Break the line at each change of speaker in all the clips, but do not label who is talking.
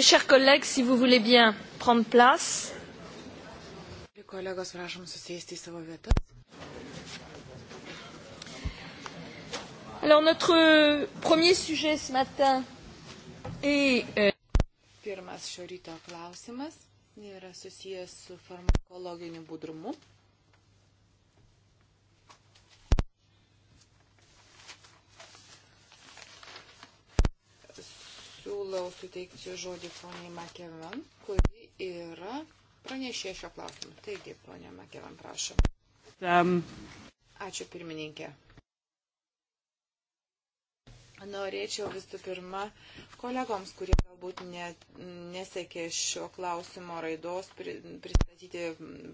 Mes chers collègues, si vous voulez bien prendre place.
Kolegos, prašom susėsti į savo vietas.
Alors, notre premier sujet ce matin est. Euh...
Pirmas šio ryto klausimas yra susijęs su farmakologiniu budrumu. siūlau suteikti žodį poniai Makevan, kuri yra pranešė šio klausimu. Taigi, ponia Makevan, prašom. Um. Ačiū pirmininkė. Norėčiau visų pirma kolegoms, kurie galbūt ne, nesekė šio klausimo raidos, pri, pristatyti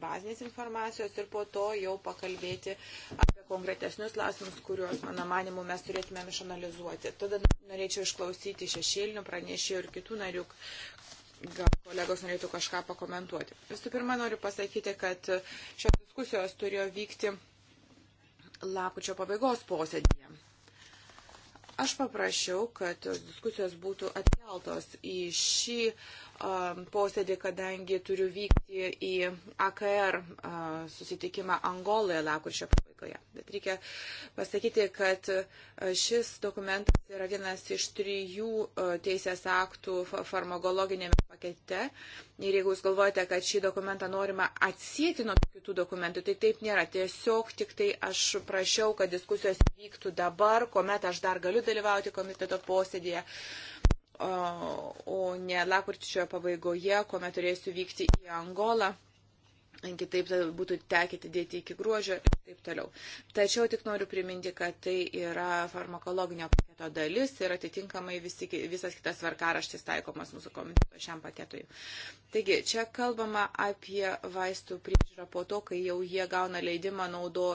bazinės informacijos ir po to jau pakalbėti apie konkretesnius klausimus, kuriuos, mano manimu, mes turėtumėm išanalizuoti. Tada Norėčiau išklausyti šešėlinių pranešėjų ir kitų narių, gal kolegos norėtų kažką pakomentuoti. Visų pirma, noriu pasakyti, kad šios diskusijos turėjo vykti lakučio pabaigos posėdį. Aš paprašiau, kad diskusijos būtų atkeltos į šį posėdį, kadangi turiu vykti į AKR susitikimą Angoloje lakuršio pabaigoje. Bet reikia pasakyti, kad šis dokumentas yra vienas iš trijų teisės aktų farmakologinėme pakete. Ir jeigu jūs galvojate, kad šį dokumentą norima atsijėti nuo kitų dokumentų. Tai taip nėra. Tiesiog tik tai aš prašiau, kad diskusijos vyktų dabar, kuomet aš dar galiu dalyvauti komiteto posėdėje, o ne lakurčio pabaigoje, kuomet turėsiu vykti į Angolą. Kitaip tai būtų tekę atidėti iki gruožio ir taip toliau. Tačiau tik noriu priminti, kad tai yra farmakologinio paketo paketo dalis ir atitinkamai visi, visas kitas varkaraštis taikomas mūsų komiteto šiam paketui. Taigi, čia kalbama apie vaistų priežiūrą po to, kai jau jie gauna leidimą naudo,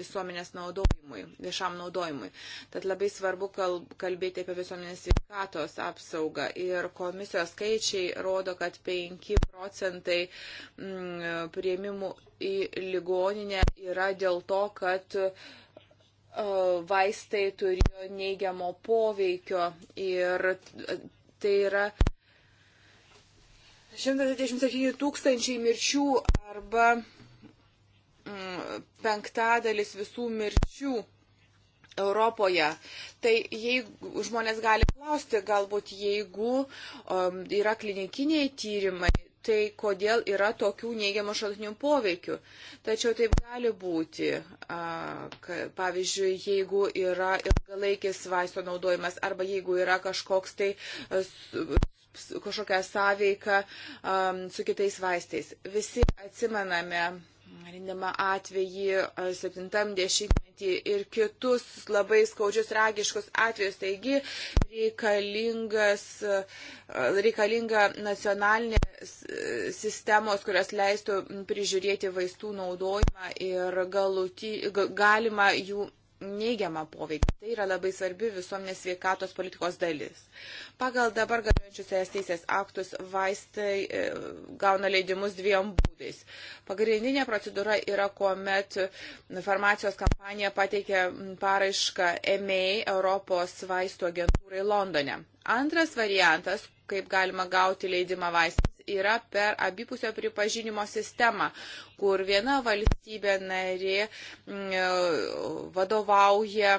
visuomenės naudojimui, viešam naudojimui. Tad labai svarbu kalbėti apie visuomenės sveikatos apsaugą ir komisijos skaičiai rodo, kad 5 procentai mm, prieimimų į ligoninę yra dėl to, kad uh, E, vaistai turėjo neigiamo poveikio ir e, tai yra 127 tūkstančiai mirčių arba mm, penktadalis visų mirčių Europoje. Tai jeigu žmonės gali klausti, galbūt jeigu um, yra klinikiniai tyrimai, tai kodėl yra tokių neigiamų šaltinių poveikių. Tačiau taip gali būti, pavyzdžiui, jeigu yra ilgalaikis vaisto naudojimas arba jeigu yra kažkoks tai kažkokia sąveika um, su kitais vaistais. Visi atsimename Rindama atvejį 70-metį e, ir kitus labai skaudžius, tragiškus atvejus. Taigi e, reikalinga nacionalinė sistemos, kurios leistų prižiūrėti vaistų naudojimą ir galuti, galima jų neigiamą poveikį. Tai yra labai svarbi visuomenės sveikatos politikos dalis. Pagal dabar galiojančius ES teisės aktus vaistai e, gauna leidimus dviem būdais. Pagrindinė procedūra yra, kuomet farmacijos kompanija pateikia paraišką EMA Europos vaistų agentūrai Londone. Antras variantas, kaip galima gauti leidimą vaistams, yra per abipusio pripažinimo sistemą, kur viena valstybė narė mm, e, vadovauja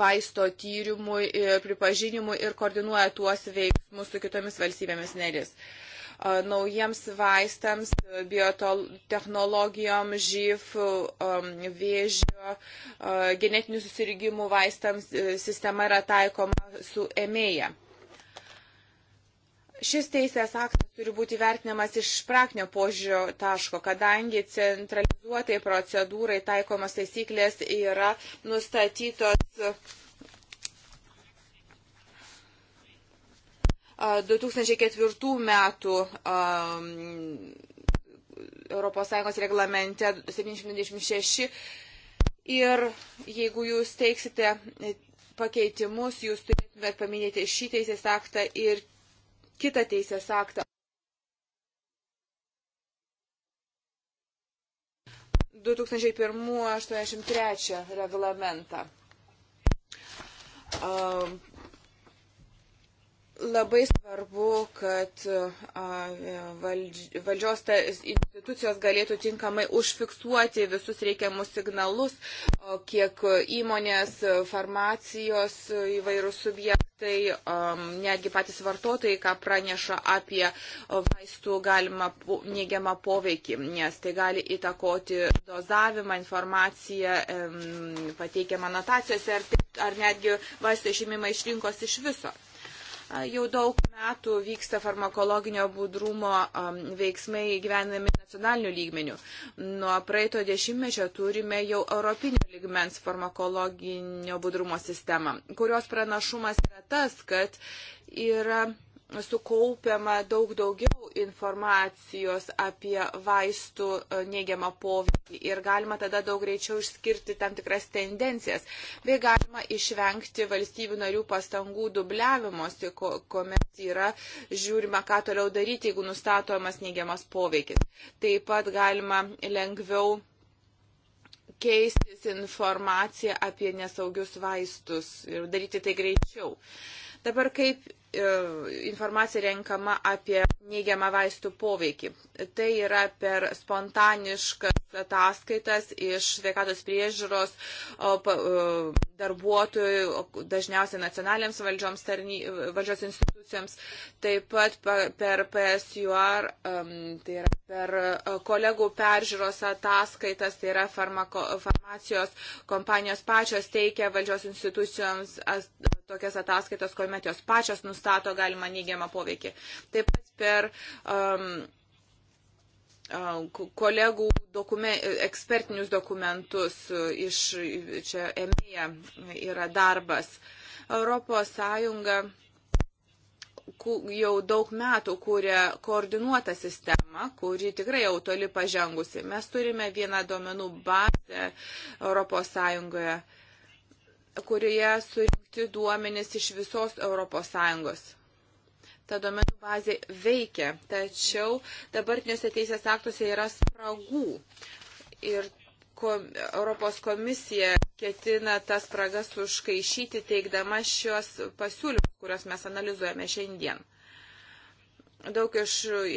vaisto tyrimui, e, pripažinimui ir koordinuoja tuos veiksmus su kitomis valstybėmis narės e, naujiems vaistams, biotechnologijom, živ, vėžio, genetinių susirgymų vaistams sistema yra taikoma su emėja. Šis teisės aktas turi būti vertinamas iš praktinio požiūrio taško, kadangi centralizuotai procedūrai taikomas taisyklės yra nustatytos 2004 metų um, ES reglamente 726 ir jeigu jūs teiksite pakeitimus, jūs turėtumėt paminėti šį teisės aktą ir kitą teisės aktą. 2001-83 reglamentą. Labai svarbu, kad valdžios institucijos galėtų tinkamai užfiksuoti visus reikiamus signalus, kiek įmonės, farmacijos įvairūs subjektai tai um, netgi patys vartotojai, ką praneša apie uh, vaistų galimą neigiamą poveikį, nes tai gali įtakoti dozavimą, informaciją um, pateikiamą notacijose ar, ar netgi vaistų išimimą iš rinkos iš viso. Jau daug metų vyksta farmakologinio budrumo veiksmai gyvenami nacionaliniu lygmeniu. Nuo praeito dešimtmečio turime jau europinio lygmens farmakologinio budrumo sistemą, kurios pranašumas yra tas, kad yra sukaupiama daug daugiau informacijos apie vaistų e, neigiamą poveikį ir galima tada daug greičiau išskirti tam tikras tendencijas, bei galima išvengti valstybių narių pastangų dubliavimuose, kuomet yra žiūrima, ką toliau daryti, jeigu nustatomas neigiamas poveikis. Taip pat galima lengviau keistis informaciją apie nesaugius vaistus ir daryti tai greičiau. Dabar kaip E, informacija renkama apie neigiamą vaistų poveikį. Tai yra per spontaniškas ataskaitas iš sveikatos priežiūros e, darbuotojų, dažniausiai nacionaliniams valdžioms, tarny, valdžios institucijoms, taip pat per PSUR, tai yra per e, kolegų peržiūros ataskaitas, tai yra farmako, farmacijos kompanijos pačios teikia valdžios institucijoms tokias ataskaitas, kuomet jos pačios nustato galima neigiamą poveikį. Taip pat per um, um kolegų dokumen, ekspertinius dokumentus uh, iš čia EMEA yra darbas. Europos Sąjunga jau daug metų kūrė koordinuotą sistemą, kuri tikrai jau toli pažengusi. Mes turime vieną duomenų bazę Europos Sąjungoje kurioje surinkti duomenys iš visos ES. Ta duomenų bazė veikia, tačiau dabartiniuose teisės aktuose yra spragų. Ir kom, Europos komisija ketina tas spragas užkaišyti, teikdama šios pasiūlymus, kuriuos mes analizuojame šiandien daug iš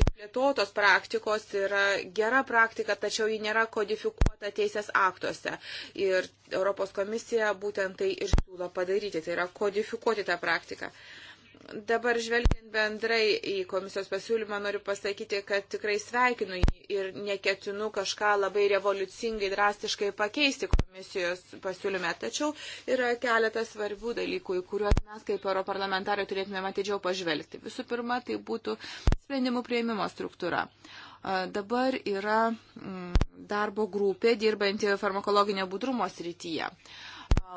plėtotos praktikos yra gera praktika, tačiau ji nėra kodifikuota teisės aktuose. Ir Europos komisija būtent tai ir siūlo padaryti, tai yra kodifikuoti tą praktiką. Uh, Dabar žvelgiant bendrai į komisijos pasiūlymą, noriu pasakyti, kad tikrai sveikinu jį ir neketinu kažką labai revoliucingai, drastiškai pakeisti komisijos pasiūlyme. Tačiau yra keletas svarbių dalykų, į kuriuos mes kaip europarlamentarai turėtume atidžiau pažvelgti. Visų pirma, tai būtų sprendimų prieimimo struktūra. Dabar yra mm, darbo grupė dirbanti farmakologinio budrumo srityje.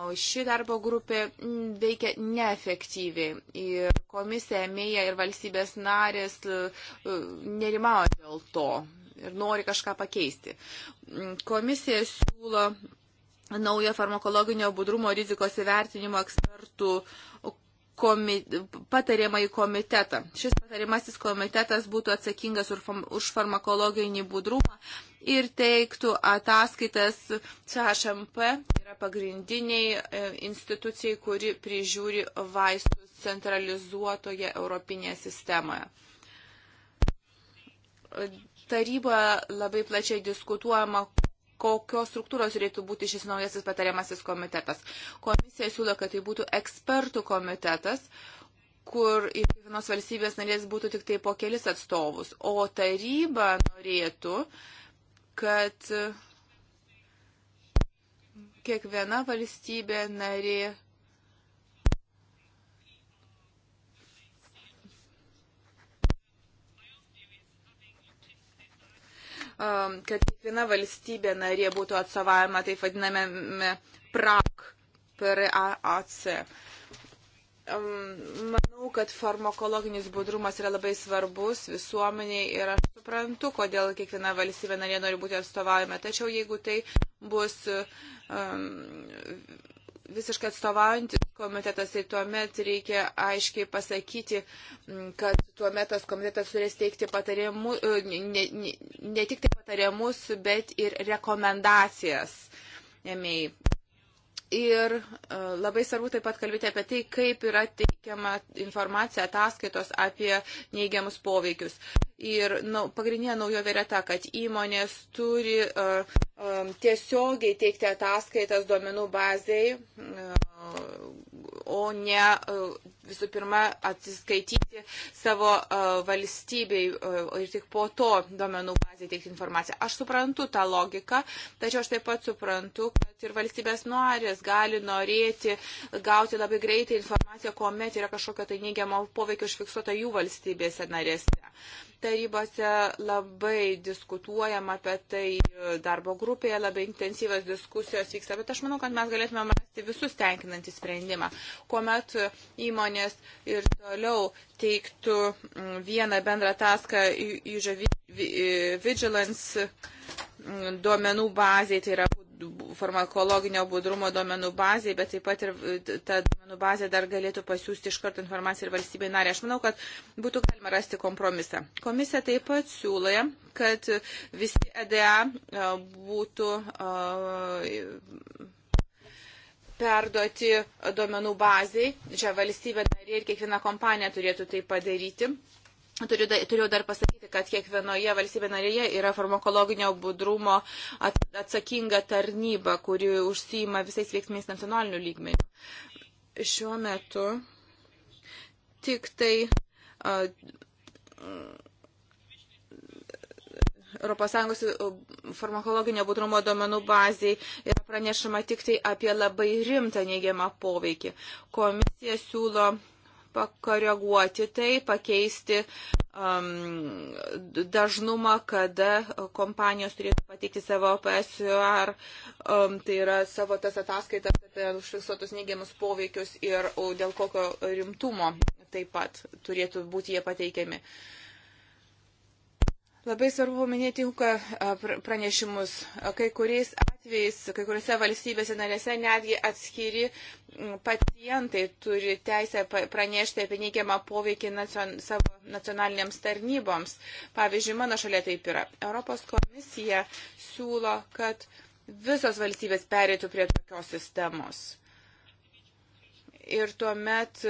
O ši darbo grupė mm, veikia neefektyviai. Ir komisija, mėja ir valstybės narės e, e, nerimauja dėl to ir nori kažką pakeisti. Mm, komisija siūlo naują farmakologinio budrumo rizikos įvertinimo ekspertų komi, patariamąjį komitetą. Šis patariamasis komitetas būtų atsakingas už farmakologinį budrumą ir teiktų ataskaitas CHMP, tai yra pagrindiniai e, institucijai, kuri prižiūri vaistus centralizuotoje Europinėje sistemoje. E, taryboje labai plačiai diskutuojama, kokios struktūros turėtų būti šis naujasis patariamasis komitetas. Komisija siūlo, kad tai būtų ekspertų komitetas kur iš vienos valstybės narės būtų tik tai po kelis atstovus. O taryba norėtų, kad kiekviena valstybė narė Um, kad kiekviena valstybė narė būtų atsovavima, taip vadiname, PRAC, PRAC. Um, manau, kad farmakologinis budrumas yra labai svarbus visuomeniai ir aš suprantu, kodėl kiekviena valstybė narė nori būti atstovaujama. Tačiau jeigu tai bus um, visiškai atstovaujantis komitetas, tai tuomet reikia aiškiai pasakyti, mm, kad tuomet tas komitetas turės teikti patarimu, e, ne, ne, ne tik tai patarimus, bet ir rekomendacijas. Ėmėjai. Ir e, labai svarbu taip pat kalbėti apie tai, kaip yra teikiama informacija ataskaitos apie neigiamus poveikius. Ir nu, pagrindinė naujovė yra ta, kad įmonės turi uh, Um, tiesiogiai teikti ataskaitas duomenų bazai, uh, o ne uh, visų pirma atsiskaityti savo uh, valstybei ir tik po to duomenų bazai teikti informaciją. Aš suprantu tą logiką, tačiau aš taip pat suprantu, kad ir valstybės norės gali norėti gauti labai greitai informaciją, kuomet yra kažkokia tai neigiama poveikio užfiksuota jų valstybėse narėse tarybose labai diskutuojama apie tai, darbo grupėje labai intensyvas diskusijos vyksta, bet aš manau, kad mes galėtume rasti visus tenkinantį sprendimą, kuomet įmonės ir toliau teiktų mm, vieną bendrą taską į žavį Vigilance mm, duomenų bazėje, tai yra farmakologinio budrumo duomenų bazėje, bet taip pat ir e, ta duomenų bazė dar galėtų pasiūsti iš karto informaciją ir valstybei narė. Aš manau, kad būtų galima rasti kompromisą. Komisija taip pat siūlė, kad visi EDA e, būtų e, perduoti duomenų baziai. Čia valstybė narė ir kiekviena kompanija turėtų tai padaryti. Turiu, turiu dar pasakyti, kad kiekvienoje valstybė narėje yra farmakologinio budrumo atsakinga tarnyba, kuri užsijima visais veiksmais nacionaliniu lygmeniu. Šiuo metu tik tai. Uh, ES farmakologinio budrumo domenų baziai yra pranešama tik tai apie labai rimtą neigiamą poveikį. Komisija siūlo pakoreguoti tai, pakeisti um, dažnumą, kada kompanijos turėtų pateikti savo PSUR, um, tai yra savo tas ataskaitas apie užfiksuotus neigiamus poveikius ir dėl kokio rimtumo taip pat turėtų būti jie pateikiami. Uh, Labai svarbu minėti UKA pranešimus. Kai kuriais atvejais, kai kuriuose valstybėse narėse netgi atskiri pacientai turi teisę pranešti apie neigiamą poveikį nacion, savo nacionalinėms tarnyboms. Pavyzdžiui, mano šalia taip yra. Europos komisija siūlo, kad visos valstybės perėtų prie tokios sistemos. Ir tuomet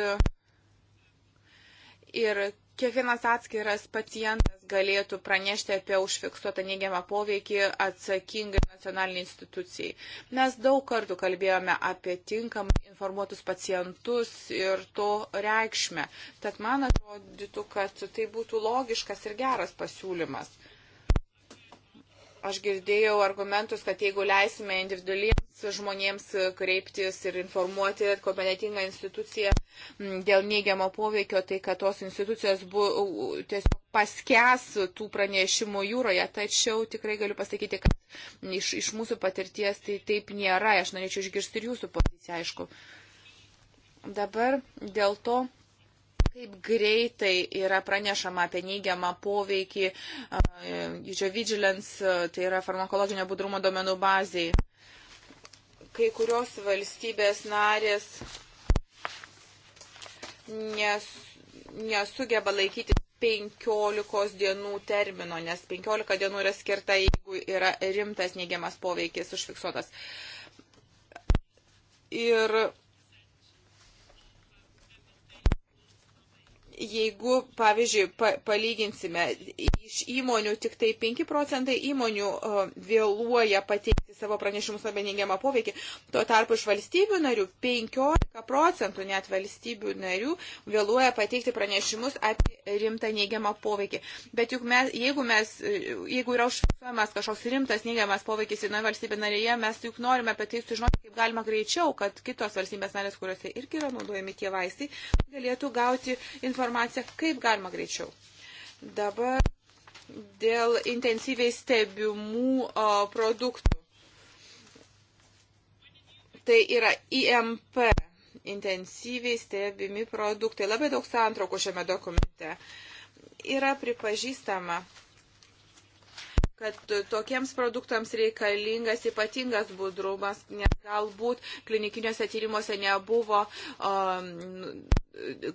ir kiekvienas atskiras pacientas galėtų pranešti apie užfiksuotą neigiamą poveikį atsakingai nacionaliniai institucijai. Mes daug kartų kalbėjome apie tinkamai informuotus pacientus ir to reikšmę. Tad man atrodytų, kad tai būtų logiškas ir geras pasiūlymas. Aš girdėjau argumentus, kad jeigu leisime individualiems žmonėms kreiptis ir informuoti kompetentingą instituciją mm, dėl neigiamo poveikio, tai kad tos institucijos bu, tiesiog paskes tų pranešimų jūroje. Tačiau tikrai galiu pasakyti, kad iš, iš mūsų patirties tai taip nėra. Aš norėčiau išgirsti ir jūsų poziciją, aišku. Dabar dėl to. Kaip greitai yra pranešama apie neigiamą poveikį, uh, vigilance, tai yra farmakologinio budrumo domenų bazėje kai kurios valstybės narės nes, nesugeba laikyti 15 dienų termino, nes 15 dienų yra skirta, jeigu yra rimtas neigiamas poveikis užfiksuotas. Ir jeigu, pavyzdžiui, pa, palyginsime, iš įmonių tik tai 5 procentai įmonių uh, vėluoja pateikti savo pranešimus apie neigiamą poveikį. Tuo tarpu iš valstybių narių 15 procentų net valstybių narių vėluoja pateikti pranešimus apie rimtą neigiamą poveikį. Bet juk mes, jeigu, mes, jeigu yra užfiksuojamas kažkoks rimtas neigiamas poveikis vienoje valstybė narėje, mes juk norime apie tai sužinoti kaip galima greičiau, kad kitos valstybės narės, kuriuose irgi yra naudojami tie vaistai, galėtų gauti informaciją kaip galima greičiau. Dabar dėl intensyviai stebimų produktų. Tai yra IMP intensyviai stebimi produktai. Labai daug santraukų šiame dokumente yra pripažįstama kad tokiems produktams reikalingas ypatingas budrumas, nes galbūt klinikiniuose tyrimuose nebuvo, um,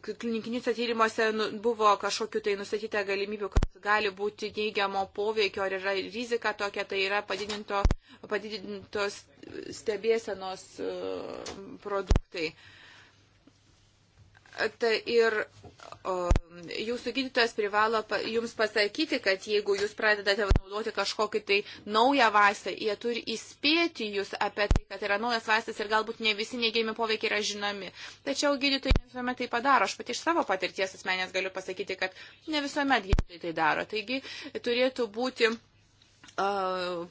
klinikiniuose tyrimuose nu, buvo kažkokiu tai nustatyta galimybių, kad gali būti neigiamo poveikio ar yra rizika tokia, tai yra padidinto padidintos stebėsenos e, produktai. Ta ir o, jūsų gydytojas privalo pa, jums pasakyti, kad jeigu jūs pradedate naudoti kažkokį tai naują vaistą, jie turi įspėti jūs apie tai, kad yra naujas vaistas ir galbūt ne visi neigiami poveikiai yra žinomi. Tačiau gydytojai ne visuomet tai padaro. Aš pati iš savo patirties asmenės galiu pasakyti, kad ne visuomet gydytojai tai daro. Taigi turėtų būti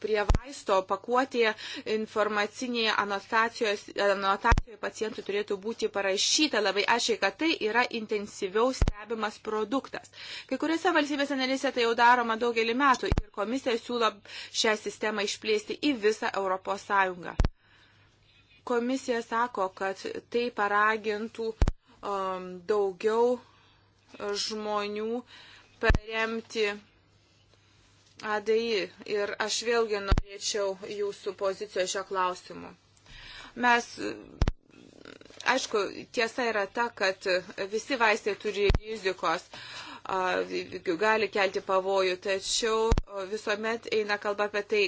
prie vaisto pakuotėje informacinėje anotacijoje pacientui turėtų būti parašyta labai aiškiai, kad tai yra intensyviau stebimas produktas. Kai kuriuose valstybėse narėse tai jau daroma daugelį metų ir komisija siūlo šią sistemą išplėsti į visą Europos Sąjungą. Komisija sako, kad tai paragintų um, daugiau žmonių paremti ADI ir aš vėlgi norėčiau jūsų pozicijos šio klausimu. Mes aišku, tiesa yra ta, kad visi vaistai turi rizikos gali kelti pavojų, tačiau visuomet eina kalba apie tai,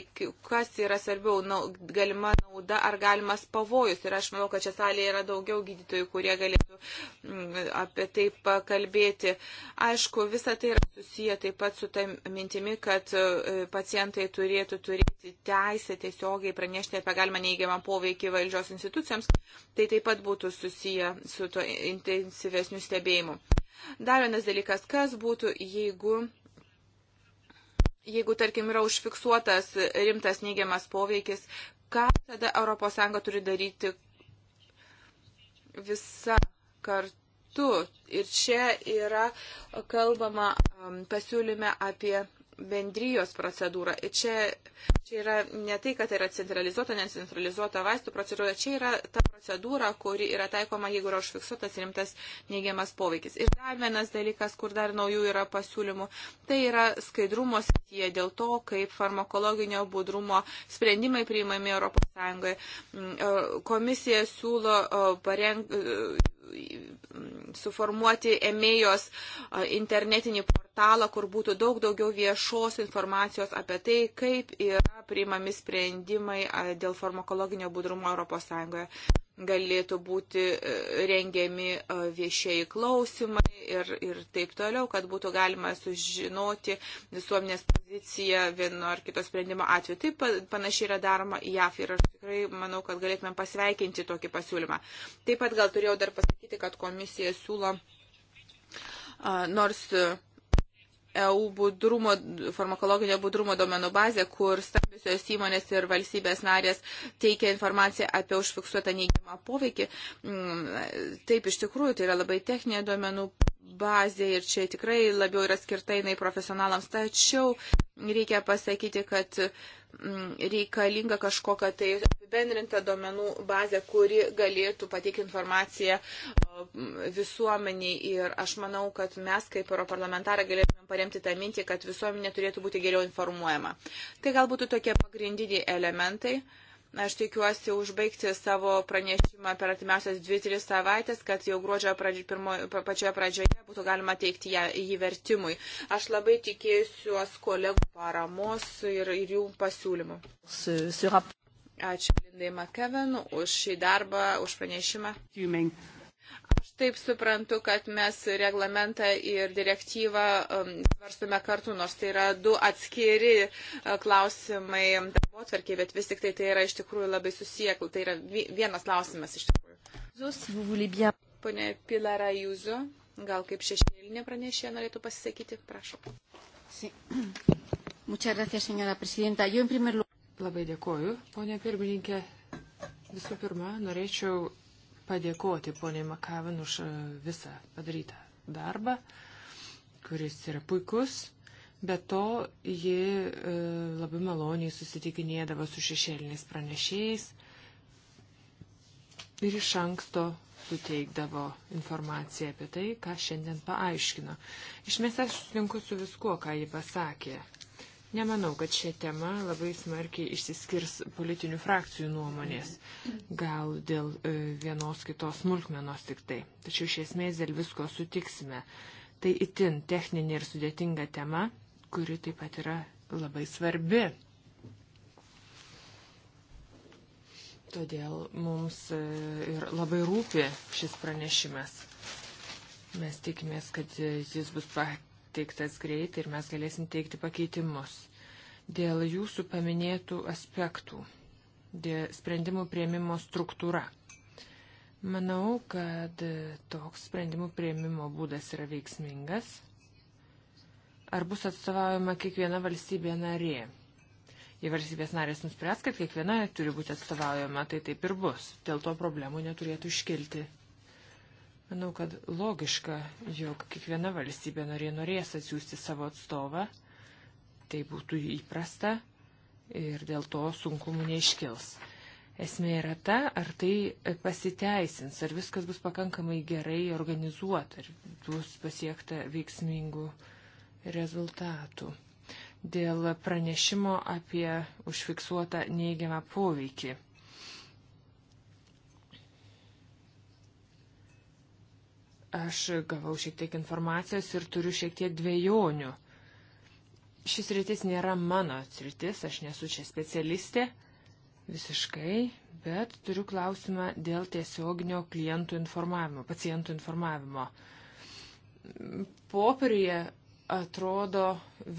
kas yra svarbiau, na, galima nauda ar galimas pavojus. Ir aš manau, kad čia salėje yra daugiau gydytojų, kurie galėtų apie tai pakalbėti. Aišku, visa tai yra susiję taip pat su tai mintimi, kad e, pacientai turėtų turėti teisę tiesiogiai pranešti apie galimą neįgiamą poveikį valdžios institucijoms. Tai taip pat būtų susiję su tuo intensyvesniu stebėjimu. Dar vienas dalykas, kas būtų, jeigu jeigu, tarkim, yra užfiksuotas rimtas neigiamas poveikis, ką tada ES turi daryti visa kartu. Ir čia yra kalbama pasiūlyme apie bendrijos procedūrą. Ir čia, čia yra ne tai, kad tai yra centralizuota, necentralizuota vaistų procedūra, čia yra ta procedūra, kuri yra taikoma, jeigu yra užfiksuotas rimtas neigiamas poveikis. Ir dar vienas dalykas, kur dar naujų yra pasiūlymų, tai yra skaidrumo srityje dėl to, kaip farmakologinio budrumo sprendimai priimami ES. Mm, e, komisija siūlo e, parengti suformuoti emėjos internetinį portalą, kur būtų daug daugiau viešos informacijos apie tai, kaip yra priimami sprendimai dėl farmakologinio budrumo ES galėtų būti e, rengiami e, viešieji klausimai ir, ir taip toliau, kad būtų galima sužinoti visuomenės poziciją vieno ar kito sprendimo atveju. Taip panašiai yra daroma JAF ir aš tikrai manau, kad galėtumėm pasveikinti tokį pasiūlymą. Taip pat gal turėjau dar pasakyti, kad komisija siūlo nors EU budrumo, farmakologinio budrumo domenų bazė, kur stambiusios įmonės ir valstybės narės teikia informaciją apie užfiksuotą neigiamą poveikį. Mm, taip, iš tikrųjų, tai yra labai techninė domenų bazė ir čia tikrai labiau yra skirta jinai profesionalams. Tačiau reikia pasakyti, kad mm, reikalinga kažkokia tai apibendrinta domenų bazė, kuri galėtų pateikti informaciją visuomeniai ir aš manau, kad mes kaip europarlamentarai galėtumėm paremti tą mintį, kad visuomenė turėtų būti geriau informuojama. Tai galbūt tokie pagrindiniai elementai. Aš tikiuosi užbaigti savo pranešimą per atimiausias 2-3 savaitės, kad jau gruodžio pradžio, pirmo, pačioje pradžioje būtų galima teikti ją, jį vertimui. Aš labai tikėsiuos kolegų paramos ir, ir jų pasiūlymų. Ačiū Lindai Makeven už šį darbą, už pranešimą. Juming. Aš taip suprantu, kad mes reglamentą ir direktyvą um, svarstume kartu, nors tai yra du atskiri uh, klausimai darbo tvarkiai, bet vis tik tai tai yra iš tikrųjų labai susieklų. Tai yra vienas klausimas iš
tikrųjų.
Pone Pilara Jūzo, gal kaip šešėlinė pranešė norėtų pasisakyti? Prašau.
Labai dėkoju,
ponė pirmininkė. Visų pirma, norėčiau padėkoti poniai Makavin už e, visą padarytą darbą, kuris yra puikus. Be to, ji e, labai maloniai susitikinėdavo su šešėliniais pranešėjais ir iš anksto suteikdavo informaciją apie tai, ką šiandien paaiškino. Iš mes aš sutinku su viskuo, ką ji pasakė. Nemanau, kad šią temą labai smarkiai išsiskirs politinių frakcijų nuomonės, gal dėl e, vienos kitos smulkmenos tik tai. Tačiau iš esmės dėl visko sutiksime. Tai itin techninė ir sudėtinga tema, kuri taip pat yra labai svarbi. Todėl mums e, ir labai rūpi šis pranešimas. Mes tikimės, kad e, jis bus pateiktas greitai ir mes galėsim teikti pakeitimus. Dėl jūsų paminėtų aspektų, dėl sprendimų prieimimo struktūra. Manau, kad toks sprendimų prieimimo būdas yra veiksmingas. Ar bus atstovaujama kiekviena valstybė narė? Jei valstybės narės nuspręs, kad kiekviena turi būti atstovaujama, tai taip ir bus. Dėl to problemų neturėtų iškilti Manau, kad logiška, jog kiekviena valstybė norė, norės atsiųsti savo atstovą, tai būtų įprasta ir dėl to sunkumų neiškils. Esmė yra ta, ar tai pasiteisins, ar viskas bus pakankamai gerai organizuota, ar bus pasiekta veiksmingų rezultatų. Dėl pranešimo apie užfiksuotą neigiamą poveikį. Aš gavau šiek tiek informacijos ir turiu šiek tiek dviejonių. Šis rytis nėra mano rytis, aš nesu čia specialistė visiškai, bet turiu klausimą dėl tiesioginio klientų informavimo, pacientų informavimo. Popieriuje atrodo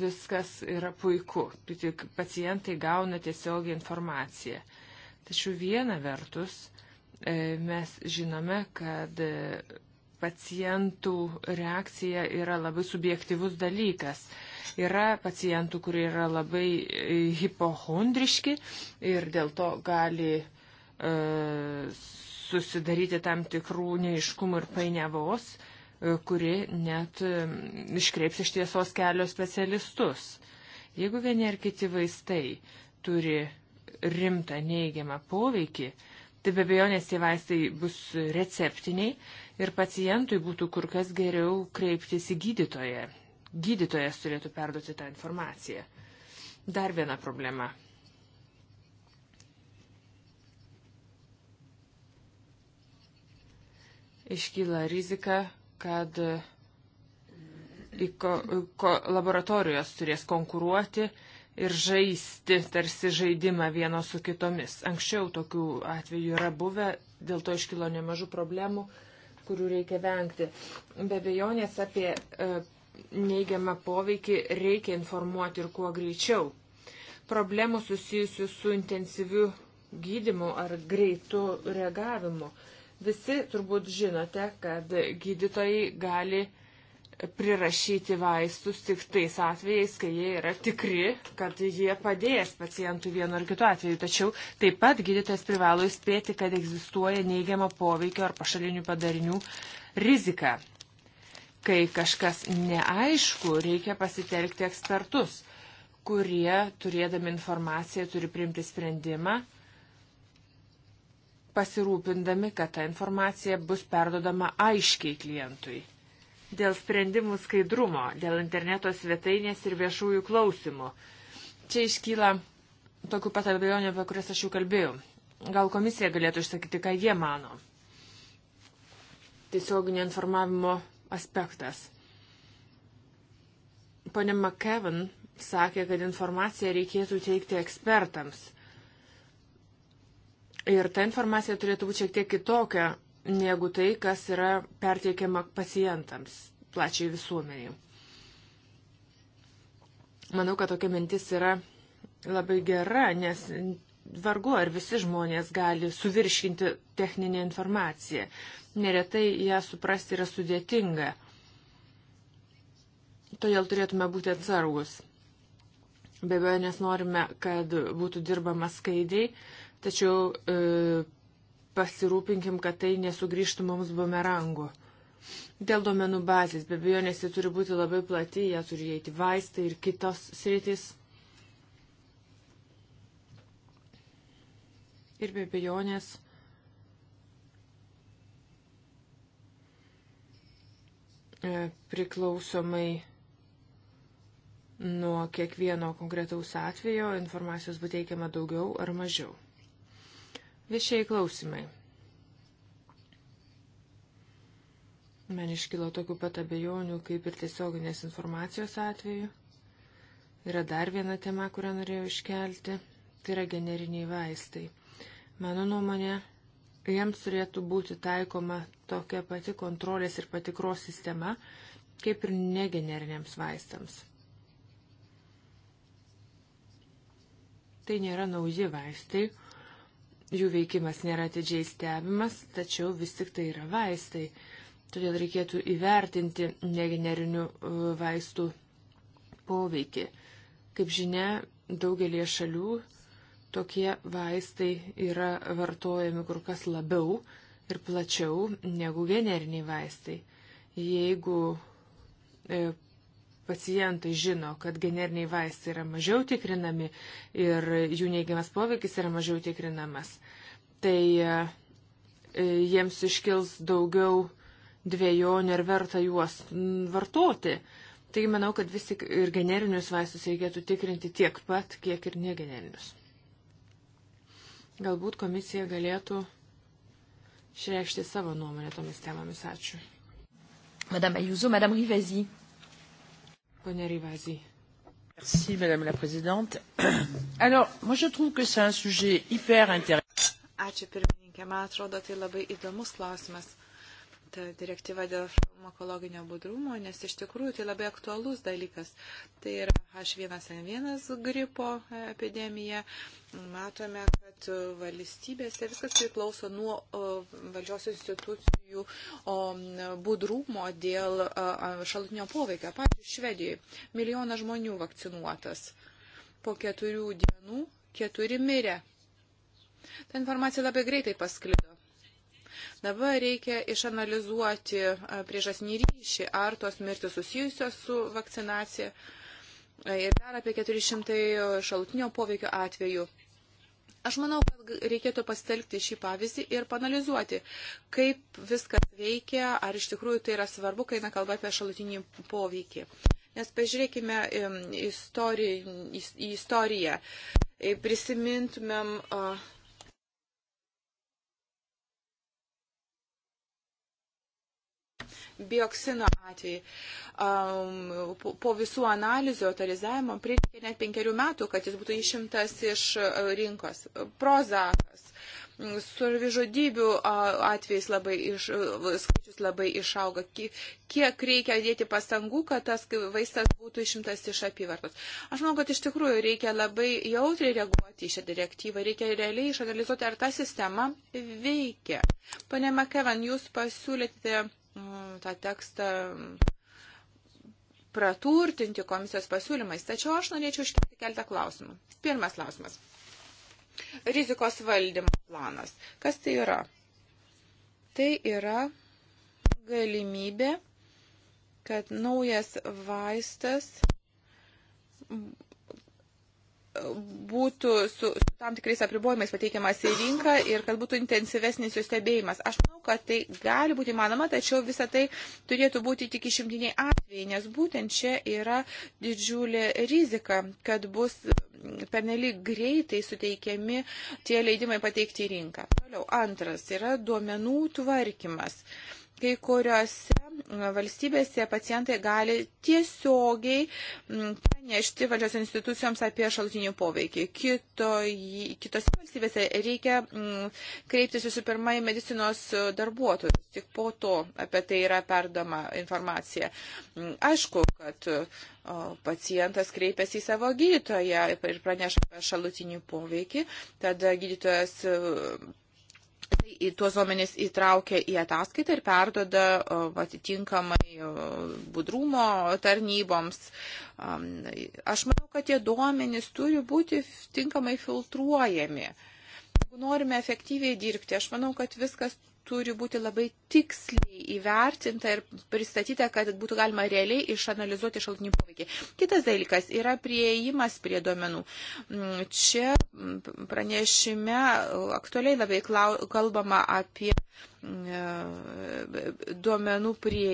viskas yra puiku, tik pacientai gauna tiesiogiai informaciją. Tačiau viena vertus e, mes žinome, kad pacientų reakcija yra labai subjektivus dalykas. Yra pacientų, kurie yra labai e, hipochondriški ir dėl to gali e, susidaryti tam tikrų neiškumų ir painiavos, e, kuri net e, iškreips iš tiesos kelio specialistus. Jeigu vieni ar kiti vaistai turi rimtą neigiamą poveikį, tai be abejonės tie vaistai bus receptiniai ir pacientui būtų kur kas geriau kreiptis į gydytoją. Gydytojas turėtų perduoti tą informaciją. Dar viena problema. Iškyla rizika, kad ko, ko, laboratorijos turės konkuruoti ir žaisti tarsi žaidimą vienos su kitomis. Anksčiau tokių atvejų yra buvę, dėl to iškilo nemažų problemų. Uh, kurių reikia vengti. Be bejonės apie e, neigiamą poveikį reikia informuoti ir kuo greičiau. Problemų susijusių su intensyviu gydimu ar greitu reagavimu. Visi turbūt žinote, kad gydytojai gali uh, prirašyti vaistus tik tais atvejais, kai jie yra tikri, kad jie padės pacientui vienu ar kitu atveju. Tačiau taip pat gydytojas privalo įspėti, kad egzistuoja neigiama poveikio ar pašalinių padarinių rizika. Kai kažkas neaišku, reikia pasitelkti ekspertus, kurie, turėdami informaciją, turi priimti sprendimą pasirūpindami, kad ta informacija bus perdodama aiškiai klientui dėl sprendimų skaidrumo, dėl interneto svetainės ir viešųjų klausimų. Čia iškyla tokių pat abejonių, apie kurias aš jau kalbėjau. Gal komisija galėtų išsakyti, ką jie mano. Tiesioginio informavimo aspektas. Pone McKevin sakė, kad informaciją reikėtų teikti ekspertams. Ir ta informacija turėtų būti šiek tiek kitokia negu tai, kas yra perteikiama pacientams, plačiai visuomeniai. Manau, kad tokia mintis yra labai gera, nes vargu ar visi žmonės gali suvirškinti techninę informaciją. Neretai ją suprasti yra sudėtinga. Todėl turėtume būti atsargus. Be abejo, nes norime, kad būtų dirbama skaidriai, tačiau e, pasirūpinkim, kad tai nesugrįžtų mums bumerangu. Dėl domenų bazės, be abejo, nes ji turi būti labai plati, ją turi įeiti vaistai ir kitos sritis. Ir be abejonės. E, priklausomai nuo kiekvieno konkretaus atvejo informacijos būtų teikiama daugiau ar mažiau. Viešiai klausimai. Man iškilo tokių pat abejonių, kaip ir tiesioginės informacijos atveju. Yra dar viena tema, kurią norėjau iškelti. Tai yra generiniai vaistai. Mano nuomonė, jiems turėtų būti taikoma tokia pati kontrolės ir patikros sistema, kaip ir negeneriniams vaistams. Tai nėra nauji vaistai jų veikimas nėra atidžiai stebimas, tačiau vis tik tai yra vaistai. Todėl reikėtų įvertinti negenerinių e, vaistų poveikį. Kaip žinia, daugelie šalių tokie vaistai yra vartojami kur kas labiau ir plačiau negu generiniai vaistai. Jeigu e, pacientai žino, kad generiniai vaistai yra mažiau tikrinami ir jų neigiamas poveikis yra mažiau tikrinamas, tai e, jiems iškils daugiau dviejonių ir verta juos vartoti. Taigi manau, kad vis tik ir generinius vaistus reikėtų tikrinti tiek pat, kiek ir negenerinius. Galbūt komisija galėtų išreikšti savo nuomonę tomis temomis. Ačiū. Madame Ayuso, Madame Rivasi. Pone Rivazy. Merci, Madame la Présidente. Alors, moi, je trouve que c'est un sujet hyper intéressant.
Ačiū pirmininkė, man atrodo, tai labai įdomus klausimas ta direktyva dėl farmakologinio budrumo, nes iš tikrųjų tai labai aktualus dalykas. Tai yra H1N1 gripo epidemija. Matome, kad valstybėse viskas priklauso nuo valdžios institucijų budrumo dėl šalutinio poveikio. Pavyzdžiui, Švedijoje milijonas žmonių vakcinuotas. Po keturių dienų keturi mirė. Ta informacija labai greitai pasklido. Dabar reikia išanalizuoti priežasnį ryšį, ar tos mirtis susijusios su vakcinacija ir dar apie 400 šalutinio poveikio atvejų. Aš manau, kad reikėtų pasitelkti šį pavyzdį ir panalizuoti, kaip viskas veikia, ar iš tikrųjų tai yra svarbu, kai eina kalba apie šalutinį poveikį. Nes pažiūrėkime į istoriją, prisimintumėm. Uh, bioksino atvejai. Um, po, po visų analizių autorizavimo prireikė net penkerių metų, kad jis būtų išimtas iš e, rinkos. Prozakas savižudybių atvejais labai iš, e, skaičius labai išauga. Kiek reikia dėti pastangų, kad tas vaistas būtų išimtas iš apyvartos. Aš manau, kad iš tikrųjų reikia labai jautriai reaguoti į šią direktyvą, reikia realiai išanalizuoti, ar ta sistema veikia. Pane Makevan, jūs pasiūlėte Mm, tą tekstą praturtinti komisijos pasiūlymais. Tačiau aš norėčiau iškelti keletą klausimų. Pirmas klausimas. Rizikos valdymo planas. Kas tai yra? Tai yra galimybė, kad naujas vaistas būtų su, su tam tikrais apribojimais pateikiamas į rinką ir kad būtų intensyvesnis jų stebėjimas. Aš manau, kad tai gali būti įmanoma, tačiau visa tai turėtų būti tik išimtiniai atvejai, nes būtent čia yra didžiulė rizika, kad bus pernelyg greitai suteikiami tie leidimai pateikti į rinką. Toliau, antras yra duomenų tvarkymas kai kuriuose valstybėse pacientai gali tiesiogiai pranešti valdžios institucijoms apie šaltinių poveikį. Kito, kitose valstybėse reikia kreiptis visų pirma į medicinos darbuotojus, tik po to apie tai yra perdama informacija. Aišku, kad pacientas kreipiasi į savo gydytoją ir praneša apie šalutinį poveikį, tada gydytojas Tai į tuos duomenys įtraukia į ataskaitą ir perdoda atitinkamai budrumo tarnyboms. Aš manau, kad tie duomenys turi būti tinkamai filtruojami. Uh, Jeigu norime efektyviai dirbti, aš manau, kad viskas turi būti labai tiksliai įvertinta ir pristatyta, kad būtų galima realiai išanalizuoti šaltinį poveikį. Kitas dalykas yra prieimas prie duomenų. Mm, čia mm, pranešime aktualiai labai kalbama apie mm, e, duomenų prie,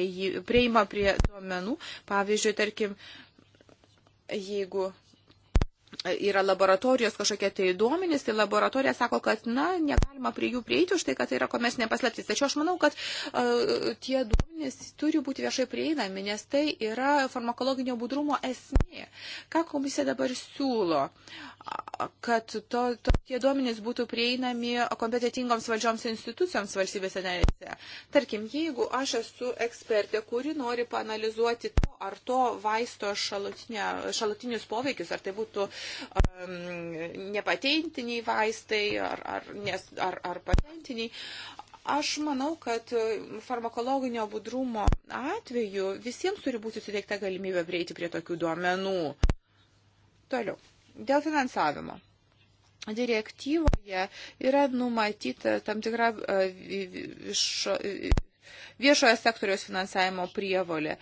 prieimą prie duomenų. Pavyzdžiui, tarkim, jeigu yra laboratorijos kažkokie tai duomenys, tai laboratorija sako, kad, na, negalima prie jų prieiti už tai, kad tai yra komersinė paslaptis. Tačiau aš manau, kad uh, tie duomenys turi būti viešai prieinami, nes tai yra farmakologinio budrumo esmė. Ką komisija dabar siūlo? Kad to, to, tie duomenys būtų prieinami kompetitingoms valdžioms institucijoms valstybėse narėse. Tarkim, jeigu aš esu ekspertė, kuri nori panalizuoti to ar to vaisto šalutinius poveikius, ar tai būtų um, nepatentiniai vaistai, ar, ar, nes, ar, ar patentiniai. Aš manau, kad farmakologinio budrumo atveju visiems turi būti suteikta galimybė prieiti prie tokių duomenų. Toliau. Dėl finansavimo direktyvoje yra numatyta tam tikra uh, iš viešojo sektoriaus finansavimo prievolė.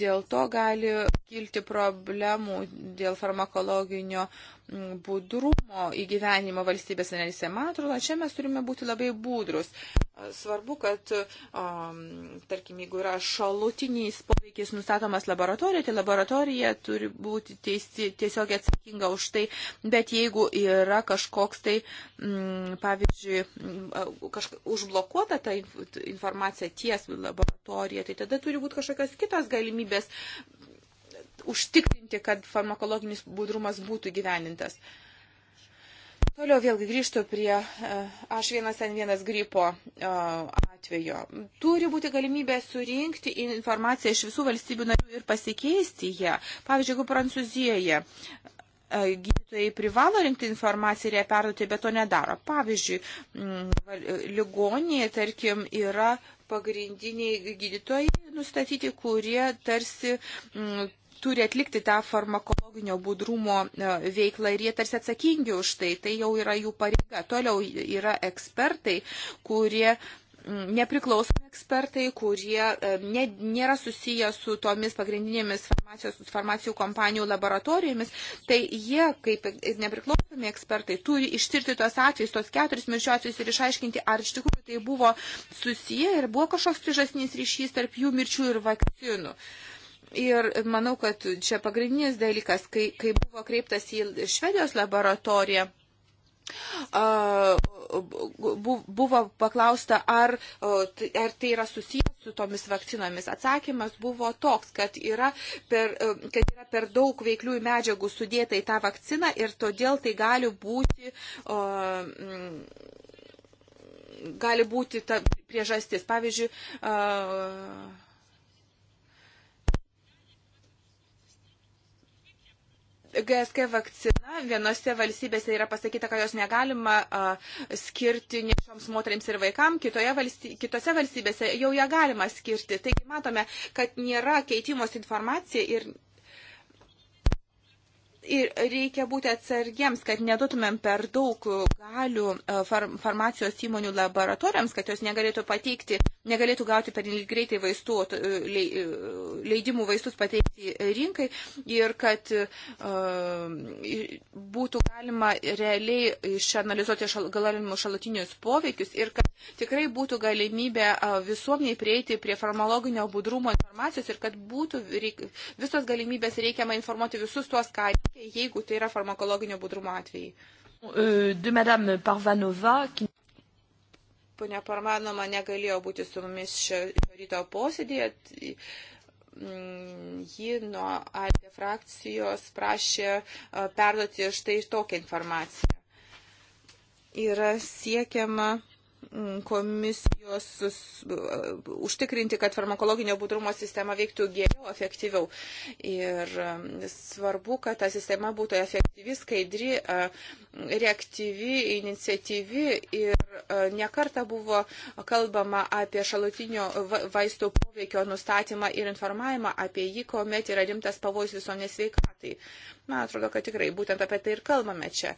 Dėl to gali kilti problemų dėl farmakologinio Mm, budrumo įgyvenimo valstybės analise. Man atrodo, čia mes turime būti labai budrus. Svarbu, kad, um, tarkim, jeigu yra šalutinis poveikis nustatomas laboratorijoje, tai laboratorija turi būti teisi, tiesiog atsakinga už tai, bet jeigu yra kažkoks tai, mm, pavyzdžiui, mm, kažk užblokuota ta informacija ties laboratorija, tai tada turi būti kažkokios kitos galimybės užtikrinti, kad farmakologinis budrumas būtų gyvenintas. Toliau vėlgi grįžtu prie e, H1N1 gripo e, atvejo. Turi būti galimybė surinkti informaciją iš visų valstybių narių ir pasikeisti ją. Pavyzdžiui, jeigu Prancūzijoje e, gydytojai privalo rinkti informaciją ir ją perduoti, bet to nedaro. Pavyzdžiui, ligonėje, tarkim, yra pagrindiniai gydytojai nustatyti, kurie tarsi turi atlikti tą farmakologinio budrumo e, veiklą ir jie tarsi atsakingi už tai, tai jau yra jų pareiga. Toliau yra ekspertai, kurie nepriklausomi ekspertai, kurie e, ne, nėra susiję su tomis pagrindinėmis farmacijos, farmacijų kompanijų laboratorijomis, tai jie, kaip nepriklausomi ekspertai, turi ištirti tos atvejus, tos keturis mirčiuosius ir išaiškinti, ar iš tikrųjų tai buvo susiję ir buvo kažkoks priežasnis ryšys tarp jų mirčių ir vakcinų. Uh, Ir manau, kad čia pagrindinis dalykas, kai, kai buvo kreiptas į Švedijos laboratoriją, buvo paklausta, ar, tai, ar tai yra susijęs su tomis vakcinomis. Atsakymas buvo toks, kad yra per, e, kad yra per daug veikliųjų medžiagų sudėta į tą vakciną ir todėl tai gali būti. O, gali būti ta priežastis. Pavyzdžiui, uh, GSK vakcina vienose valstybėse yra pasakyta, kad jos negalima uh, skirti nešioms moteriams ir vaikams, valsty, kitose valstybėse jau ją galima skirti. Taigi matome, kad nėra keitimos informacija ir ir reikia būti atsargiems, kad neduotumėm per daug galių farmacijos įmonių laboratoriams, kad jos negalėtų pateikti negalėtų gauti per greitai vaistų, e, e, leidimų vaistus pateikti rinkai ir kad e, būtų galima realiai išanalizuoti galimų šalutinius poveikius ir kad tikrai būtų galimybė visuomeniai prieiti prie farmologinio budrumo informacijos ir kad būtų reik, visos galimybės reikiama informuoti visus tuos, ką reikia, jeigu tai yra farmakologinio budrumo atvejai.
Euh, de Madame Parvanova,
qui... Pone Parmanoma negalėjo būti su mumis šio ryto posėdėje. Mm, ji nuo ALDE frakcijos prašė perduoti štai tokią informaciją. Yra siekiama Mm, komisijos uh, užtikrinti, kad farmakologinio budrumo sistema veiktų geriau, efektyviau. Ir um, svarbu, kad ta sistema būtų efektyvi, skaidri, uh, reaktyvi, iniciatyvi. Ir uh, nekarta buvo kalbama apie šalutinio vaisto poveikio nustatymą ir informavimą apie jį, kuomet yra rimtas pavojus visuomenės veikatai. Man atrodo, kad tikrai būtent apie tai ir kalbame čia.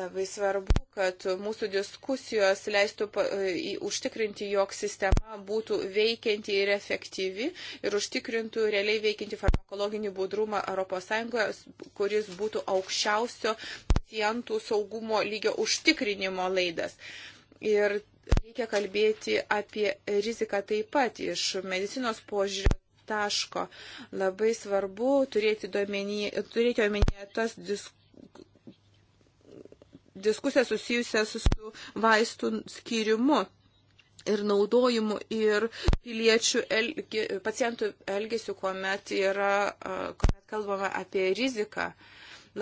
Labai svarbu, kad mūsų diskusijos leistų e, užtikrinti, jog sistema būtų veikianti ir efektyvi ir užtikrintų realiai veikianti farmakologinį budrumą ES, kuris būtų aukščiausio pacientų saugumo lygio užtikrinimo laidas. Ir reikia kalbėti apie riziką taip pat iš medicinos požiūrio taško. Labai svarbu turėti, domenį, turėti omenyje tas diskusijas diskusijas susijusias su vaistų skirimu ir naudojimu ir piliečių elgi, pacientų elgesiu, kuomet, yra, kuomet kalbama apie riziką.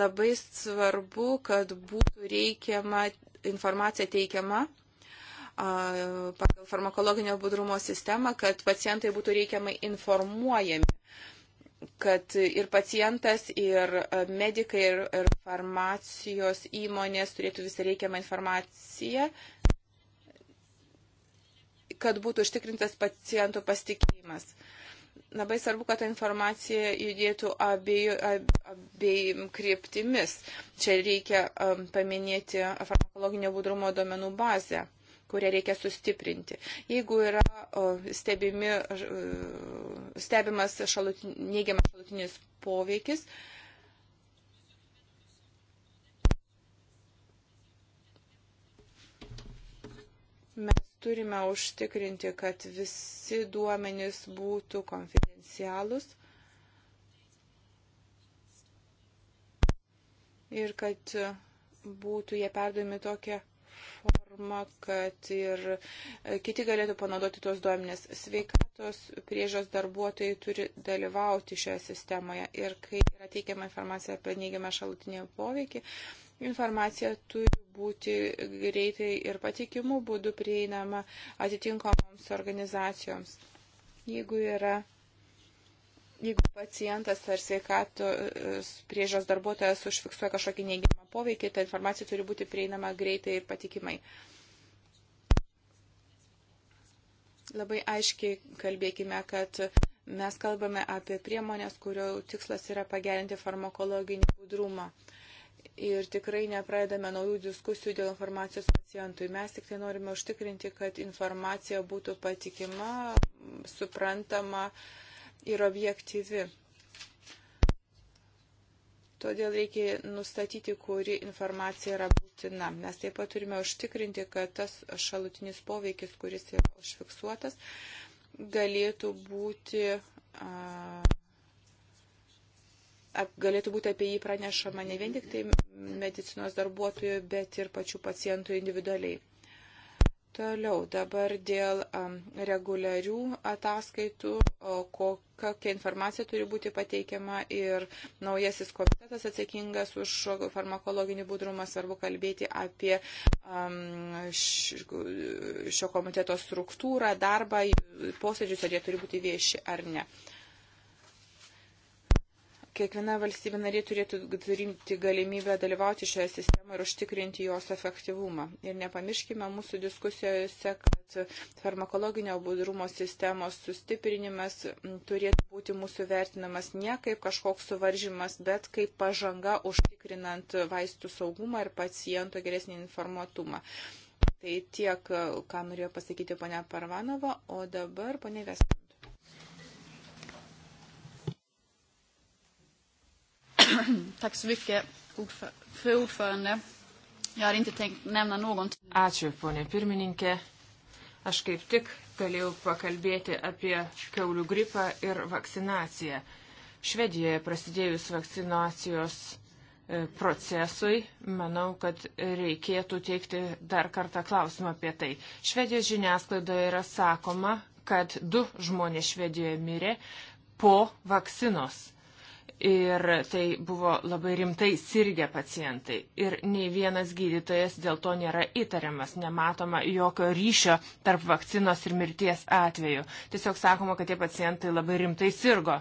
Labai svarbu, kad būtų reikiama informacija teikiama pagal farmakologinio budrumo sistemą, kad pacientai būtų reikiamai informuojami kad ir pacientas, ir medikai, ir, ir farmacijos įmonės turėtų visą reikiamą informaciją, kad būtų užtikrintas pacientų pasitikėjimas. Labai svarbu, kad ta informacija judėtų abiejų, abiejų kryptimis. Čia reikia um, paminėti farmakologinio budrumo duomenų bazę kurią reikia sustiprinti. Jeigu yra stebimi, e, stebimas šalutin, neigiamas šalutinis poveikis, mes turime užtikrinti, kad visi duomenys būtų konfidencialūs ir kad būtų jie perduomi tokią formą kad ir kiti galėtų panaudoti tuos duomenis. Sveikatos priežos darbuotojai turi dalyvauti šioje sistemoje ir kai yra teikiama informacija apie neigiamą šalutinį poveikį, informacija turi būti greitai ir patikimų būdų prieinama atitinkamoms organizacijoms. Jeigu yra Jeigu pacientas ar sveikato priežos darbuotojas užfiksuoja kažkokį neigiamą poveikį, ta informacija turi būti prieinama greitai ir patikimai. Labai aiškiai kalbėkime, kad mes kalbame apie priemonės, kurio tikslas yra pagerinti farmakologinį budrumą. Ir tikrai nepradedame naujų diskusijų dėl informacijos pacientui. Mes tik tai norime užtikrinti, kad informacija būtų patikima, suprantama, uh, yra objektyvi. Todėl reikia nustatyti, kuri informacija yra būtina. Mes taip pat turime užtikrinti, kad tas šalutinis poveikis, kuris yra užfiksuotas, galėtų būti, a, galėtų būti apie jį pranešama ne vien tik tai medicinos darbuotojų, bet ir pačių pacientų individualiai. Toliau dabar dėl reguliarių ataskaitų, kokia informacija turi būti pateikiama ir naujasis komitetas atsakingas už farmakologinį budrumą. Svarbu kalbėti apie šio komiteto struktūrą, darbą, posėdžius, ar jie turi būti vieši ar ne. Kiekviena valstybė narė turėtų turinti galimybę dalyvauti šioje sistemoje ir užtikrinti jos efektyvumą. Ir nepamirškime mūsų diskusijose, kad farmakologinio budrumo sistemos sustiprinimas turėtų būti mūsų vertinamas ne kaip kažkoks suvaržymas, bet kaip pažanga užtikrinant vaistų saugumą ir paciento geresnį informuotumą. Tai tiek, ką norėjo pasakyti ponia Parvanova, o dabar ponia Vestam.
Tack så mycket, ordför fru ordförande. Jag hade inte tänkt nämna någonting. Ačiū,
ponė pirmininkė. Aš kaip tik galėjau pakalbėti apie keulių gripą ir vakcinaciją. Švedijoje prasidėjus vakcinacijos e, procesui, manau, kad reikėtų teikti dar kartą klausimą apie tai. Švedijos žiniasklaidoje yra sakoma, kad du žmonės Švedijoje mirė po vakcinos. Ir tai buvo labai rimtai sirgę pacientai. Ir nei vienas gydytojas dėl to nėra įtariamas, nematoma jokio ryšio tarp vakcinos ir mirties atveju. Tiesiog sakoma, kad tie pacientai labai rimtai sirgo.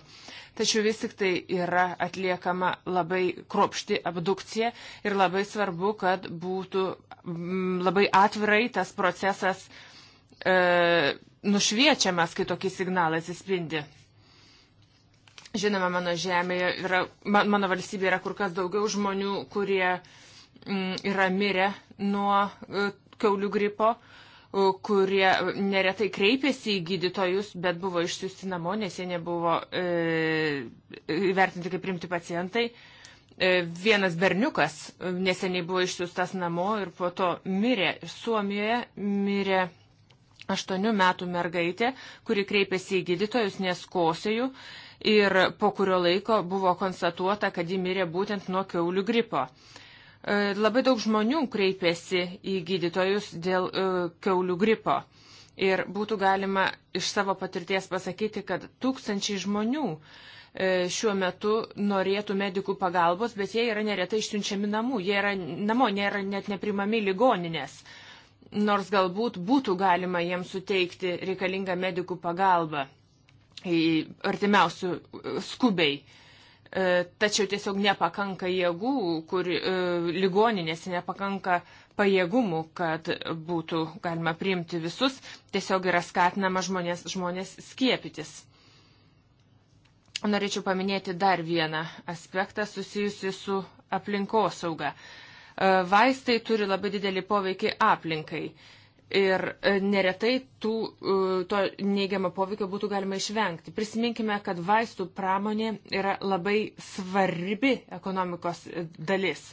Tačiau vis tik tai yra atliekama labai kropšti abdukcija ir labai svarbu, kad būtų mm, labai atvirai tas procesas e, nušviečiamas, kai tokie signalai atsispindi. Žinoma, mano žemėje yra, man, mano valstybėje yra kur kas daugiau žmonių, kurie m, mm, yra mirę nuo e, kaulių gripo, e, kurie neretai kreipėsi į gydytojus, bet buvo išsiųsti namo, nes jie nebuvo e, įvertinti e, kaip rimti pacientai. E, vienas berniukas neseniai buvo išsiųstas namo ir po to mirė Suomijoje, mirė aštuonių metų mergaitė, kuri kreipėsi į gydytojus, nes kosėjų ir po kurio laiko buvo konstatuota, kad ji mirė būtent nuo keulių gripo. E, labai daug žmonių kreipėsi į gydytojus dėl e, keulių gripo. Ir būtų galima iš savo patirties pasakyti, kad tūkstančiai žmonių e, šiuo metu norėtų medikų pagalbos, bet jie yra neretai išsiunčiami namų, jie yra namo, nėra net neprimami ligoninės, nors galbūt būtų galima jiems suteikti reikalingą medikų pagalbą artimiausių e, skubiai. E, tačiau tiesiog nepakanka jėgų, kur e, ligoninėse nepakanka pajėgumų, kad būtų galima priimti visus, tiesiog yra skatinama žmonės, žmonės skiepytis. Norėčiau paminėti dar vieną aspektą susijusi su aplinkosauga. Vaistai turi labai didelį poveikį aplinkai. Ir e, neretai tų, e, to neigiamo poveikio būtų galima išvengti. Prisiminkime, kad vaistų pramonė yra labai svarbi ekonomikos e, dalis.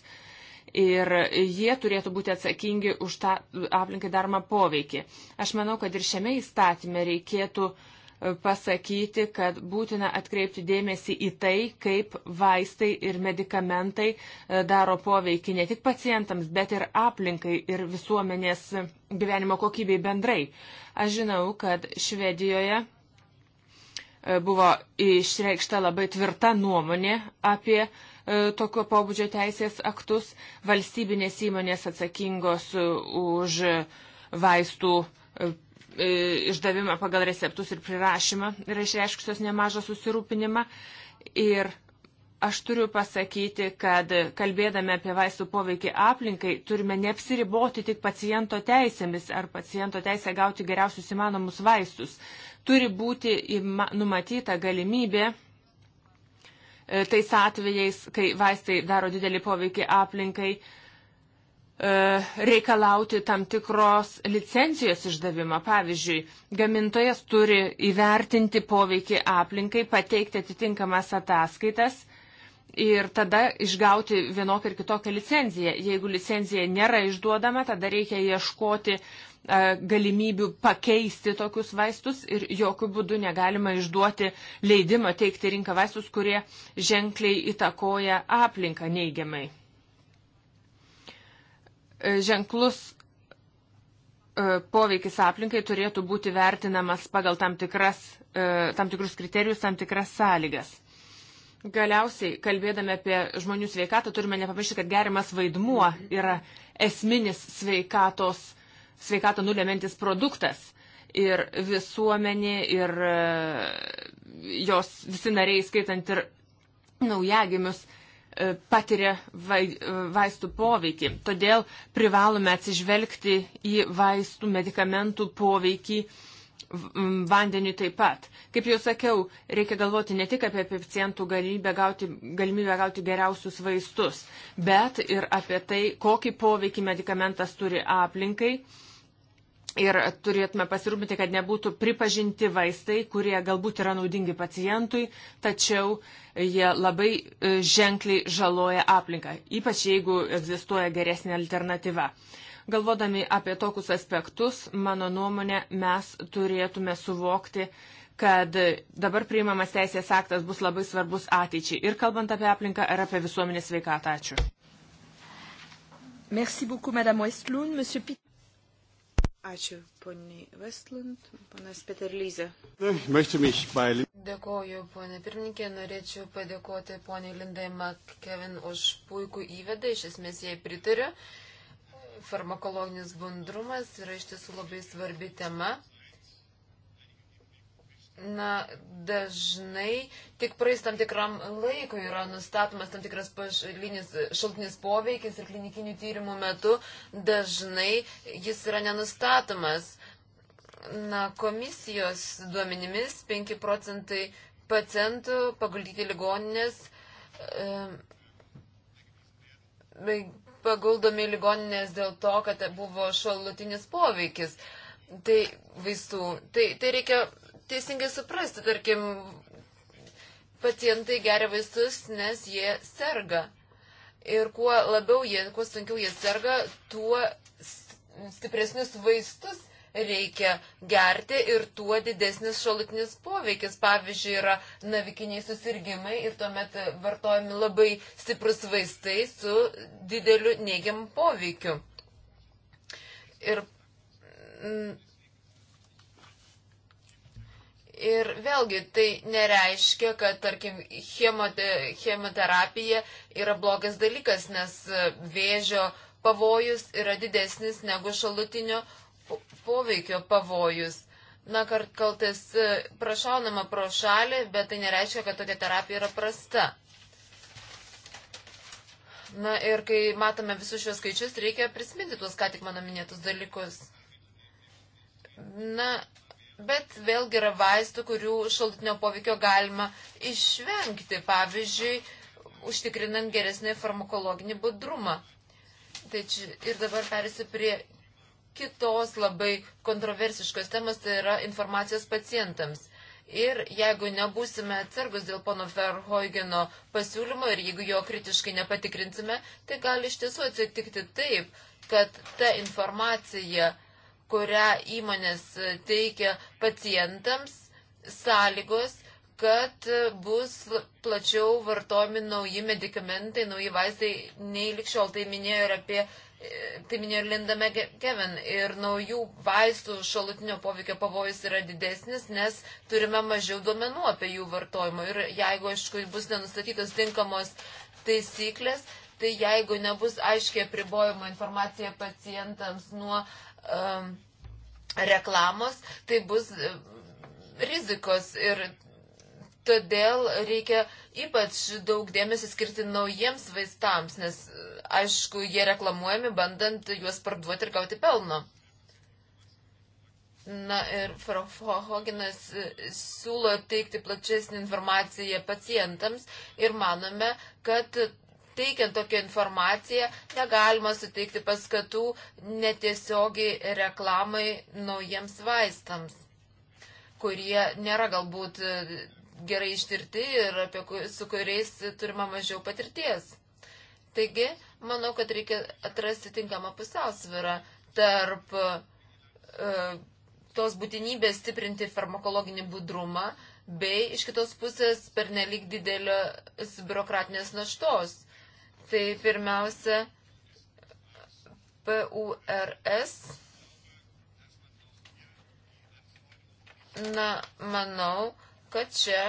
Ir jie turėtų būti atsakingi už tą aplinkai daromą poveikį. Aš manau, kad ir šiame įstatymė reikėtų uh, pasakyti, kad būtina atkreipti dėmesį į tai, kaip vaistai ir medikamentai e, daro poveikį ne tik pacientams, bet ir aplinkai ir visuomenės gyvenimo kokybei bendrai. Aš žinau, kad Švedijoje e, buvo išreikšta labai tvirta nuomonė apie e, tokio pobūdžio teisės aktus. Valstybinės įmonės atsakingos už vaistų E, išdavimą pagal receptus ir prirašymą yra išreiškusios nemažą susirūpinimą. Ir aš turiu pasakyti, kad kalbėdami apie vaistų poveikį aplinkai, turime neapsiriboti tik paciento teisėmis ar paciento teisę gauti geriausius įmanomus vaistus. Turi būti numatyta galimybė e, tais atvejais, kai vaistai daro didelį poveikį aplinkai, E, reikalauti tam tikros licencijos išdavimą. Pavyzdžiui, gamintojas turi įvertinti poveikį aplinkai, pateikti atitinkamas ataskaitas ir tada išgauti vienokią ir kitokią licenciją. Jeigu licencija nėra išduodama, tada reikia ieškoti e, galimybių pakeisti tokius vaistus ir jokių būdų negalima išduoti leidimą teikti rinką vaistus, kurie ženkliai įtakoja aplinką neigiamai. E, ženklus e, poveikis aplinkai turėtų būti vertinamas pagal tam, tikras, e, tam tikrus kriterijus, tam tikras sąlygas. Galiausiai, kalbėdami apie žmonių sveikatą, turime nepamiršti, kad gerimas vaidmuo yra esminis sveikatos, sveikato nulemiantis produktas. Ir visuomenė, ir jos visi nariai, skaitant ir naujagimius, E, patiria e, vaistų poveikį. Todėl privalome atsižvelgti į vaistų, medikamentų poveikį vandeniu taip pat. Kaip jau sakiau, reikia galvoti ne tik apie pacientų galimybę gauti, galimybę gauti geriausius vaistus, bet ir apie tai, kokį poveikį medikamentas turi aplinkai Ir turėtume pasirūpinti, kad nebūtų pripažinti vaistai, kurie galbūt yra naudingi pacientui, tačiau jie labai e, ženkliai žaloja aplinką, ypač jeigu egzistuoja geresnė alternatyva. Galvodami apie tokius aspektus, mano nuomonė, mes turėtume suvokti, kad dabar priimamas teisės aktas bus labai svarbus ateičiai ir kalbant apie aplinką ir apie visuomenės sveikatą. Ačiū.
Merci beaucoup, Madame Westlund. Monsieur Pitt. Ačiū, poniai Westlund. Panas Peter Lyze. Dėkoju, ponė pirmininkė. Norėčiau padėkoti poniai Lindai McKevin už puikų įvedą. Iš esmės jai pritariu. Farmakologinis bundrumas yra iš tiesų labai svarbi tema na, dažnai tik praeis tam tikram laikui yra nustatomas tam tikras pašalinis šaltinis poveikis ir klinikinių tyrimų metu dažnai jis yra nenustatomas. Na, komisijos duomenimis 5 procentai pacientų paguldyti ligoninės. E, paguldomi ligoninės dėl to, kad buvo šalutinis poveikis tai vaistų. Tai, tai reikia teisingai suprasti, tarkim, pacientai geria vaistus, nes jie serga. Ir kuo labiau jie, kuo sunkiau jie serga, tuo stipresnius vaistus reikia gerti ir tuo didesnis šalutinis poveikis. Pavyzdžiui, yra navikiniai susirgymai ir tuomet vartojami labai stiprus vaistai su dideliu neigiamu poveikiu. Ir mm, Ir vėlgi tai nereiškia, kad, tarkim, chemote, chemoterapija yra blogas dalykas, nes e, vėžio pavojus yra didesnis negu šalutinio poveikio pavojus. Na, kart kaltas e, prašaunama pro šalį, bet tai nereiškia, kad tokia terapija yra prasta. Na ir kai matome visus šios skaičius, reikia prisiminti tuos ką tik mano minėtus dalykus. Na, Bet vėlgi yra vaistų, kurių šalutinio poveikio galima išvengti, pavyzdžiui, užtikrinant geresnį farmakologinį budrumą. Tai čia, ir dabar perėsiu prie kitos labai kontroversiškos temos, tai yra informacijos pacientams. Ir jeigu nebūsime atsargus dėl pono Verhoigeno pasiūlymo ir jeigu jo kritiškai nepatikrinsime, tai gali iš tiesų atsitikti taip, kad ta informacija, uh, kurią įmonės teikia pacientams, sąlygos, kad bus plačiau vartojami nauji medikamentai, nauji vaistai, nei likščiol. Tai minėjo ir apie, tai minėjo ir Linda McKevin. Ir naujų vaistų šalutinio poveikio pavojus yra didesnis, nes turime mažiau duomenų apie jų vartojimą. Ir jeigu, aišku, bus nenustatytos tinkamos taisyklės, tai jeigu nebus aiškiai apribojama informacija pacientams nuo uh, um, reklamos, tai bus um, rizikos ir todėl reikia ypač daug dėmesio skirti naujiems vaistams, nes aišku, jie reklamuojami bandant juos parduoti ir gauti pelno. Na ir Frohoginas e, siūlo teikti plačesnį informaciją pacientams ir manome, kad teikiant tokią informaciją negalima suteikti paskatų netiesiogiai reklamai naujiems vaistams, kurie nėra galbūt e, gerai ištirti ir apie, su kuriais turima mažiau patirties. Taigi, manau, kad reikia atrasti tinkamą pusiausvyrą tarp e, tos būtinybės stiprinti farmakologinį budrumą bei iš kitos pusės pernelik didelės biurokratinės naštos. Tai pirmiausia, PURS. Na, manau, kad čia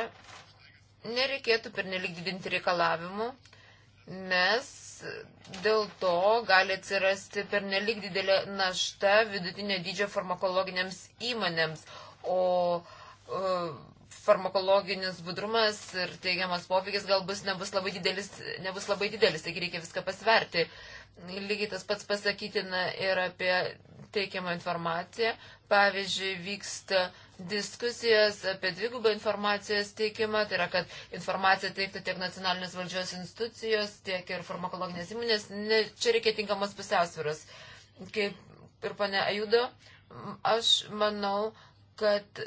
nereikėtų pernelik didinti reikalavimų, nes dėl to gali atsirasti pernelik didelė našta vidutinio dydžio farmakologiniams įmonėms, o uh, farmakologinis budrumas ir teigiamas poveikis galbūt nebus labai didelis, nebus labai didelis, taigi reikia viską pasverti. Lygiai tas pats pasakytina ir apie teikiamą informaciją. Pavyzdžiui, vyksta diskusijas apie dvigubą informacijos teikimą, tai yra, kad informaciją teiktų tiek nacionalinės valdžios institucijos, tiek ir farmakologinės įmonės. Ne, čia reikia tinkamos pusiausvėros. Kaip ir pane Ajudo, aš manau, kad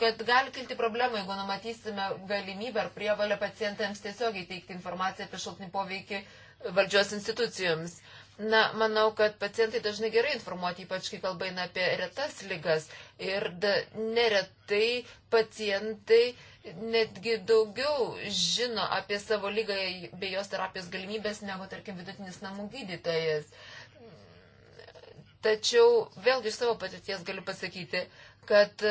kad gali kilti problemų, jeigu numatysime galimybę ar prievalę pacientams tiesiogiai teikti informaciją apie šaltinį poveikį valdžios institucijoms. Na, manau, kad pacientai dažnai gerai informuoti, ypač kai kalba eina apie retas lygas. Ir da, neretai pacientai netgi daugiau žino apie savo lygą bei jos terapijos galimybės negu, tarkim, vidutinis namų gydytojas. Tačiau vėlgi iš savo patirties galiu pasakyti, kad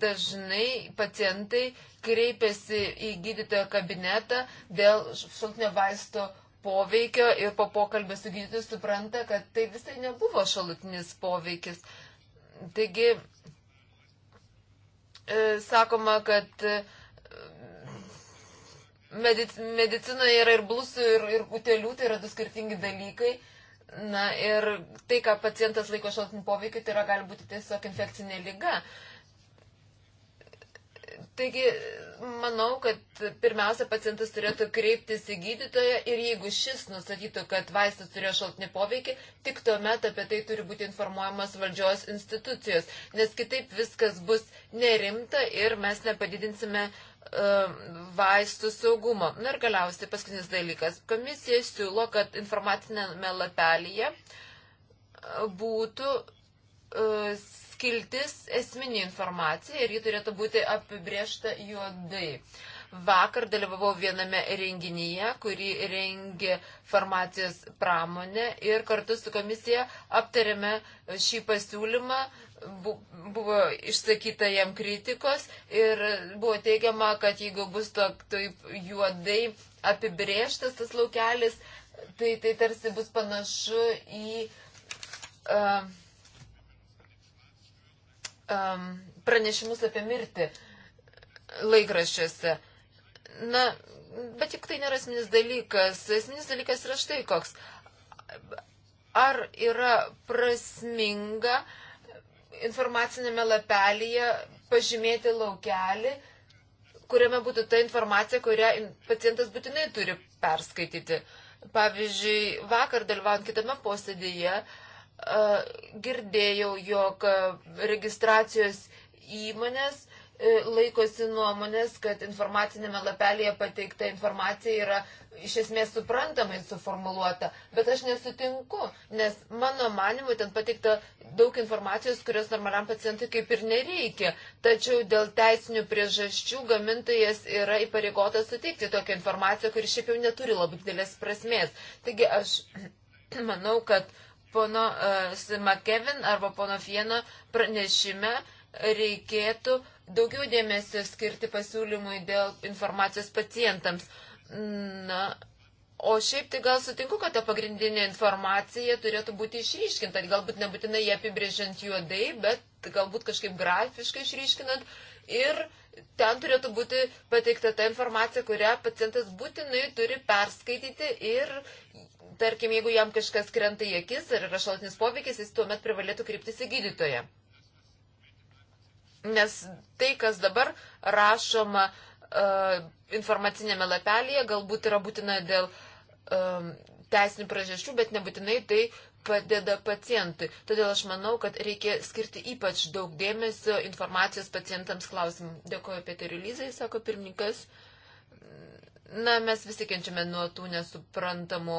dažnai pacientai kreipiasi į gydytojo kabinetą dėl šaltinio vaisto poveikio ir po pokalbio su gydytoju supranta, kad tai visai nebuvo šalutinis poveikis. Taigi, e, sakoma, kad e, medic, medicinoje yra ir blusų, ir, ir utėlių, tai yra du skirtingi dalykai. Na ir tai, ką pacientas laiko šaltiniu poveikiu, tai yra gali būti tiesiog infekcinė lyga. Uh, Taigi, manau, kad pirmiausia pacientas turėtų kreiptis į gydytoją ir jeigu šis nustatytų, kad vaistas turėjo šaltinį poveikį, tik tuomet apie tai turi būti informuojamas valdžios institucijos, nes kitaip viskas bus nerimta ir mes nepadidinsime uh, vaistų saugumo. Na ir galiausiai paskutinis dalykas. Komisija siūlo, kad informacinėme lapelyje būtų uh, skiltis esminė informacija ir ji turėtų būti apibriešta juodai. Vakar dalyvavau viename renginyje, kurį rengė farmacijos pramonė ir kartu su komisija aptarėme šį pasiūlymą, buvo išsakyta jam kritikos ir buvo teigiama, kad jeigu bus tok, taip juodai apibrėžtas tas laukelis, tai tai tarsi bus panašu į. Uh, um, pranešimus apie mirtį laikraščiuose. Na, bet juk tai nėra esminis dalykas. Esminis dalykas yra štai koks. Ar yra prasminga informacinėme lapelyje pažymėti laukelį, kuriame būtų ta informacija, kurią pacientas būtinai turi perskaityti. Pavyzdžiui, vakar dalyvaujant kitame posėdėje, uh, girdėjau, jog registracijos įmonės e, laikosi nuomonės, kad informacinėme lapelėje pateikta informacija yra iš esmės suprantamai suformuluota, bet aš nesutinku, nes mano manimu ten pateikta daug informacijos, kurios normaliam pacientui kaip ir nereikia. Tačiau dėl teisinių priežasčių gamintojas yra įpareigotas suteikti tokią informaciją, kuri šiaip jau neturi labai didelės prasmės. Taigi aš manau, kad pono e, Makevin arba pono Fieno pranešime reikėtų daugiau dėmesio skirti pasiūlymui dėl informacijos pacientams. Na, o šiaip tai gal sutinku, kad ta pagrindinė informacija turėtų būti išryškinta, galbūt nebūtinai ją apibrėžiant juodai, bet galbūt kažkaip grafiškai išryškinant ir ten turėtų būti pateikta ta informacija, kurią pacientas būtinai turi perskaityti ir tarkim, jeigu jam kažkas krenta į akis ir yra šaltinis poveikis, jis tuomet privalėtų kryptis į gydytoją. Nes tai, kas dabar rašoma uh, informacinėme lapelėje, galbūt yra būtina dėl um, teisinių priežasčių, bet nebūtinai tai padeda pacientui. Todėl aš manau, kad reikia skirti ypač daug dėmesio informacijos pacientams klausimų. Dėkuoju Peteriu Lyzai, sako pirmininkas. Na, mes visi kenčiame nuo tų nesuprantamų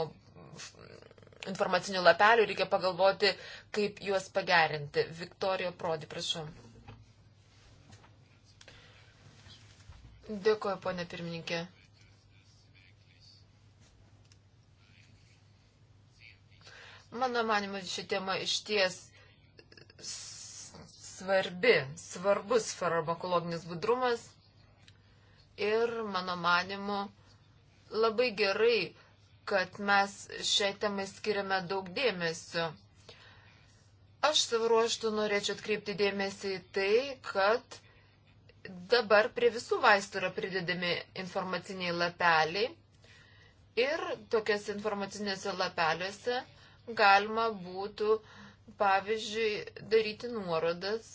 informacinių lapelių, reikia pagalvoti, kaip juos pagerinti. Viktorija Prodi, prašau. Dėkuoju, ponė pirmininkė. Mano manimas, ši tema iš ties svarbi, svarbus farmakologinis budrumas ir, mano manimu, labai gerai kad mes šiai temai skiriame daug dėmesio. Aš savo ruoštų norėčiau atkreipti dėmesį į tai, kad dabar prie visų vaistų yra pridedami informaciniai lapeliai ir tokiuose informacinėse lapeliuose galima būtų, pavyzdžiui, daryti nuorodas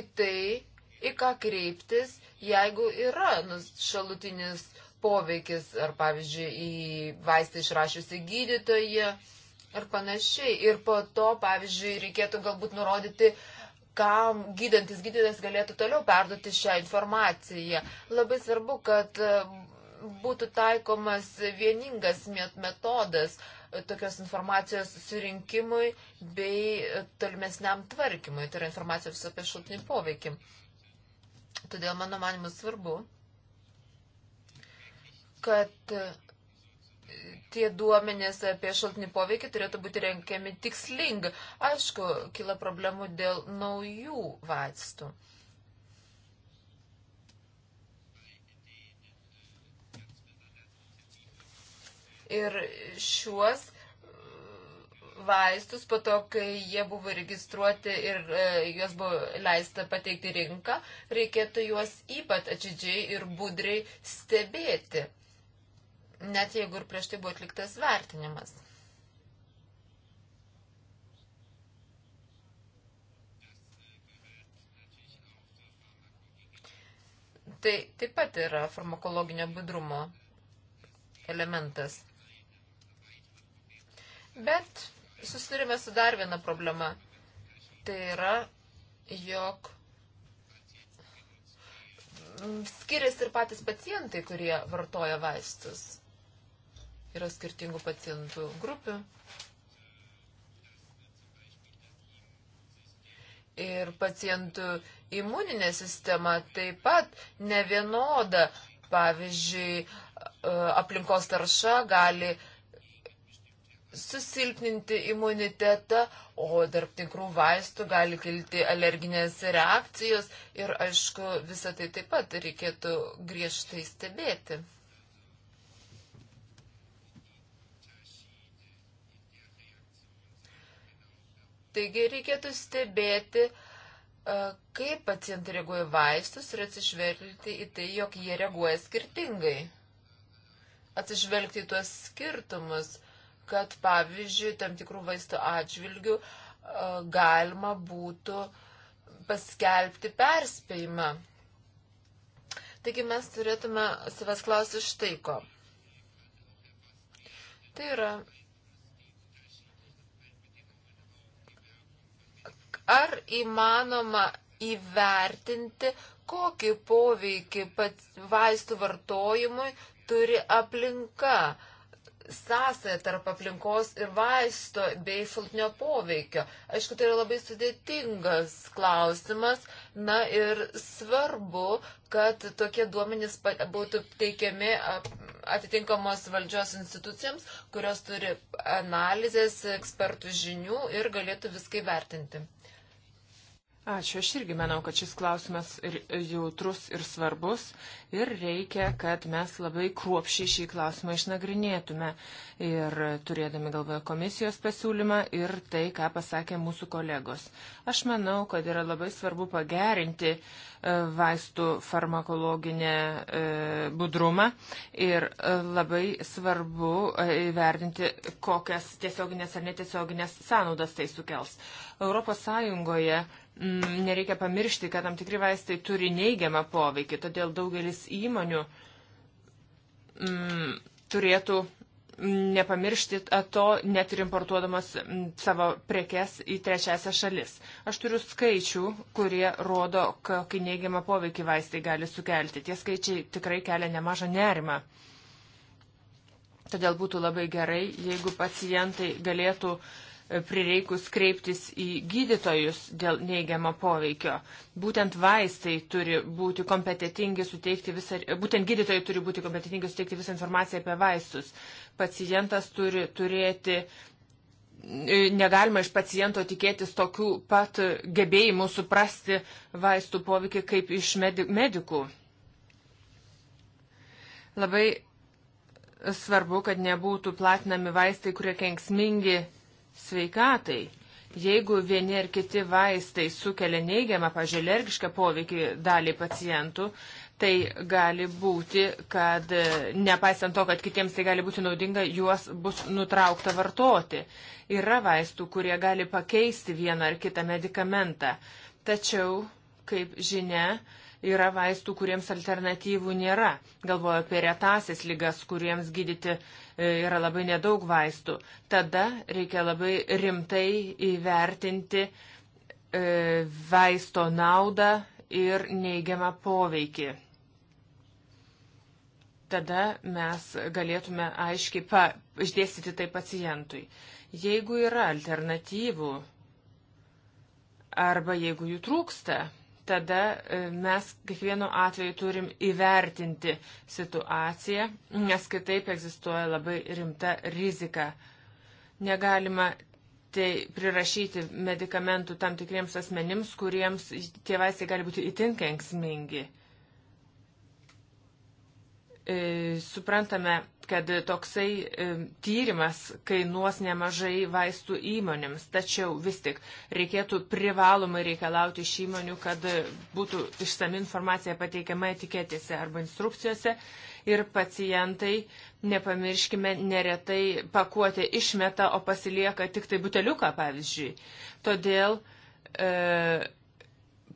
į tai, į ką kreiptis jeigu yra nu, šalutinis poveikis, ar pavyzdžiui, į vaistą išrašiusi gydytoje ir panašiai. Ir po to, pavyzdžiui, reikėtų galbūt nurodyti, kam gydantis gydytojas galėtų toliau perduoti šią informaciją. Labai svarbu, kad e, būtų taikomas vieningas metodas e, tokios informacijos surinkimui bei e, tolimesniam tvarkymui, tai yra informacijos apie šaltinį poveikį. Todėl mano manimu svarbu, kad e, tie duomenės apie šaltinį poveikį turėtų būti renkiami tikslingai. Aišku, kila problemų dėl naujų vaistų. Ir šiuos vaistus po to, kai jie buvo registruoti ir e, juos buvo leista pateikti rinką, reikėtų juos ypat atidžiai ir budriai stebėti, net jeigu ir prieš tai buvo atliktas vertinimas. Tai taip pat yra farmakologinio budrumo elementas. Bet susidurime su dar viena problema. Tai yra, jog mm, skiriasi ir patys pacientai, kurie vartoja vaistus. Yra skirtingų pacientų grupių. Ir pacientų imuninė sistema taip pat nevienoda. Pavyzdžiui, e, aplinkos tarša gali uh, susilpninti imunitetą, o tarp tikrų vaistų gali kilti alerginės reakcijos ir, aišku, visą tai taip pat reikėtų griežtai stebėti. Taigi reikėtų stebėti, e, kaip pacientai reaguoja vaistus ir atsižvelgti į tai, jog jie reaguoja skirtingai. Atsižvelgti į tuos skirtumus kad pavyzdžiui tam tikrų vaistų atžvilgių galima būtų paskelbti perspėjimą. Taigi mes turėtume savęs klausyti štai ko. Tai yra, ar įmanoma įvertinti, kokį poveikį vaistų vartojimui turi aplinka sąsąją tarp aplinkos ir vaisto bei šaltinio poveikio. Aišku, tai yra labai sudėtingas klausimas. Na ir svarbu, kad tokie duomenys būtų teikiami atitinkamos valdžios institucijams, kurios turi analizės, ekspertų žinių ir galėtų viską vertinti.
Ačiū, aš irgi manau, kad šis klausimas ir jautrus ir svarbus ir reikia, kad mes labai kruopšiai šį klausimą išnagrinėtume ir turėdami galvoje komisijos pasiūlymą ir tai, ką pasakė mūsų kolegos. Aš manau, kad yra labai svarbu pagerinti e, vaistų farmakologinę e, budrumą ir e, labai svarbu įvertinti, kokias tiesioginės ar netiesioginės sąnaudas tai sukels. Europos Sąjungoje Mm, nereikia pamiršti, kad tam tikri vaistai turi neigiamą poveikį, todėl daugelis įmonių mm, turėtų nepamiršti to, net ir importuodamas mm, savo prekes į trečiasią šalis. Aš turiu skaičių, kurie rodo, kokį neigiamą poveikį vaistai gali sukelti. Tie skaičiai tikrai kelia nemažą nerimą. Todėl būtų labai gerai, jeigu pacientai galėtų uh, prireikus kreiptis į gydytojus dėl neigiamo poveikio. Būtent vaistai turi būti kompetitingi suteikti visą, būtent gydytojai turi būti kompetitingi suteikti visą informaciją apie vaistus. Pacientas turi turėti negalima iš paciento tikėtis tokių pat gebėjimų suprasti vaistų poveikį kaip iš medikų. Labai svarbu, kad nebūtų platinami vaistai, kurie kenksmingi sveikatai. Jeigu vieni ar kiti vaistai sukelia neigiamą, pažiūrėjau, alergišką poveikį daliai pacientų, tai gali būti, kad e, nepaisant to, kad kitiems tai gali būti naudinga, juos bus nutraukta vartoti. Yra vaistų, kurie gali pakeisti vieną ar kitą medicamentą. Tačiau, kaip žinia, yra vaistų, kuriems alternatyvų nėra. Galvoju apie retasias lygas, kuriems gydyti E, yra labai nedaug vaistų. Tada reikia labai rimtai įvertinti e, vaisto naudą ir neigiamą poveikį. Tada mes galėtume aiškiai išdėstyti tai pacientui. Jeigu yra alternatyvų arba jeigu jų trūksta, tada e, mes kiekvienu atveju turim įvertinti situaciją, nes kitaip egzistuoja labai rimta rizika. Negalima tai prirašyti medikamentų tam tikriems asmenims, kuriems tie vaistai gali būti itin kenksmingi. E, suprantame, kad toksai tyrimas kainuos nemažai vaistų įmonėms, tačiau vis tik reikėtų privalomai reikalauti iš įmonių, kad būtų išsami informacija pateikiama etiketėse arba instrukcijose ir pacientai, nepamirškime, neretai pakuotė išmeta, o pasilieka tik tai buteliuką, pavyzdžiui. Todėl e,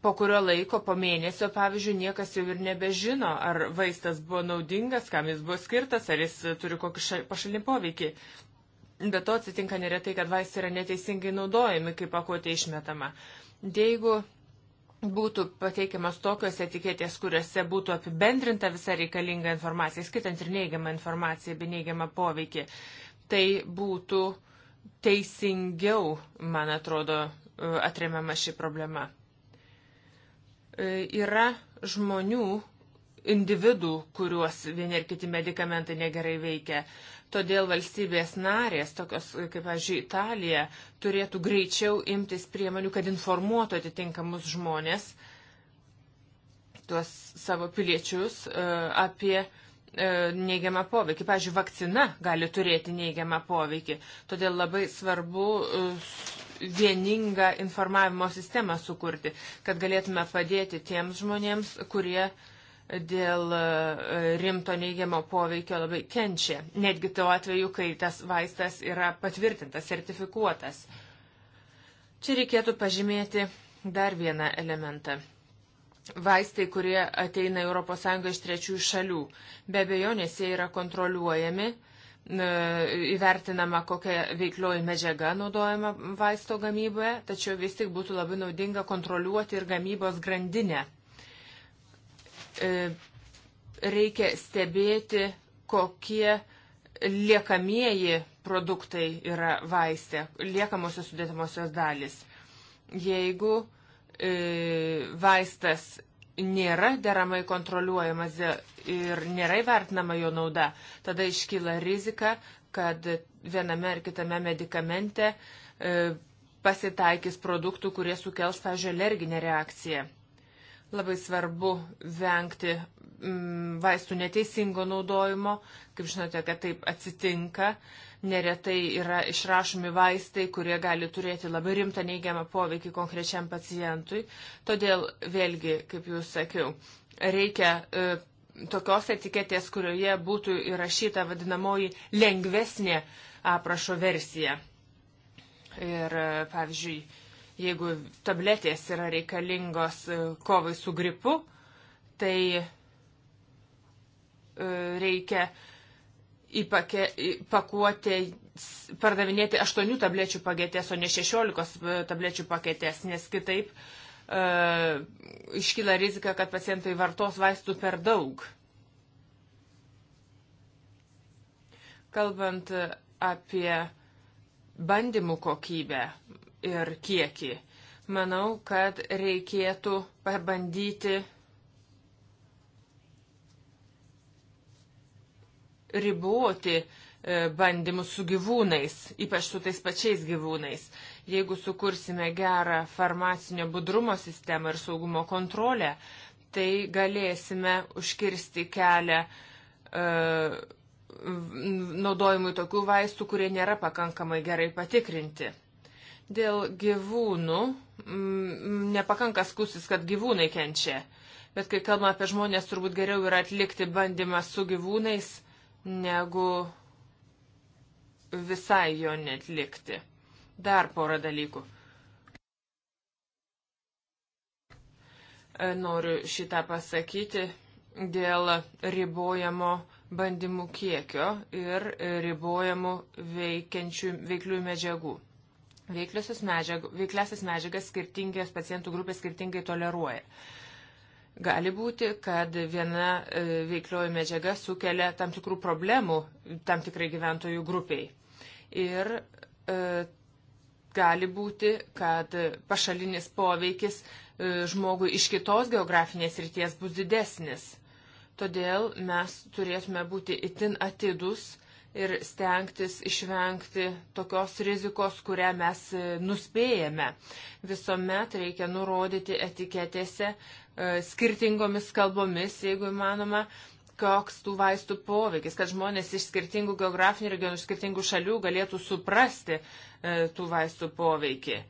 po kurio laiko, po mėnesio, pavyzdžiui, niekas jau ir nebežino, ar vaistas buvo naudingas, kam jis buvo skirtas, ar jis turi kokį pašalinį poveikį. Be to atsitinka neretai, kad vaistai yra neteisingai naudojami, kaip pakuotė išmetama. Jeigu būtų pateikiamas tokios etiketės, kuriuose būtų apibendrinta visa reikalinga informacija, skaitant ir neigiamą informaciją bei neigiamą poveikį, tai būtų teisingiau, man atrodo, e, atremiama ši problema. E, yra žmonių, individų, kuriuos vieni ir kiti medikamentai negerai veikia. Todėl valstybės narės, tokios kaip, pavyzdžiui, Italija, turėtų greičiau imtis priemonių, kad informuotų atitinkamus žmonės, tuos savo piliečius e, apie e, neigiamą poveikį. Pavyzdžiui, vakcina gali turėti neigiamą poveikį. Todėl labai svarbu vieningą informavimo sistemą sukurti, kad galėtume padėti tiems žmonėms, kurie dėl e, rimto neigiamo poveikio labai kenčia. Netgi tuo atveju, kai tas vaistas yra patvirtintas, sertifikuotas. Čia reikėtų pažymėti dar vieną elementą. Vaistai, kurie ateina ES iš trečiųjų šalių, be abejonės jie yra kontroliuojami, E, įvertinama, kokia veiklioji medžiaga naudojama vaisto gamyboje, tačiau vis tik būtų labai naudinga kontroliuoti ir gamybos grandinę. E, reikia stebėti, kokie liekamieji produktai yra vaiste, liekamosios sudėtamosios dalis. Jeigu e, vaistas nėra deramai kontroliuojamas ir nėra įvertinama jo nauda, tada iškyla rizika, kad viename ar kitame medikamente e, pasitaikys produktų, kurie sukels, pažiūrėjau, alerginę reakciją. Labai svarbu vengti mm, vaistų neteisingo naudojimo, kaip žinote, kad taip atsitinka, Neretai yra išrašomi vaistai, kurie gali turėti labai rimtą neigiamą poveikį konkrečiam pacientui. Todėl vėlgi, kaip jūs sakiau, reikia e, tokios etiketės, kurioje būtų įrašyta vadinamoji lengvesnė aprašo versija. Ir e, pavyzdžiui, jeigu tabletės yra reikalingos e, kovai su gripu, tai e, reikia įpake, pakuotę pardavinėti 8 tablečių paketės, o ne 16 e, tablečių paketės, nes kitaip e, iškyla rizika, kad pacientai vartos vaistų per daug. Kalbant apie bandymų kokybę ir kiekį, manau, kad reikėtų pabandyti riboti e, bandymus su gyvūnais, ypač su tais pačiais gyvūnais. Jeigu sukursime gerą farmacinio budrumo sistemą ir saugumo kontrolę, tai galėsime užkirsti kelią uh, naudojimui tokių vaistų, kurie nėra pakankamai gerai patikrinti. Dėl gyvūnų mm, nepakanka skusis, kad gyvūnai kenčia, bet kai kalbame apie žmonės, turbūt geriau yra atlikti bandymą su gyvūnais negu visai jo netlikti. Dar porą dalykų. E, noriu šitą pasakyti dėl ribojamo bandymų kiekio ir ribojamų veiklių medžiagų. Medžiag, veikliasis medžiagas skirtingės pacientų grupės skirtingai toleruoja. Gali būti, kad viena e, veiklioji medžiaga sukelia tam tikrų problemų tam tikrai gyventojų grupiai. Ir e, gali būti, kad pašalinis poveikis e, žmogui iš kitos geografinės ryties bus didesnis. Todėl mes turėtume būti itin atidus ir stengtis išvengti tokios rizikos, kurią mes e, nuspėjame. Visuomet reikia nurodyti etiketėse, E, skirtingomis kalbomis, jeigu įmanoma, koks tų vaistų poveikis, kad žmonės iš skirtingų geografinių regionų, iš skirtingų šalių galėtų suprasti e, tų vaistų poveikį.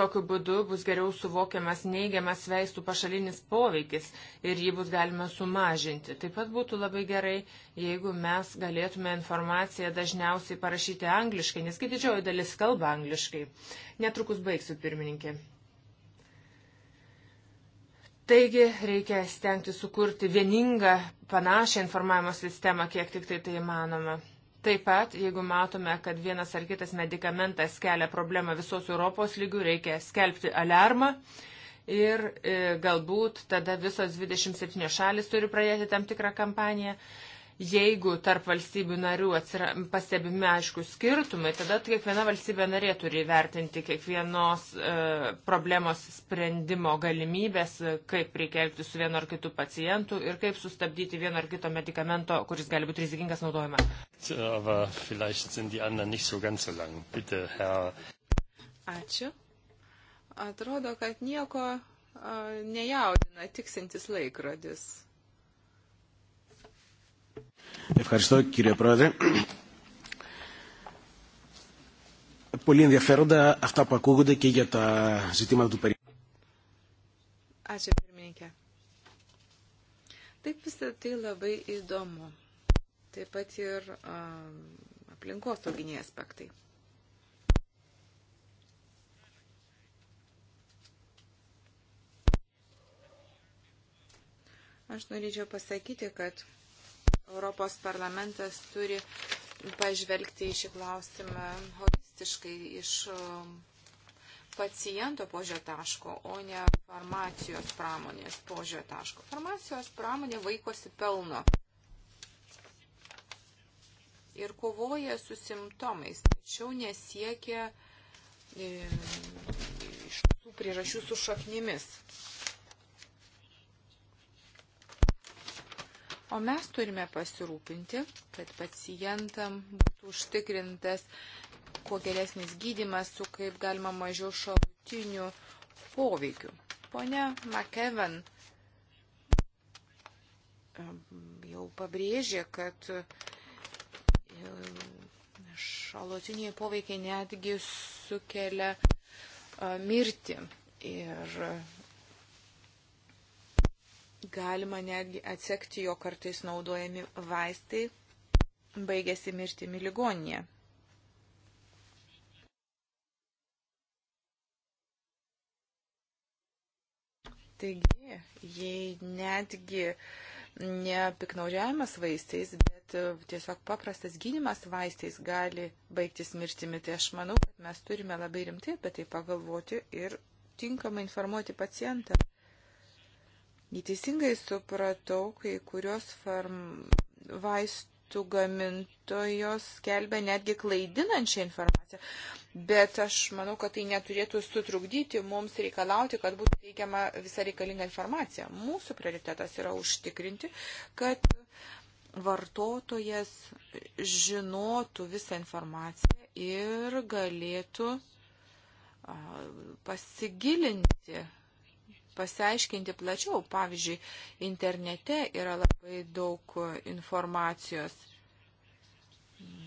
Tokiu būdu bus geriau suvokiamas neigiamas vaistų pašalinis poveikis ir jį bus galima sumažinti. Taip pat būtų labai gerai, jeigu mes galėtume informaciją dažniausiai parašyti angliškai, nes kai didžioji dalis kalba angliškai. Netrukus baigsiu, pirmininkė. Taigi reikia stengti sukurti vieningą panašią informavimo sistemą, kiek tik tai tai įmanoma. Taip pat, jeigu matome, kad vienas ar kitas medikamentas kelia problemą visos Europos lygių, reikia skelbti alarmą ir e, galbūt tada visos 27 šalis turi pradėti tam tikrą kampaniją Jeigu tarp valstybių narių atsira, pastebimi aišku skirtumai, tada kiekviena valstybė narė turi vertinti kiekvienos e, problemos sprendimo galimybės, kaip reikia elgti su vienu ar kitu pacientu ir kaip sustabdyti vieno ar kito medikamento, kuris gali būti rizikingas naudojimą.
Ačiū. Atrodo, kad nieko e, nejaudina tiksintis laikrodis.
Ευχαριστώ κύριε Πρόεδρε. Πολύ ενδιαφέροντα αυτά που ακούγονται και για τα ζητήματα του περιβάλλοντος.
Ačiū pirmininkė. Taip visą tai labai įdomu. Taip pat ir um, aplinkos sauginiai aspektai. Aš norėčiau pasakyti, kad Europos parlamentas turi pažvelgti į šį klausimą holistiškai iš um, paciento požio taško, o ne farmacijos pramonės požio taško. Farmacijos pramonė vaikosi pelno ir kovoja su simptomais, tačiau nesiekia e, iš tų priežasčių su šaknimis. O mes turime pasirūpinti, kad pacientam būtų užtikrintas kuo geresnis gydimas su kaip galima mažiau šalutinių poveikių. Pone McEvan jau pabrėžė, kad šalutiniai poveikiai netgi sukelia mirtį. Ir Galima netgi atsekti jo kartais naudojami vaistai baigėsi mirtimi ligoninėje. Taigi, jei netgi nepiknaudžiavimas vaistais, bet e, tiesiog paprastas gydimas vaistais gali baigtis mirtimi, tai aš manau, kad mes turime labai rimtai apie tai pagalvoti ir tinkamai informuoti pacientą. Neteisingai supratau, kai kurios farm... vaistų gamintojos skelbia netgi klaidinančią informaciją, bet aš manau, kad tai neturėtų sutrukdyti mums reikalauti, kad būtų teikiama visa reikalinga informacija. Mūsų prioritetas yra užtikrinti, kad vartotojas žinotų visą informaciją ir galėtų pasigilinti pasiaiškinti plačiau. Pavyzdžiui, internete yra labai daug informacijos.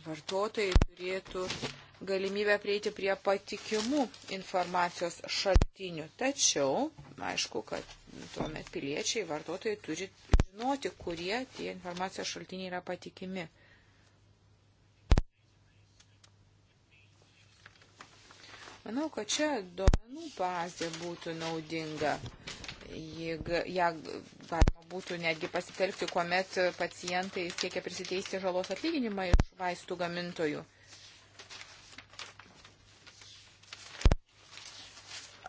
Vartotojai turėtų galimybę prieiti prie patikimų informacijos šaltinių. Tačiau, aišku, kad tuomet piliečiai, vartotojai turi žinoti, kurie tie informacijos šaltiniai yra patikimi. Manau, kad čia duomenų bazė būtų naudinga. Jeigu ją galima būtų netgi pasitelkti, kuomet pacientai siekia prisiteisti žalos atlyginimą iš vaistų gamintojų.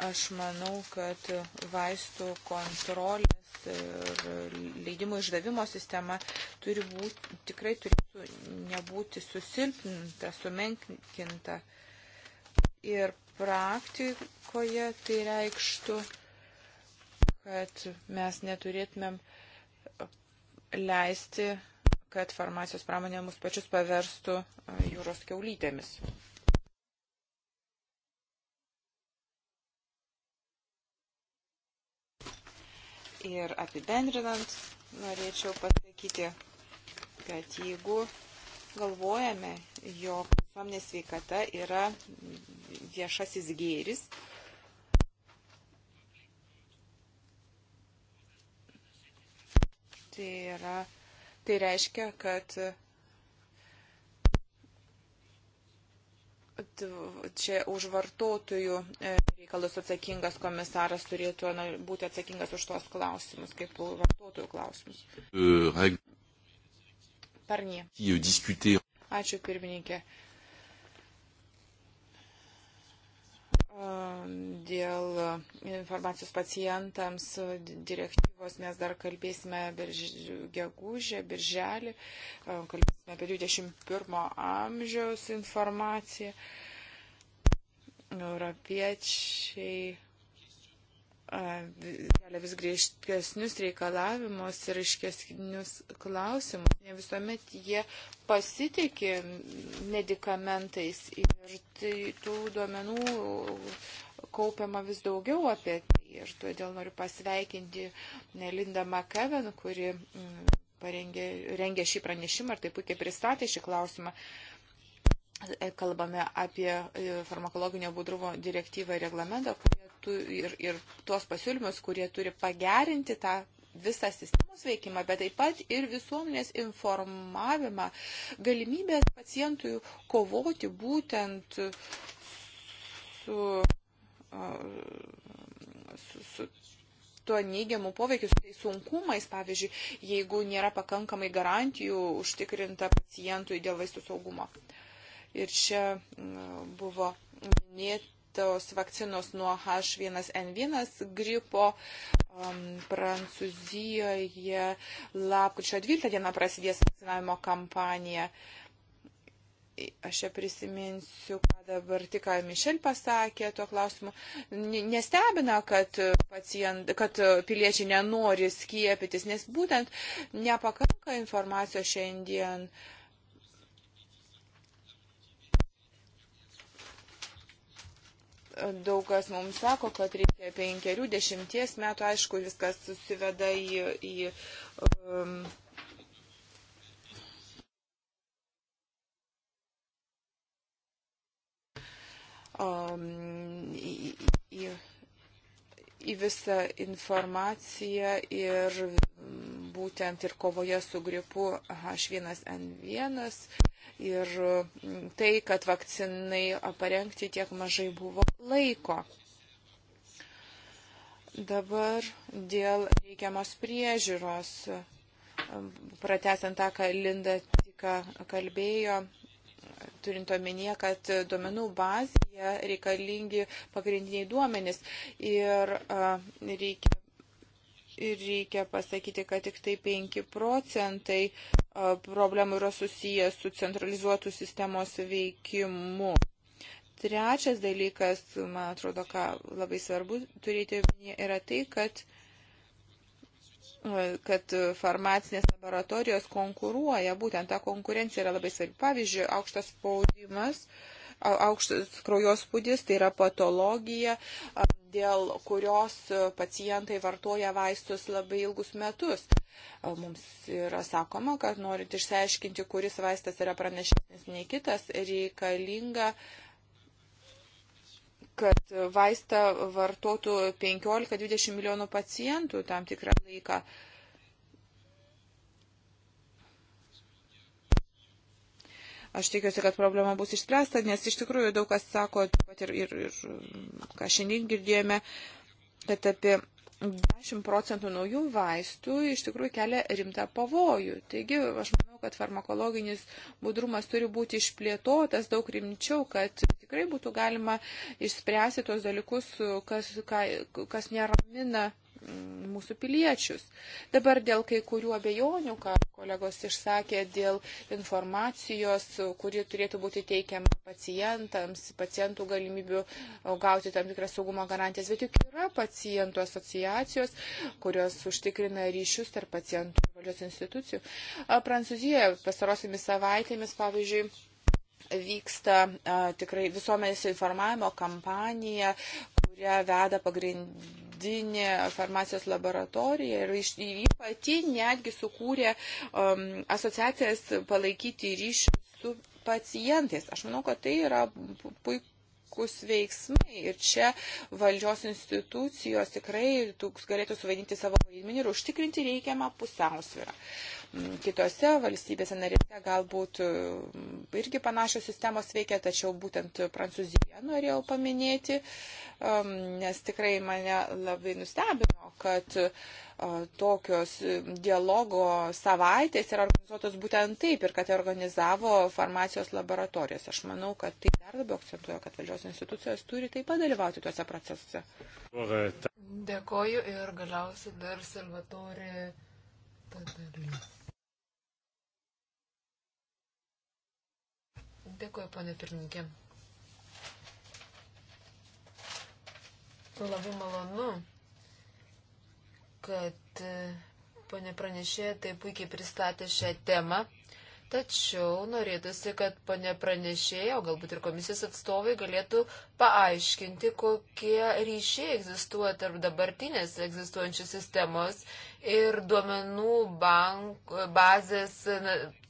Aš manau, kad vaistų kontrolės ir leidimų išdavimo sistema turi būti, tikrai turėtų nebūti susilpninta, sumenkinta. Ir praktikoje tai reikštų, kad mes neturėtumėm leisti, kad farmacijos pramonė mus pačius paverstų e, jūros keulytėmis. Ir apibendrinant, norėčiau pasakyti, kad jeigu galvojame, jog visuomenės sveikata yra viešasis gėris. Tai, yra, tai reiškia, kad čia už vartotojų e, reikalus atsakingas komisaras turėtų na, būti atsakingas už tos klausimus, kaip vartotojų klausimus.
Euh, Parnie. Euh,
Ačiū pirmininkė. Ehm, dėl e, informacijos pacientams e, direktyvos mes dar kalbėsime birž... gegužę, birželį, e, kalbėsime apie 21 amžiaus informaciją. Europiečiai kelia vis griežtesnius reikalavimus ir iškesnius klausimus. Ne visuomet jie pasitikė medikamentais ir tai, tų duomenų kaupiama vis daugiau apie tai. Ir todėl noriu pasveikinti Nelindą Makaven, kuri mm, parengė, rengė šį pranešimą ir taip puikiai pristatė šį klausimą e, kalbame apie e, farmakologinio budrumo direktyvą ir reglamentą, kurie tu, ir, ir tuos pasiūlymus, kurie turi pagerinti tą visą sistemos veikimą, bet taip pat ir visuomenės informavimą, galimybės pacientui kovoti būtent su, su, su tuo neigiamu poveikiu, su tais sunkumais, pavyzdžiui, jeigu nėra pakankamai garantijų užtikrinta pacientui dėl vaistų saugumo. Ir čia buvo minėti tos vakcinos nuo H1N1 gripo um, Prancūzijoje lapkričio 12 dieną prasidės vakcinavimo kampanija. Aš čia prisiminsiu, ką dabar tik Mišel pasakė tuo klausimu. Nestebina, kad, pacient, kad piliečiai nenori skiepytis, nes būtent nepakanka informacijos šiandien. Uh, Daug kas mums sako, kad reikia penkerių, dešimties metų, aišku, viskas susiveda į, į um, um, į, į, į visą informaciją ir būtent ir kovoje su gripu H1N1 ir mm, tai, kad vakcinai parengti tiek mažai buvo laiko. Dabar dėl reikiamos priežiūros, pratesiant tą, ką Linda tik kalbėjo, turint omenyje, kad duomenų bazėje reikalingi pagrindiniai duomenys ir reikia Ir reikia pasakyti, kad tik tai 5 procentai problemų yra susijęs su centralizuotų sistemos veikimu. Trečias dalykas, man atrodo, ką labai svarbu turėti omenyje, yra tai, kad, kad farmacinės laboratorijos konkuruoja, būtent ta konkurencija yra labai svarbi. Pavyzdžiui, aukštas spaudimas uh, aukštas kraujospūdis, tai yra patologija, dėl kurios pacientai vartoja vaistus labai ilgus metus. Mums yra sakoma, kad norint išsiaiškinti, kuris vaistas yra pranešesnis nei kitas, reikalinga kad vaistą vartotų 15-20 milijonų pacientų tam tikrą laiką. Uh, Aš tikiuosi, kad problema bus išspręsta, nes iš tikrųjų daug kas sako, ir, ir, ir ką šiandien girdėjome, kad apie 10 procentų naujų vaistų iš tikrųjų kelia rimtą pavojų. Taigi aš manau, kad farmakologinis budrumas turi būti išplėtotas daug rimčiau, kad tikrai būtų galima išspręsti tos dalykus, kas, ką, kas neramina mūsų piliečius. Dabar dėl kai kurių abejonių, ką kolegos išsakė, dėl informacijos, kuri turėtų būti teikiama pacientams, pacientų galimybių gauti tam tikras saugumo garantijas, bet juk yra pacientų asociacijos, kurios užtikrina ryšius tarp pacientų ir valdžios institucijų. Prancūzijoje pastarosiamis savaitėmis, pavyzdžiui, vyksta a, tikrai visuomenės informavimo kampanija, kurią veda pagrindinė pradinė farmacijos laboratorija ir ji pati netgi sukūrė um, asociacijas palaikyti ryšius su pacientais. Aš manau, kad tai yra puiku aiškus veiksmai. Ir čia valdžios institucijos tikrai galėtų suvaidinti savo vaidmenį ir užtikrinti reikiamą pusiausvyrą. Mm, kitose valstybėse narėse galbūt mm, irgi panašios sistemos veikia, tačiau būtent Prancūziją norėjau paminėti, mm, nes tikrai mane labai nustebino, kad uh, tokios e, dialogo savaitės yra organizuotos būtent taip ir kad tai organizavo farmacijos laboratorijos. Aš manau, kad tai dar labiau akcentuoja, kad valdžios institucijos turi taip pat dalyvauti tuose procesuose.
Dėkoju ir galiausiai dar Salvatore Tadarinas. Dėkoju, ponė pirmininkė. Labai malonu kad e, ponė pranešė tai puikiai pristatė šią temą. Tačiau norėtųsi, kad ponė pranešėjo, galbūt ir komisijos atstovai galėtų paaiškinti, kokie ryšiai egzistuoja tarp dabartinės egzistuojančios sistemos ir duomenų bank, bazės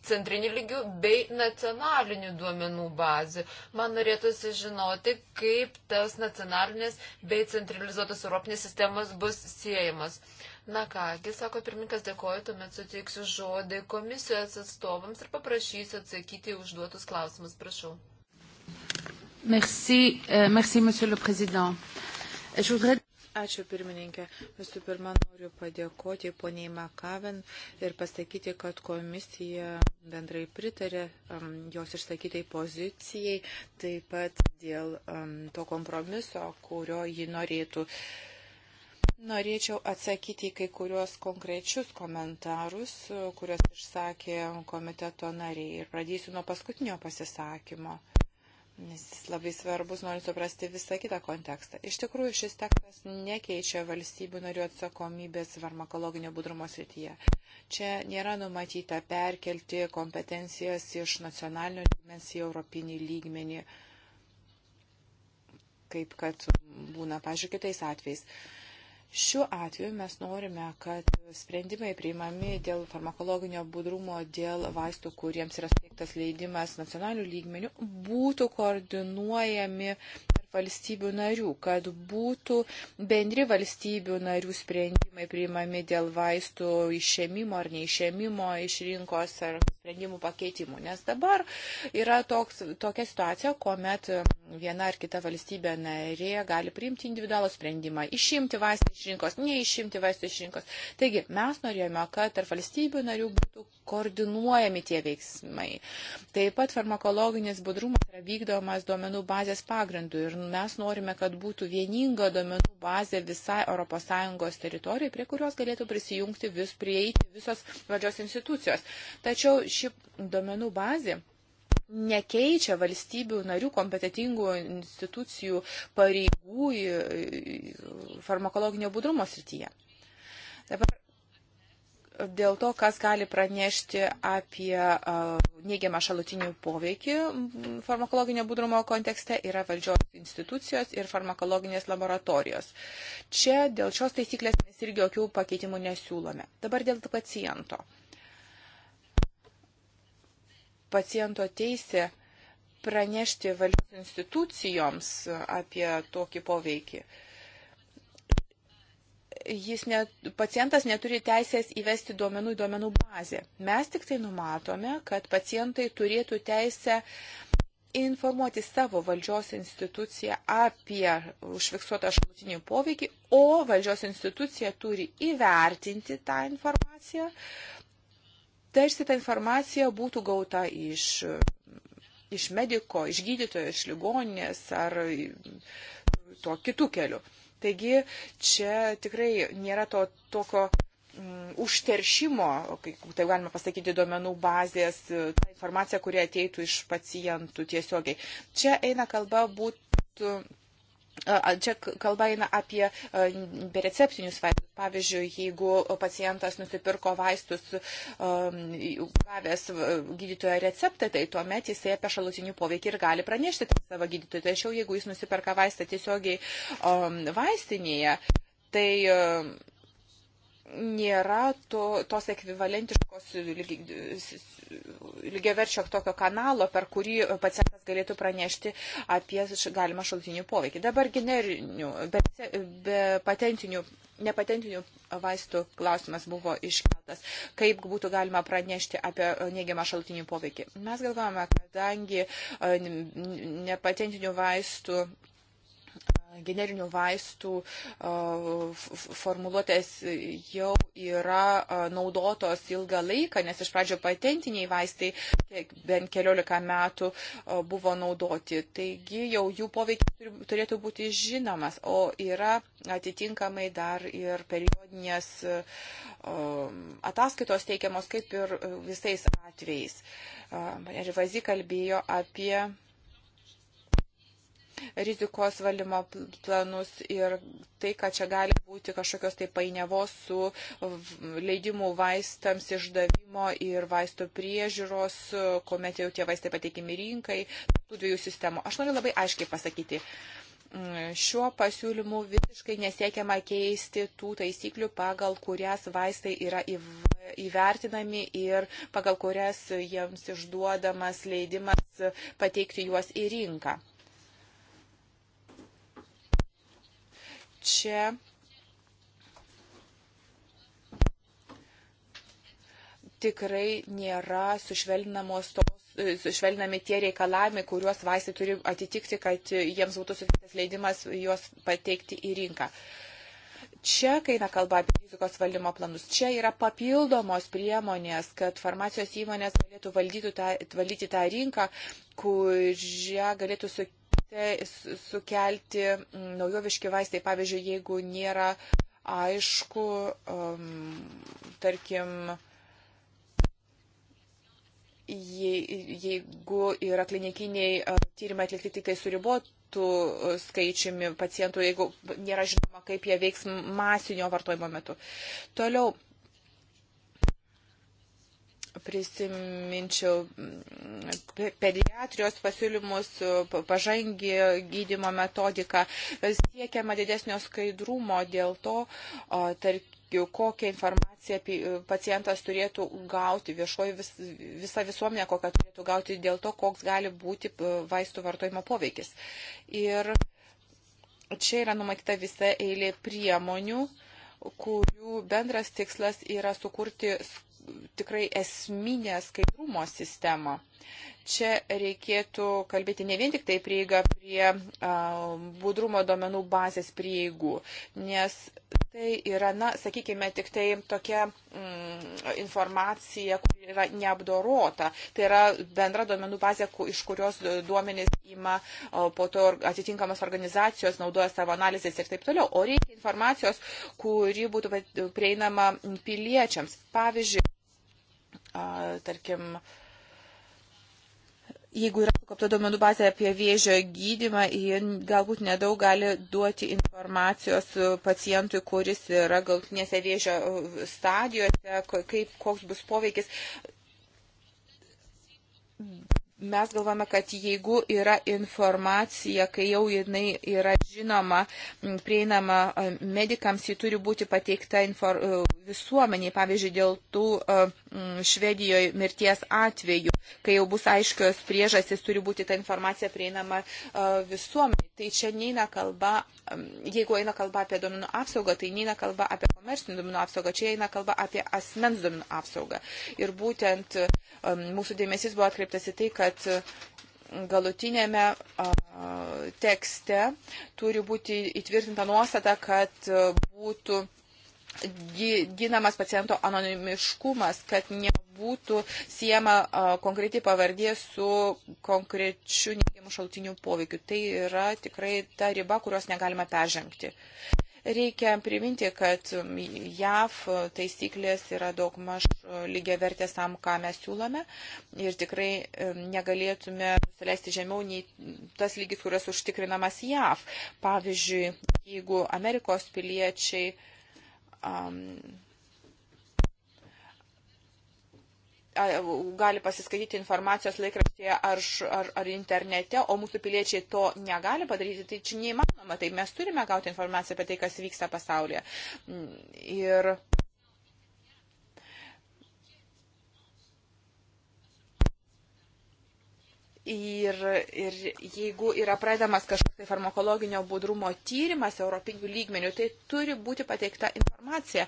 centrinių lygių bei nacionalinių duomenų bazių. Man norėtųsi žinoti, kaip tas nacionalinės bei centralizuotos europinės sistemos bus siejamos. Na kągi, sako pirmininkas, dėkoju, tuomet suteiksiu žodį komisijos atstovams ir paprašysiu atsakyti į užduotus klausimus. Prašau. Merci, euh, merci,
monsieur le président. Je voudrais...
Ačiū pirmininkė. Visų pirma, noriu
padėkoti poniai Makaven ir pasakyti, kad komisija bendrai pritarė um, jos išsakytai pozicijai, taip pat dėl um, to kompromiso, kurio ji norėtų. Uh, Norėčiau atsakyti į kai kuriuos konkrečius komentarus, kuriuos išsakė komiteto nariai. Ir pradėsiu nuo paskutinio pasisakymo, nes jis labai svarbus, norint suprasti visą kitą kontekstą. Iš tikrųjų, šis tekstas nekeičia valstybių narių atsakomybės farmakologinio budrumo srityje. Čia nėra numatyta perkelti kompetencijas iš nacionalinio lygmens į europinį lygmenį, kaip kad būna, pažiūrėkit, kitais atvejais Šiuo atveju mes norime, kad sprendimai priimami dėl farmakologinio budrumo, dėl vaistų, kuriems yra suteiktas leidimas nacionalių lygmenių, būtų koordinuojami valstybių narių, kad būtų bendri valstybių narių sprendimai priimami dėl vaistų išėmimo ar neišėmimo iš rinkos ar sprendimų pakeitimų. Nes dabar yra toks, tokia situacija, kuomet viena ar kita valstybė narė gali priimti individualų sprendimą - išimti vaistą iš rinkos, neišimti vaistų iš rinkos. Taigi mes norėjome, kad tarp valstybių narių būtų koordinuojami tie veiksmai. Taip pat farmakologinis budrumas yra vykdomas duomenų bazės pagrindu ir mes norime, kad būtų vieninga domenų bazė visai ES teritorijai, prie kurios galėtų prisijungti vis prieiti visos valdžios institucijos. Tačiau ši domenų bazė nekeičia valstybių narių kompetitingų institucijų pareigų farmakologinio budrumo srityje. Dabar dėl to, kas gali pranešti apie neigiamą šalutinį poveikį farmakologinio budrumo kontekste, yra valdžios institucijos ir farmakologinės laboratorijos. Čia dėl šios taisyklės mes irgi jokių pakeitimų nesiūlome. Dabar dėl paciento. Paciento teisė pranešti valdžios institucijoms apie tokį poveikį. Uh, jis net, pacientas neturi teisės įvesti duomenų į duomenų bazę. Mes tik tai numatome, kad pacientai turėtų teisę informuoti savo valdžios instituciją apie užfiksuotą šalutinį poveikį, o valdžios institucija turi įvertinti tą informaciją, tarsi ta informacija būtų gauta iš, iš mediko, iš gydytojo, iš ligoninės ar tuo kitų keliu. Taigi čia tikrai nėra to tokio mm, užteršimo, kaip tai galima pasakyti, duomenų bazės, e, ta informacija, kuri ateitų iš pacientų tiesiogiai. Čia eina kalba būtų Čia kalba eina apie bereceptinius vaistus. Pavyzdžiui, jeigu pacientas nusipirko vaistus, gavęs gydytojo receptą, tai tuomet jisai apie šalutinį poveikį ir gali pranešti savo gydytojui. Tačiau jeigu jis nusiperka vaistą tiesiogiai vaistinėje, tai nėra to, tos ekvivalentiškos lygiaverčio tokio kanalo, per kurį pacientas galėtų pranešti apie galimą šaltinių poveikį. Dabar generinių, be, be patentinių, nepatentinių vaistų klausimas buvo iškeltas, kaip būtų galima pranešti apie neigiamą šaltinių poveikį. Mes galvojame, kadangi e, nepatentinių vaistų generinių vaistų formuluotės jau yra naudotos ilgą laiką, nes iš pradžio patentiniai vaistai bent keliolika metų buvo naudoti. Taigi jau jų poveikis turėtų būti žinomas, o yra atitinkamai dar ir periodinės ataskaitos teikiamos kaip ir visais atvejais. Ir Vazi kalbėjo apie rizikos valdymo planus ir tai, kad čia gali būti kažkokios tai painiavos su leidimų vaistams išdavimo ir vaistų priežiūros, kuomet jau tie vaistai pateikimi rinkai, tų dviejų sistemų. Aš noriu labai aiškiai pasakyti mm, šiuo pasiūlymu visiškai nesiekiama keisti tų taisyklių, pagal kurias vaistai yra įvertinami ir pagal kurias jiems išduodamas leidimas pateikti juos į rinką. čia tikrai nėra sušvelninamos tos e, sušvelnami tie reikalavimai, kuriuos vaistai turi atitikti, kad jiems būtų suteiktas leidimas juos pateikti į rinką. Čia, kai eina kalba apie rizikos valdymo planus, čia yra papildomos priemonės, kad farmacijos įmonės galėtų valdyti tą, valdyti tą rinką, kurią galėtų su, sukelti mm, naujoviški vaistai, pavyzdžiui, jeigu nėra aišku, um, tarkim, je, jeigu yra klinikiniai uh, tyrimai atlikti tik tai suribotų uh, skaičiumi pacientų, jeigu nėra žinoma, kaip jie veiks masinio vartojimo metu. Toliau, prisiminčiau mm, pediatrijos pasiūlymus, pažangį gydimo metodiką, siekiama didesnio skaidrumo dėl to, tarkim, kokią informaciją pacientas turėtų gauti, viešoji vis, visa visuomenė, kokią turėtų gauti dėl to, koks gali būti vaistų vartojimo poveikis. Ir čia yra numatyta visa eilė priemonių, kurių bendras tikslas yra sukurti skaidrumą tikrai esminę skaidrumo sistemą. Čia reikėtų kalbėti ne vien tik tai prieiga prie budrumo duomenų bazės prieigų, nes tai yra, na, sakykime, tik tai tokia mm, informacija, kuri yra neapdorota. Tai yra bendra duomenų bazė, iš kurios duomenys ima po to atitinkamas organizacijos, naudoja savo analizės ir taip toliau. O reikia informacijos, kuri būtų prieinama piliečiams. Pavyzdžiui, tarkim, jeigu yra sukaupta duomenų bazė apie vėžio gydimą, jie galbūt nedaug gali duoti informacijos pacientui, kuris yra galtinėse vėžio stadijose, kaip, koks bus poveikis. Mes galvame, kad jeigu yra informacija, kai jau jinai yra žinoma, prieinama medikams, ji turi būti pateikta visuomeniai, pavyzdžiui, dėl tų uh, Mm, Švedijoje mirties atveju, kai jau bus aiškios priežastys, turi būti ta informacija prieinama e, visuomenė. Tai čia neina kalba, mm, jeigu eina kalba apie duomenų apsaugą, tai neina kalba apie komersinių duomenų apsaugą, čia eina kalba apie asmens duomenų apsaugą. Ir būtent e, mūsų dėmesys buvo atkreiptas į tai, kad e, galutinėme tekste turi būti įtvirtinta nuostata, kad būtų ginamas paciento anonimiškumas, kad nebūtų siema konkreti pavardė su konkrečiu neigiamu šaltiniu poveikiu. Tai yra tikrai ta riba, kurios negalima peržengti. Reikia priminti, kad JAV taisyklės yra daug maž lygiai vertės tam, ką mes siūlome ir tikrai negalėtume nusileisti žemiau nei tas lygis, kurias užtikrinamas JAV. Pavyzdžiui, jeigu Amerikos piliečiai um, gali pasiskaityti informacijos laikraštyje ar, ar, ar internete, o mūsų piliečiai to negali padaryti, tai čia neįmanoma. Tai mes turime gauti informaciją apie tai, kas vyksta pasaulyje. Mm, ir Ir, ir jeigu yra pradamas kažkoks tai farmakologinio budrumo tyrimas europinių lygmenių, tai turi būti pateikta informacija.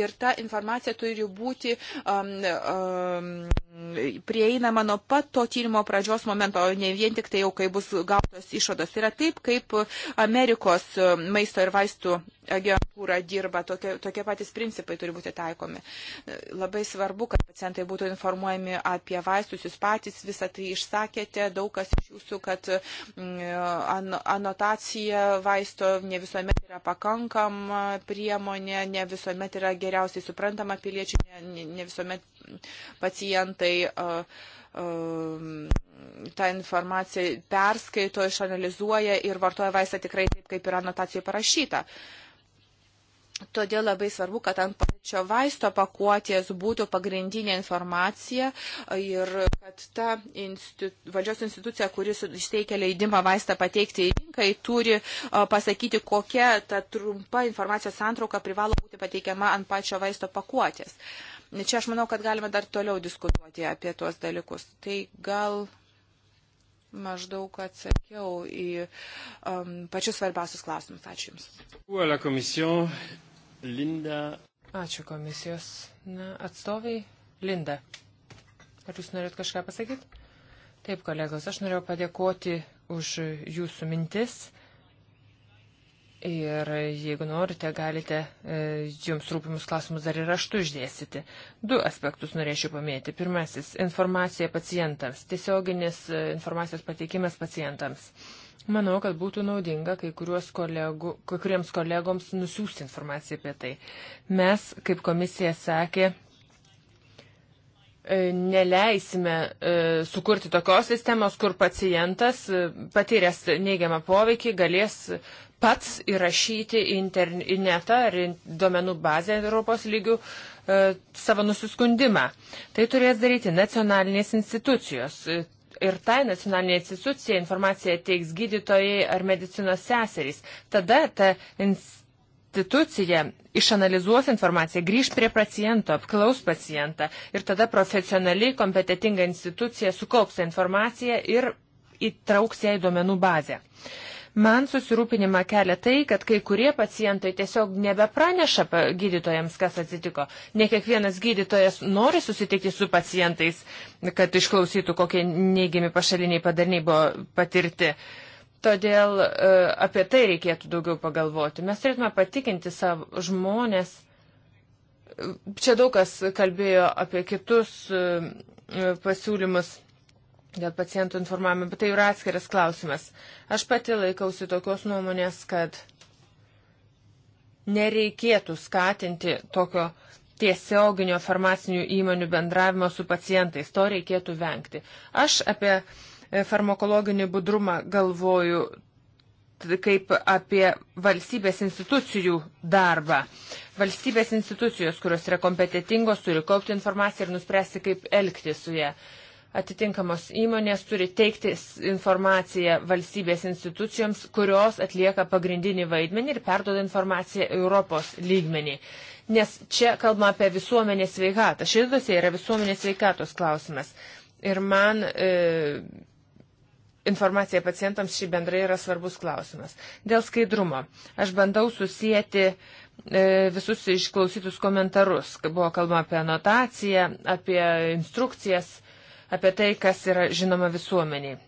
Ir ta informacija turi būti um, um, prieinama nuo pat to tyrimo pradžios momento, o ne vien tik tai jau, kai bus gautos išvados. Tai yra taip, kaip Amerikos um, maisto ir vaistų agentūra agentūra dirba, tokie, tokie patys principai turi būti taikomi. Labai svarbu, kad pacientai būtų informuojami apie vaistus, jūs patys visą tai išsakėte, daug kas iš jūsų, kad mm, anotacija vaisto ne visuomet yra pakankama priemonė, ne visuomet yra geriausiai suprantama piliečių, ne, ne visuomet pacientai. Uh, tą informaciją perskaito, išanalizuoja ir vartoja vaistą tikrai taip, kaip yra notacijoje parašyta. Uh, Todėl labai svarbu, kad ant pačio vaisto pakuotės būtų pagrindinė informacija ir kad ta institu, valdžios institucija, kuris išteikia leidimą vaistą pateikti į rinką, turi pasakyti, kokia ta trumpa informacijos santrauka privalo būti pateikiama ant pačio vaisto pakuotės. Čia aš manau, kad galime dar toliau diskutuoti apie tuos dalykus. Tai gal maždaug atsakiau į um, pačius svarbiausius
klausimus. Ačiū Jums. Ačiū komisijos Na, atstoviai. Linda, ar Jūs norėt kažką pasakyti? Taip, kolegos, aš norėjau padėkoti už Jūsų mintis Ir jeigu norite, galite e, jums rūpimus klausimus dar ir raštu išdėstyti. Du aspektus norėčiau paminėti. Pirmasis - informacija pacientams, tiesioginis e, informacijos pateikimas pacientams. Manau, kad būtų naudinga kai, kolegų, kai kuriems kolegoms nusiųsti informaciją apie tai. Mes, kaip komisija sakė, e, neleisime sukurti tokios sistemos, kur pacientas patyręs neigiamą poveikį galės pats įrašyti į internetą ar į duomenų bazę Europos lygių e, savo nusiskundimą. Tai turės daryti nacionalinės institucijos. E, ir tai nacionalinė institucija informaciją teiks gydytojai ar medicinos seserys. Tada ta institucija išanalizuos informaciją, grįž prie paciento, apklaus pacientą ir tada profesionaliai kompetitinga institucija sukaups informaciją ir įtrauks ją į duomenų bazę. Uh, Man susirūpinimą kelia tai, kad kai kurie pacientai tiesiog nebepraneša gydytojams, kas atsitiko. Ne kiekvienas gydytojas nori susitikti su pacientais, kad išklausytų, kokie neigiami pašaliniai padariniai buvo patirti. Todėl e, apie tai reikėtų daugiau pagalvoti. Mes turėtume patikinti savo žmonės. Čia daug kas kalbėjo apie kitus e, e pasiūlymus dėl pacientų informavimo, bet tai yra atskiras klausimas. Aš pati laikausi tokios nuomonės, kad nereikėtų skatinti tokio tiesioginio farmacinių įmonių bendravimo su pacientais. To reikėtų vengti. Aš apie e, farmakologinį budrumą galvoju kaip apie valstybės institucijų darbą. Valstybės institucijos, kurios yra kompetitingos, turi kaupti informaciją ir nuspręsti, kaip elgti su ją. Ja Atitinkamos įmonės turi teikti informaciją valstybės institucijoms, kurios atlieka pagrindinį vaidmenį ir perdoda informaciją Europos lygmenį. Nes čia kalbama apie visuomenės sveikatą. Šis dosė yra visuomenės sveikatos klausimas. Ir man e, informacija pacientams šį bendrai yra svarbus klausimas. Dėl skaidrumo. Aš bandau susijęti e, visus išklausytus komentarus. Buvo kalbama apie anotaciją, apie instrukcijas apie tai, kas yra žinoma visuomeniai.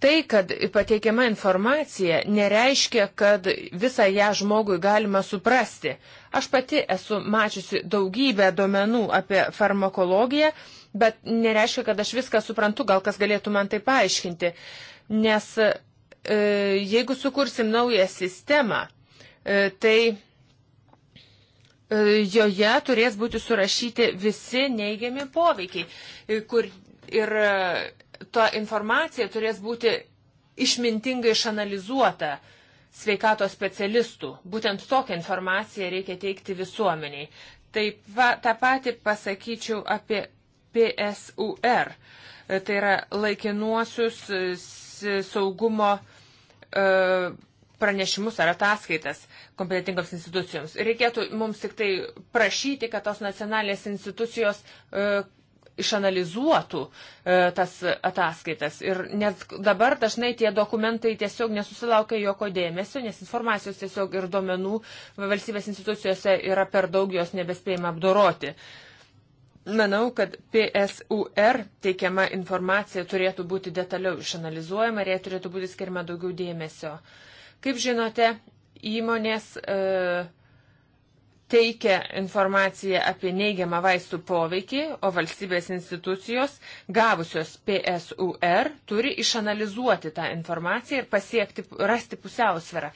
Tai, kad pateikiama informacija, nereiškia, kad visą ją žmogui galima suprasti. Aš pati esu mačiusi daugybę duomenų apie farmakologiją, bet nereiškia, kad aš viską suprantu, gal kas galėtų man tai paaiškinti. Nes e, jeigu sukursim naują sistemą, e, tai e, joje turės būti surašyti visi neigiami poveikiai, e, kur ir e, ta informacija turės būti išmintingai išanalizuota sveikatos specialistų. Būtent tokią informaciją reikia teikti visuomeniai. Taip, va, tą patį pasakyčiau apie PSUR. E, tai yra laikinuosius e, saugumo pranešimus ar ataskaitas kompetitingoms institucijoms. Reikėtų mums tik tai prašyti, kad tos nacionalinės institucijos išanalizuotų e, tas ataskaitas. Ir net dabar dažnai tie dokumentai tiesiog nesusilaukia jokio dėmesio, nes informacijos tiesiog ir duomenų valstybės institucijose yra per daug, jos nebespėjama apdoroti. Manau, kad PSUR teikiama informacija turėtų būti detaliau išanalizuojama ir jie turėtų būti skirima daugiau dėmesio. Kaip žinote, įmonės. E, teikia informaciją apie neigiamą vaistų poveikį, o valstybės institucijos, gavusios PSUR, turi išanalizuoti tą informaciją ir pasiekti, rasti pusiausvėrą.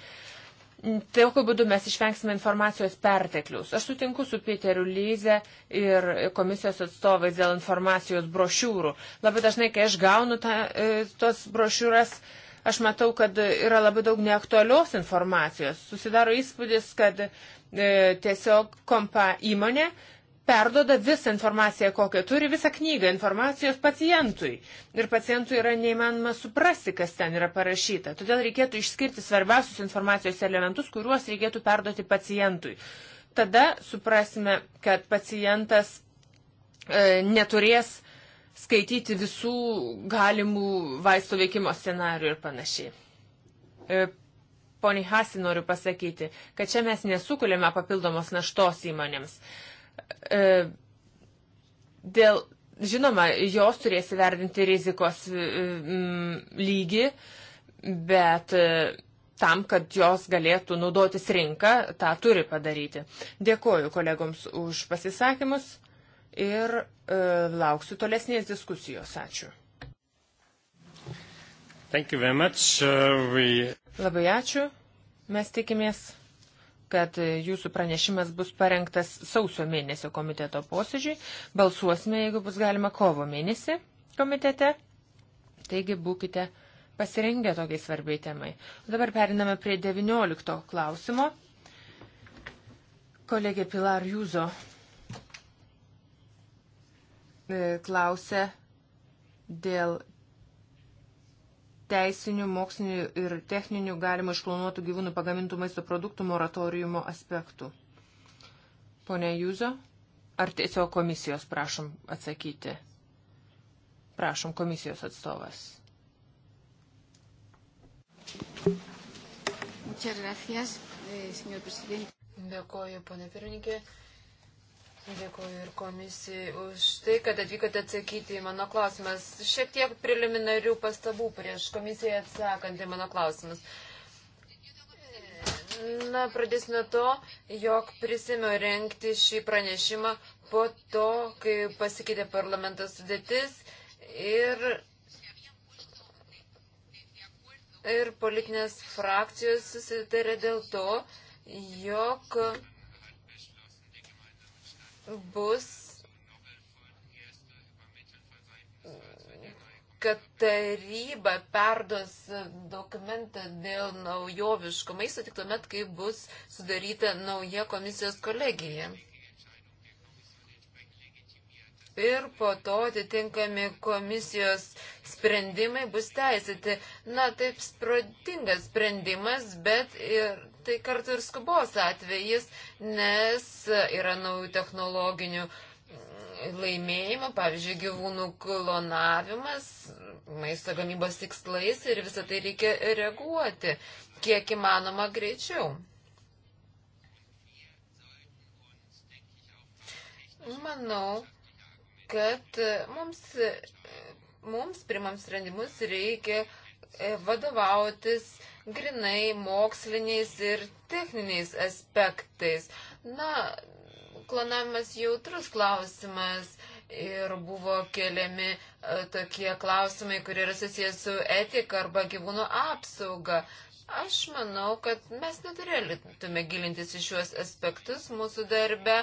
Tokiu būdu mes išvengsime informacijos perteklius. Aš sutinku su Peteriu Lyze ir komisijos atstovais dėl informacijos brošiūrų. Labai dažnai, kai aš gaunu ta, e, tos brošiūras, uh, Aš matau, kad yra labai daug neaktualios informacijos. Susidaro įspūdis, kad e, tiesiog kompa įmonė perdoda visą informaciją, kokią turi, visą knygą informacijos pacientui. Ir pacientui yra neįmanoma suprasti, kas ten yra parašyta. Todėl reikėtų išskirti svarbiausius informacijos elementus, kuriuos reikėtų perduoti pacientui. Tada suprasime, kad pacientas e, neturės e, skaityti visų galimų vaistų veikimo scenarių ir panašiai. E, Pone Hasi noriu pasakyti, kad čia mes nesukūlėme papildomos naštos įmonėms. E, dėl, žinoma, jos turės įvertinti rizikos e, lygį, bet tam, kad jos galėtų naudotis rinką, tą turi padaryti. Dėkoju kolegoms už pasisakymus ir e, lauksiu tolesnės diskusijos. Ačiū. Uh, we... Labai ačiū. Mes tikimės, kad jūsų pranešimas bus parengtas sausio mėnesio komiteto posėdžiui. Balsuosime, jeigu bus galima, kovo mėnesį komitete. Taigi būkite pasirengę tokiai svarbiai temai. O dabar periname prie 19 klausimo. Kolegė Pilar Jūzo E, klausia dėl teisinių, mokslinių ir techninių galima išklonuotų gyvūnų pagamintų maisto produktų moratoriumo aspektų. Pone Jūzo, ar tiesiog komisijos prašom atsakyti? Prašom komisijos atstovas.
Eh, Dėkoju, ponė pirmininkė. Dėkuoju ir komisijai už tai, kad atvykote atsakyti į mano klausimas. Šiek tiek preliminarių pastabų prieš komisiją atsakant į mano klausimus. Na, pradėsime to, jog prisimiau renkti šį pranešimą po to, kai pasikeitė parlamentas sudėtis ir, ir politinės frakcijos susitarė dėl to, jog bus, kad taryba perduos dokumentą dėl naujoviško maisto tik tuomet, kai bus sudaryta nauja komisijos kolegija ir po to atitinkami komisijos sprendimai bus teisėti. Na, taip sprotingas sprendimas, bet ir tai kartu ir skubos atvejis, nes yra naujų technologinių laimėjimų, pavyzdžiui, gyvūnų klonavimas, maisto gamybos tikslais ir visą tai reikia reaguoti kiek įmanoma greičiau. Manau, kad mums, mums primam sprendimus reikia e, vadovautis grinai moksliniais ir techniniais aspektais. Na, klonavimas jautrus klausimas ir buvo keliami e, tokie klausimai, kurie yra susijęs su etika arba gyvūnų apsauga. Aš manau, kad mes neturėtume gilintis į šiuos aspektus mūsų darbe.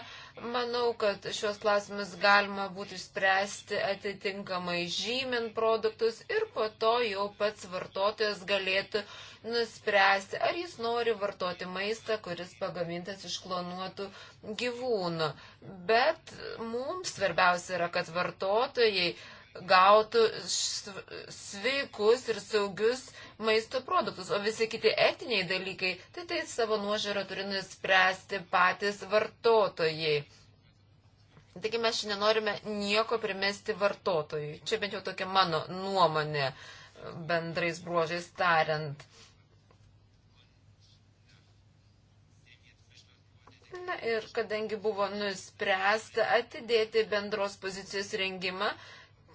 Manau, kad šios klausimus galima būtų spręsti atitinkamai žymint produktus ir po to jau pats vartotojas galėtų nuspręsti, ar jis nori vartoti maistą, kuris pagamintas iš klonuotų gyvūnų. Bet mums svarbiausia yra, kad vartotojai gautų sveikus ir saugius maisto produktus, o visi kiti etiniai dalykai, tai tai savo nuožiūrą turi nuspręsti patys vartotojai. Taigi mes šiandien norime nieko primesti vartotojui. Čia bent jau tokia mano nuomonė bendrais bruožais tariant. Na ir kadangi buvo nuspręsta atidėti bendros pozicijos rengimą,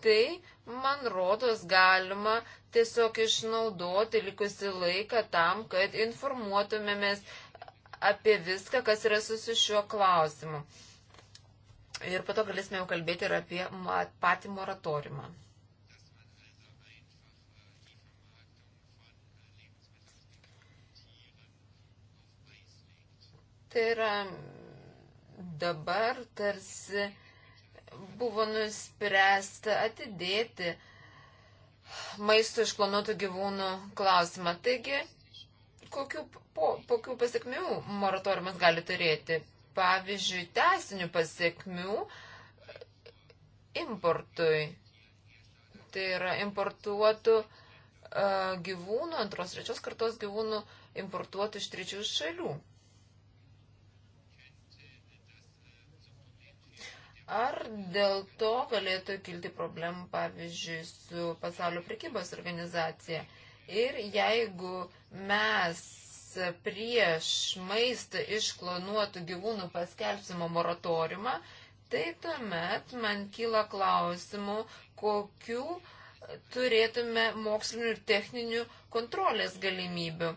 tai man rodos galima tiesiog išnaudoti likusi laiką tam, kad informuotumėmės apie viską, kas yra susi šiuo klausimu. Ir pato galėsime jau kalbėti ir apie patį moratorimą. Tai yra dabar tarsi buvo nuspręsta atidėti uh, maisto išklonotų gyvūnų klausimą. Taigi, kokių, po, kokių pasiekmių moratoriumas gali turėti? Pavyzdžiui, teisinių pasiekmių importui. Tai yra importuotų uh, gyvūnų, antros trečios kartos gyvūnų importuotų iš trečių šalių. Ar dėl to galėtų kilti problemų, pavyzdžiui, su pasaulio prekybos organizacija? Ir jeigu mes prieš maistą iš klonuotų gyvūnų paskelbsimo moratoriumą, tai tuomet man kyla klausimų, kokių turėtume mokslinių ir techninių kontrolės galimybių.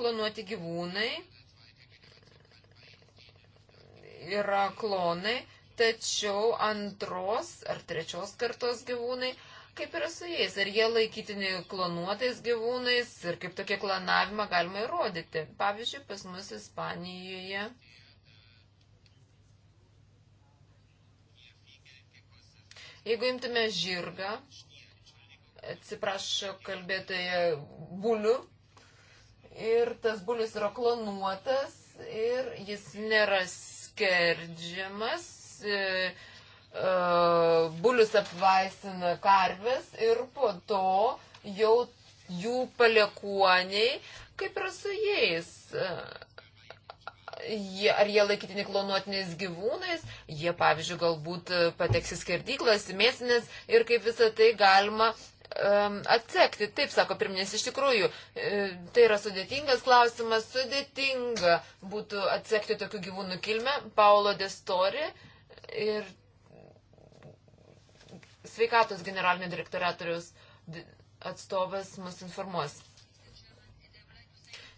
Klonuoti gyvūnai yra klonai, tačiau antros ar trečios kartos gyvūnai, kaip yra su jais, ar jie laikytini klonuotais gyvūnais ir kaip tokį klonavimą galima įrodyti. Pavyzdžiui, pas mus Ispanijoje. Jeigu imtume žirgą, atsiprašau kalbėtoje, bulių, ir tas bulius yra klonuotas ir jis nėra skerdžiamas, E, e, bulius apvaisina karves ir po to jau jų paliekuoniai, kaip yra su jais. E, jie, ar jie laikytini klonuotiniais gyvūnais, jie, pavyzdžiui, galbūt pateks į skerdyklas, į mėsinės ir kaip visą tai galima um, atsekti. Taip, sako pirminės, iš tikrųjų, e, tai yra sudėtingas klausimas, sudėtinga būtų atsekti tokių gyvūnų kilmę. Paulo Destori uh, ir sveikatos generalinio direktoriatoriaus atstovas mus informuos.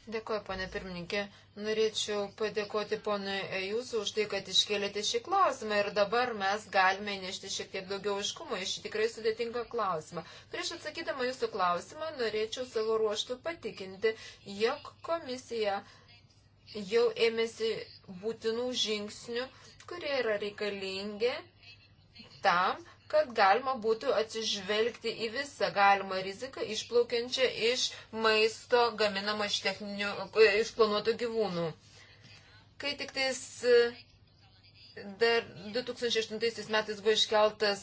Dėkuoju, ponė pirmininkė. Norėčiau padėkoti ponui Jūsų už tai, kad iškėlėte šį klausimą ir dabar mes galime nešti šiek tiek daugiau iškumo iš tikrai sudėtingą klausimą. Prieš atsakydama Jūsų klausimą norėčiau savo ruoštų patikinti, jog komisija jau ėmėsi būtinų žingsnių kurie yra reikalingi tam, kad galima būtų atsižvelgti į visą galimą riziką išplaukiančią iš maisto gaminamo iš, techninių, iš planuotų gyvūnų. Kai tik tais e, Dar 2008 metais buvo iškeltas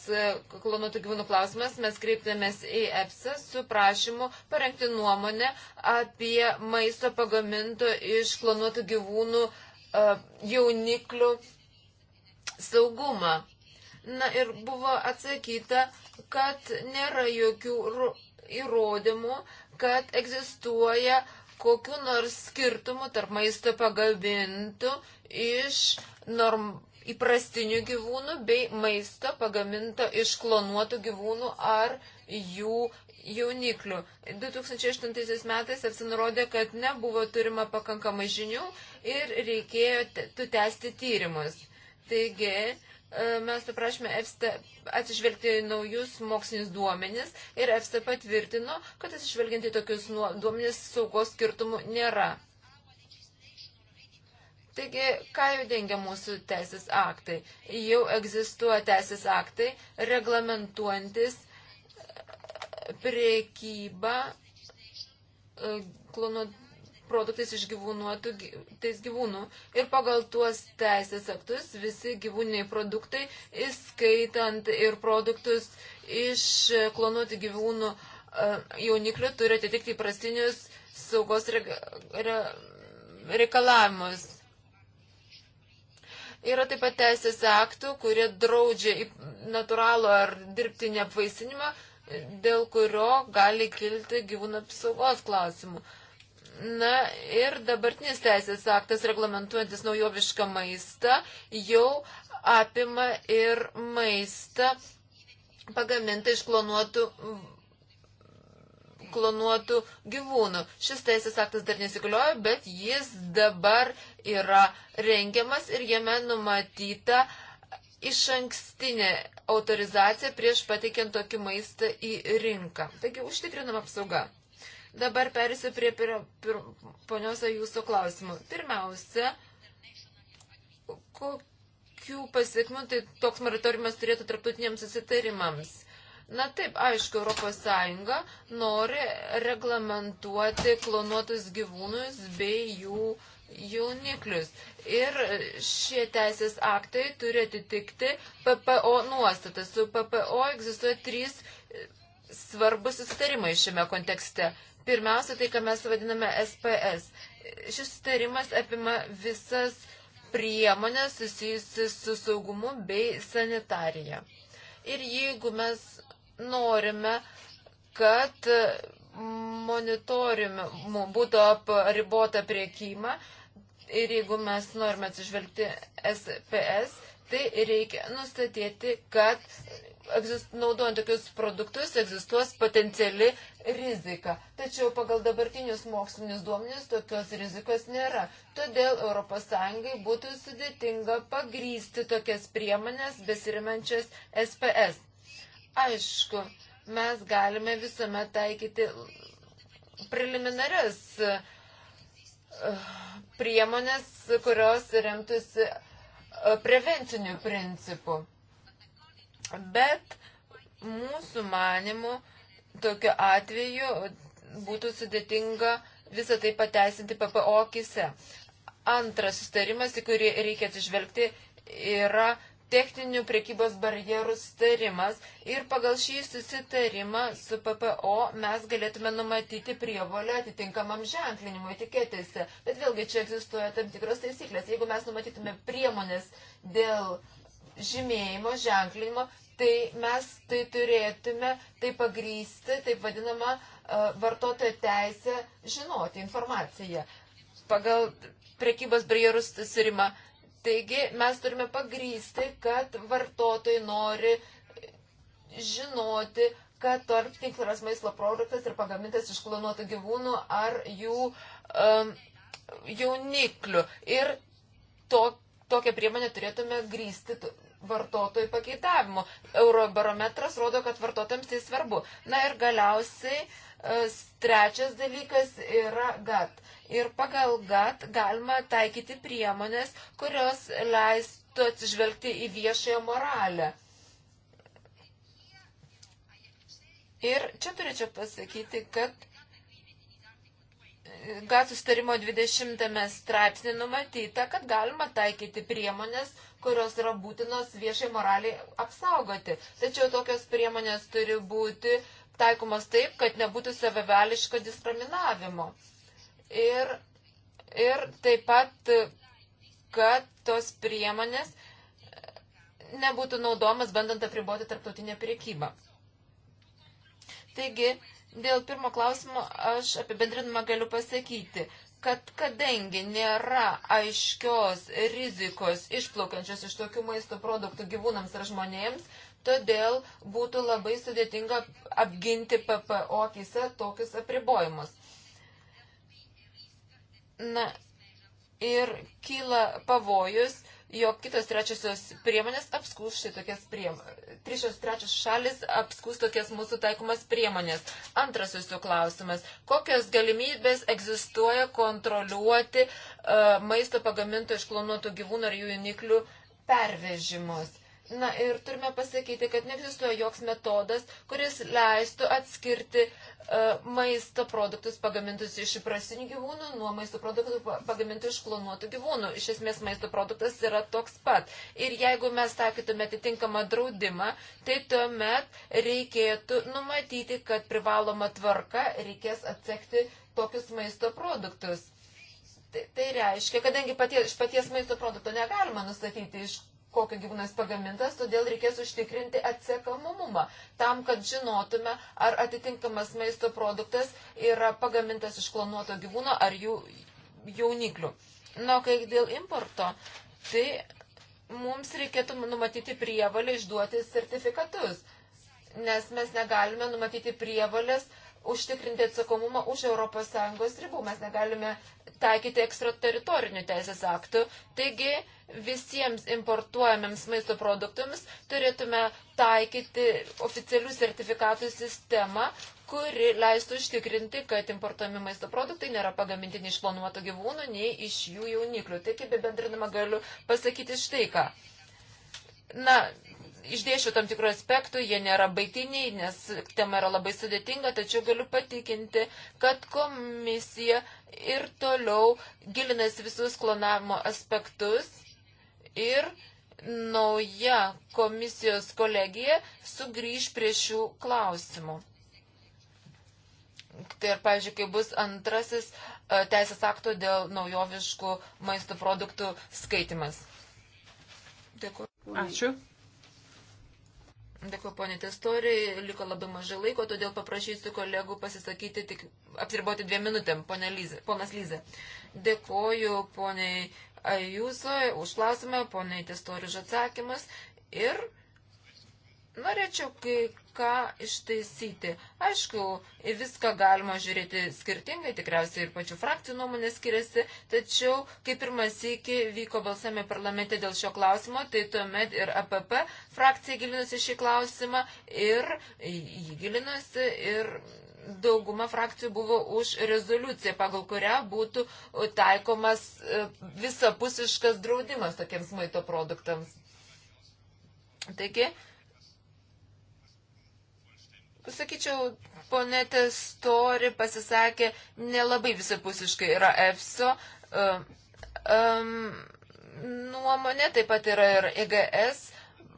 klonuotų e, gyvūnų klausimas, mes kreiptėmės į EPSA su prašymu parengti nuomonę apie maisto pagaminto iš klonuotų gyvūnų e, jauniklių saugumą. Na ir buvo atsakyta, kad nėra jokių įrodymų, kad egzistuoja kokiu nors skirtumu tarp maisto pagamintų iš norm, įprastinių gyvūnų bei maisto pagaminto iš klonuotų gyvūnų ar jų jauniklių. 2008 metais apsinurodė, kad nebuvo turima pakankamai žinių ir reikėjo tęsti tyrimus. Taigi, e, mes paprašėme EFSTA atsižvelgti naujus mokslinius duomenis ir EFSTA patvirtino, kad atsižvelgiant į tokius duomenis saugos skirtumų nėra. Taigi, ką jau dengia mūsų teisės aktai? Jau egzistuoja teisės aktai reglamentuojantis e, priekybą e, klonuot produktais iš gyvūnuotų tais gyvūnų. Ir pagal tuos teisės aktus visi gyvūniniai produktai, įskaitant ir produktus iš klonuotų gyvūnų e, jauniklių, turi atitikti įprastinius saugos re, re, reikalavimus. Yra taip pat teisės aktų, kurie draudžia natūralų ar dirbtinį apvaisinimą, dėl kurio gali kilti gyvūnų apsaugos klausimų. Na ir dabartinis teisės aktas reglamentuojantis naujovišką maistą jau apima ir maistą pagamintą iš klonuotų klonuotų gyvūnų. Šis teisės aktas dar nesigalioja, bet jis dabar yra rengiamas ir jame numatyta iš ankstinė autorizacija prieš pateikiant tokį maistą į rinką. Taigi užtikrinama apsauga. Dabar perėsiu prie pir, pir, poniosio jūsų klausimų. Pirmiausia, kokių pasiekmių tai toks moratoriumas turėtų tarptautiniams susitarimams? Na taip, aišku, ES nori reglamentuoti klonuotus gyvūnus bei jų jauniklius. Ir šie teisės aktai turi atitikti PPO nuostatas. Su PPO egzistuoja trys e, svarbus susitarimai šiame kontekste. Pirmiausia, tai, ką mes vadiname SPS. Šis sutarimas apima visas priemonės susijusias su saugumu bei sanitarija. Ir jeigu mes norime, kad monitorimu būtų apribota priekyma ir jeigu mes norime atsižvelgti SPS, tai reikia nustatyti, kad naudojant tokius produktus egzistuos potenciali rizika. Tačiau pagal dabartinius mokslinius duomenis tokios rizikos nėra. Todėl ES būtų sudėtinga pagrysti tokias priemonės besirimančias SPS. Aišku, mes galime visuomet taikyti preliminarias eh, priemonės, kurios remtųsi eh, prevencinių principų. Bet mūsų manimu tokiu atveju būtų sudėtinga visą tai pateisinti PPO akise. Antras sustarimas, į kurį reikia atsižvelgti, yra techninių prekybos barjerų sustarimas ir pagal šį susitarimą su PPO mes galėtume numatyti prievolę atitinkamam ženklinimui etiketėse. Bet vėlgi čia egzistuoja tam tikros taisyklės. Jeigu mes numatytume priemonės dėl žymėjimo, ženklinimo, tai mes tai turėtume tai pagrysti, taip vadinama, e, vartotojo teisė žinoti informaciją pagal prekybos barjerus susirimą. Taigi mes turime pagrysti, kad vartotojai nori žinoti, kad tarp tikras maisto produktas ir pagamintas iš klonuotų gyvūnų ar jų um, jauniklių. Ir to, tokią priemonę turėtume grįsti vartotojų pageidavimų. Eurobarometras rodo, kad vartotojams tai svarbu. Na ir galiausiai e, trečias dalykas yra GAT. Ir pagal GAT galima taikyti priemonės, kurios leistų atsižvelgti į viešąją moralę. Ir čia turėčiau pasakyti, kad GAT sustarimo 20 straipsnė numatyta, kad galima taikyti priemonės, kurios yra būtinos viešai moraliai apsaugoti. Tačiau tokios priemonės turi būti taikomas taip, kad nebūtų savivališko diskriminavimo. Ir, ir taip pat, kad tos priemonės nebūtų naudomas bandant apriboti tarptautinę priekybą. Taigi, Dėl pirmo klausimo aš apibendrinimą galiu pasakyti, kad kadangi nėra aiškios rizikos išplaukiančios iš tokių maisto produktų gyvūnams ar žmonėms, todėl būtų labai sudėtinga apginti PPO akise tokius apribojimus. Na, ir kyla pavojus, jog kitos trečiosios priemonės apskūs štai tokias priemonės. Trečios trečios šalis apskūs tokias mūsų taikomas priemonės. Antras jūsų klausimas. Kokios galimybės egzistuoja kontroliuoti uh, maisto pagaminto iš klonuotų gyvūnų ar jų jauniklių pervežimus? Na ir turime pasakyti, kad neegzistuoja joks metodas, kuris leistų atskirti uh, maisto produktus pagamintus iš įprastinių gyvūnų nuo maisto produktų pagamintų iš klonuotų gyvūnų. Iš esmės maisto produktas yra toks pat. Ir jeigu mes taikytume atitinkamą draudimą, tai tuomet reikėtų numatyti, kad privaloma tvarka reikės atsekti tokius maisto produktus. Tai, tai reiškia, kadangi paties, iš paties maisto produkto negalima nustatyti, iš kokio gyvūnas pagamintas, todėl reikės užtikrinti atsekamumumą, tam, kad žinotume, ar atitinkamas maisto produktas yra pagamintas iš klonuoto gyvūno ar jų jauniklių. Na, kai dėl importo, tai mums reikėtų numatyti prievalį išduoti sertifikatus, nes mes negalime numatyti prievalės uh, užtikrinti atsakomumą už ES ribų. Mes negalime taikyti ekstrateritorinių teisės aktų. Taigi visiems importuojamiems maisto produktams turėtume taikyti oficialių sertifikatų sistemą, kuri leistų užtikrinti, kad importuojami maisto produktai nėra pagaminti nei iš planuoto gyvūnų, nei iš jų jauniklių. Taigi, bendrinama, galiu pasakyti štai ką. Na, išdėšiu tam tikrų aspektų, jie nėra baigtiniai, nes tema yra labai sudėtinga, tačiau galiu patikinti, kad komisija ir toliau gilinasi visus klonavimo aspektus ir nauja komisijos kolegija sugrįž prie šių klausimų. Tai ir, pavyzdžiui, kai bus antrasis e, teisės akto dėl naujoviškų maisto produktų skaitimas. Dėkuoju. Ačiū. Dėkui, ponė Testori, liko labai mažai laiko, todėl paprašysiu kolegų pasisakyti tik apsiriboti dviem minutėm, Lyze, ponas Lyze. Dėkoju poniai Ajuso už klausimą, poniai Testori už atsakymus ir Norėčiau kai ką ištaisyti. Aišku, į viską galima žiūrėti skirtingai, tikriausiai ir pačių frakcijų nuomonė skiriasi, tačiau kai pirmas iki vyko balsame parlamente dėl šio klausimo, tai tuomet ir APP frakcija gilinosi šį klausimą ir jį gilinosi ir dauguma frakcijų buvo už rezoliuciją, pagal kurią būtų taikomas e, visapusiškas draudimas tokiems maisto produktams. Taigi, Pasakyčiau, ponė Testori pasisakė nelabai visapusiškai yra EFSO um, um, nuomonė, taip pat yra ir EGS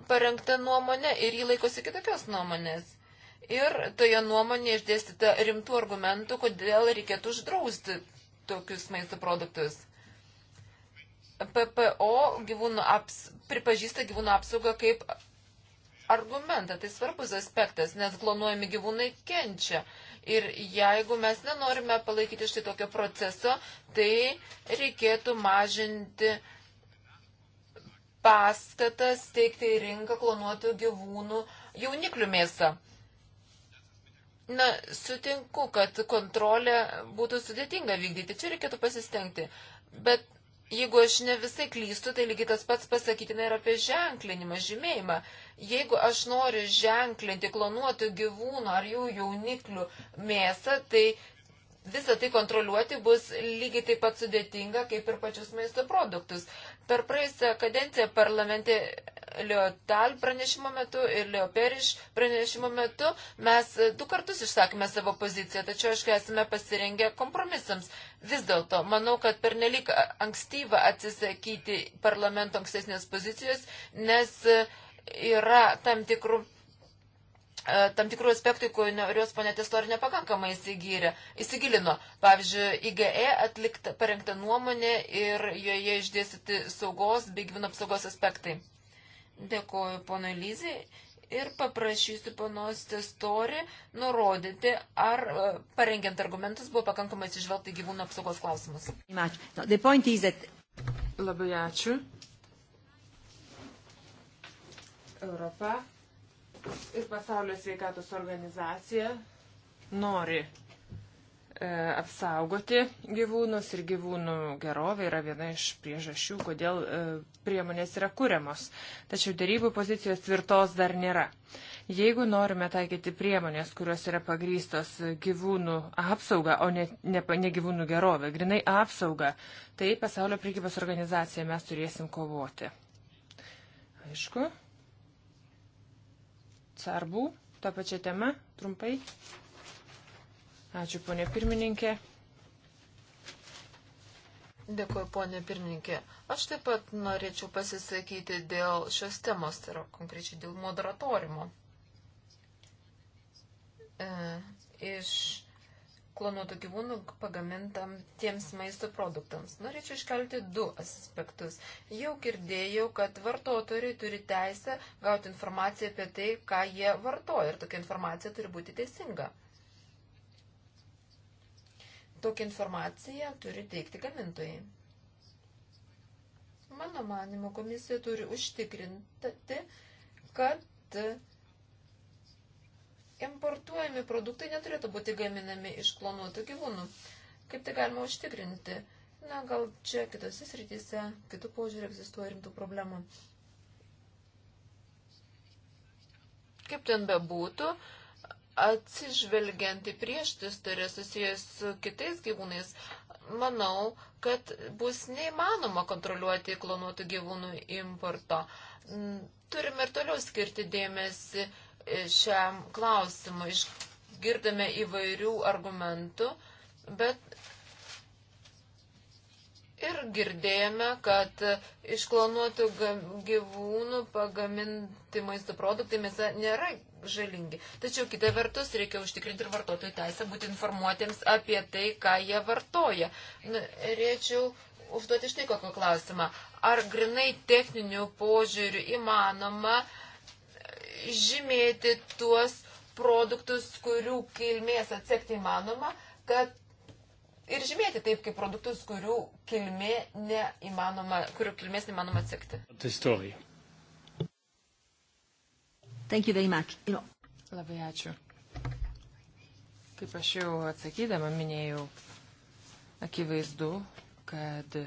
parengta nuomonė ir jį laikosi kitokios nuomonės. Ir toje nuomonėje išdėstyta rimtų argumentų, kodėl reikėtų uždrausti tokius maisto produktus. PPO gyvūnų aps, pripažįsta gyvūnų apsaugą kaip argumentą. Tai svarbus aspektas, nes klonuojami gyvūnai kenčia. Ir jeigu mes nenorime palaikyti štai tokio proceso, tai reikėtų mažinti paskatas teikti į rinką klonuotų gyvūnų jauniklių mėsą. Na, sutinku, kad kontrolę būtų sudėtinga vykdyti, čia reikėtų pasistengti. Bet Jeigu aš ne visai klystu, tai lygiai tas pats pasakytina ir apie ženklinimą, žymėjimą. Jeigu aš noriu ženklinti klonuotų gyvūnų ar jų jauniklių mėsą, tai Visą tai kontroliuoti bus lygiai taip pat sudėtinga, kaip ir pačius maisto produktus. Per praeisą kadenciją parlamente Liotal pranešimo metu ir Lioperiš pranešimo metu mes e, du kartus išsakėme savo poziciją, tačiau aišku esame pasirengę kompromisams. Vis dėlto, manau, kad pernelik ankstyva atsisakyti parlamento ankstesnės pozicijos, nes e, yra tam tikrų E, tam tikrų aspektų, kuriuos ponė Testor nepakankamai įsigyrė, įsigilino. Pavyzdžiui, IGE atlikta, parengta nuomonė ir joje išdėstyti saugos bei gyvūnų apsaugos aspektai. Dėkuoju ponui Lyzai ir paprašysiu ponos Testori nurodyti, ar e, parengiant argumentus buvo pakankamai atsižvelgti gyvūnų apsaugos klausimus.
Labai ačiū. Europa ir Pasaulio sveikatos organizacija nori e, apsaugoti gyvūnus ir gyvūnų gerovė yra viena iš priežasčių, kodėl e, priemonės yra kuriamos. Tačiau dėrybų pozicijos tvirtos dar nėra. Jeigu norime taikyti priemonės, kurios yra pagrystos gyvūnų apsauga, o ne, ne, ne gyvūnų gerovė, grinai apsauga, tai Pasaulio prekybos organizacija mes turėsim kovoti. Aišku. Sarbų, tą pačią temą, trumpai. Ačiū, ponė pirmininkė.
Dėkuoju, ponė pirmininkė. Aš taip pat norėčiau pasisakyti dėl šios temos, tai yra konkrečiai dėl moderatorimo. E, iš klonuotų gyvūnų pagamintams maisto produktams. Norėčiau iškelti du aspektus. Jau girdėjau, kad vartotojai turi teisę gauti informaciją apie tai, ką jie vartoja ir tokia informacija turi būti teisinga. Tokią informaciją turi teikti gamintojai. Mano manimo, komisija turi užtikrinti, kad importuojami produktai neturėtų būti gaminami iš klonuotų gyvūnų. Kaip tai galima užtikrinti? Na, gal čia kitose srityse, kitų požiūrį egzistuoja rimtų problemų. Kaip ten bebūtų, atsižvelgiant į prieštistorės tai susijęs su kitais gyvūnais, manau, kad bus neįmanoma kontroliuoti klonuotų gyvūnų importo. Turime ir toliau skirti dėmesį šiam klausimui. Išgirdome įvairių argumentų, bet ir girdėjome, kad iš klonuotų gyvūnų pagaminti maisto produktai mėsa nėra žalingi. Tačiau kita vertus reikia užtikrinti ir vartotojų teisę būti informuotiems apie tai, ką jie vartoja. Nu, norėčiau užduoti štai kokį klausimą. Ar grinai techninių požiūrių įmanoma uh, žymėti tuos produktus, kurių kilmės atsekti įmanoma, kad ir žymėti taip, kaip produktus, kurių kilmė neįmanoma, kurių kilmės neįmanoma atsekti.
Thank you very much. You know. Labai ačiū. Kaip aš jau atsakydama minėjau, akivaizdu, kad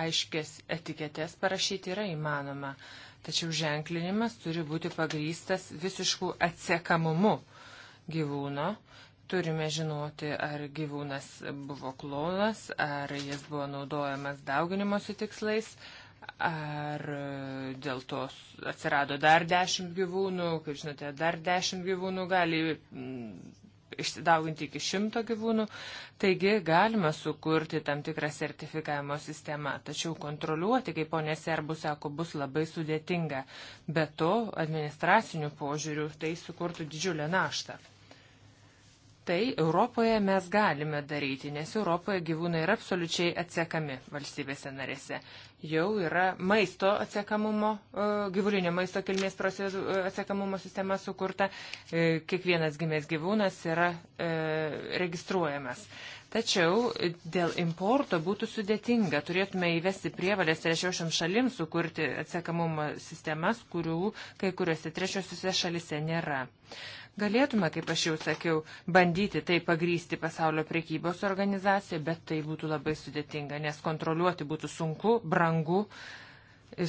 aiškės etiketės parašyti yra įmanoma. Uh, Tačiau ženklinimas turi būti pagrystas visiškų atsiekamumu gyvūno. Turime žinoti, ar gyvūnas buvo klonas, ar jis buvo naudojamas dauginimosi tikslais, ar dėl to atsirado dar dešimt gyvūnų, kaip žinote, dar dešimt gyvūnų gali mm, išsidauginti iki šimto gyvūnų, taigi galima sukurti tam tikrą sertifikavimo sistemą, tačiau kontroliuoti, kaip ponė Serbu sako, bus labai sudėtinga. Be to, administracinių požiūrių tai sukurtų didžiulę naštą tai Europoje mes galime daryti, nes Europoje gyvūnai yra absoliučiai atsiekami valstybėse narėse. Jau yra maisto atsiekamumo, e, gyvulinio maisto kilmės e, atsiekamumo sistema sukurta, e, kiekvienas gimės gyvūnas yra e, registruojamas. Tačiau dėl importo būtų sudėtinga. Turėtume įvesti prievalės trečiosiam šalim sukurti atsekamumo sistemas, kurių kai kuriuose trečiosiuose šalise nėra. Galėtume, kaip aš jau sakiau, bandyti tai pagrysti pasaulio priekybos organizaciją, bet tai būtų labai sudėtinga, nes kontroliuoti būtų sunku, brangu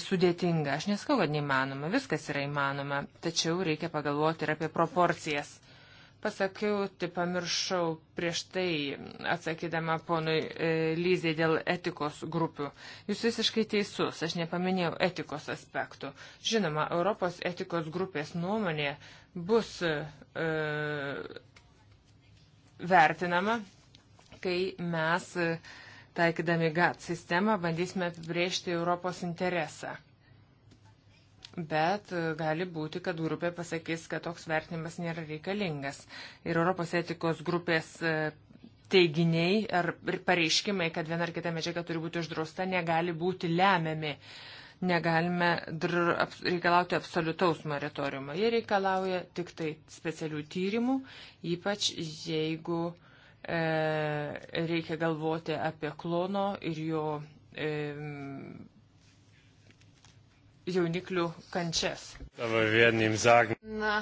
sudėtinga. Aš neskau, kad neįmanoma, viskas yra įmanoma, tačiau reikia pagalvoti ir apie proporcijas pasakiau, tai pamiršau prieš tai atsakydama ponui e, Lyzai dėl etikos grupių. Jūs visiškai teisus, aš nepaminėjau etikos aspektų. Žinoma, Europos etikos grupės nuomonė bus e, vertinama, kai mes, taikydami GAT sistemą, bandysime apibriežti Europos interesą bet e, gali būti, kad grupė pasakys, kad toks vertinimas nėra reikalingas. Ir Europos etikos grupės e, teiginiai ar pareiškimai, kad viena ar kita medžiaga turi būti uždrausta, negali būti lemiami. Negalime dr, aps, reikalauti absoliutaus moratoriumo. Jie reikalauja tik tai specialių tyrimų, ypač jeigu e, reikia galvoti apie klono ir jo e, jauniklių kančias.
Na,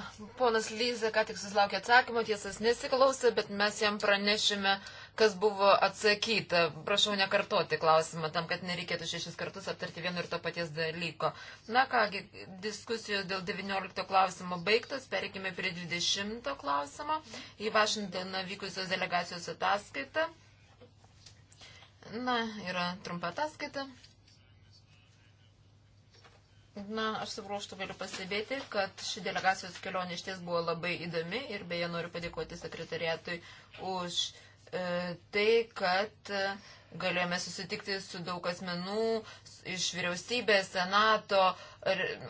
ponas Lyza ką tik susilaukė atsakymo, tiesas nesiklausė, bet mes jam pranešime, kas buvo atsakyta. Prašau nekartoti klausimą, tam, kad nereikėtų šešis kartus aptarti vieno ir to paties dalyko. Na kągi, diskusijos dėl 19 klausimo baigtos, perikime prie 20 klausimo. Į Vašingtoną vykusios delegacijos ataskaitą. Na, yra trumpa ataskaita. Na, aš savo ruoštų galiu pasibėti, kad ši delegacijos kelionė iš ties buvo labai įdomi ir beje noriu padėkoti sekretariatui už e, tai, kad e, galėjome susitikti su daug asmenų iš vyriausybės, senato,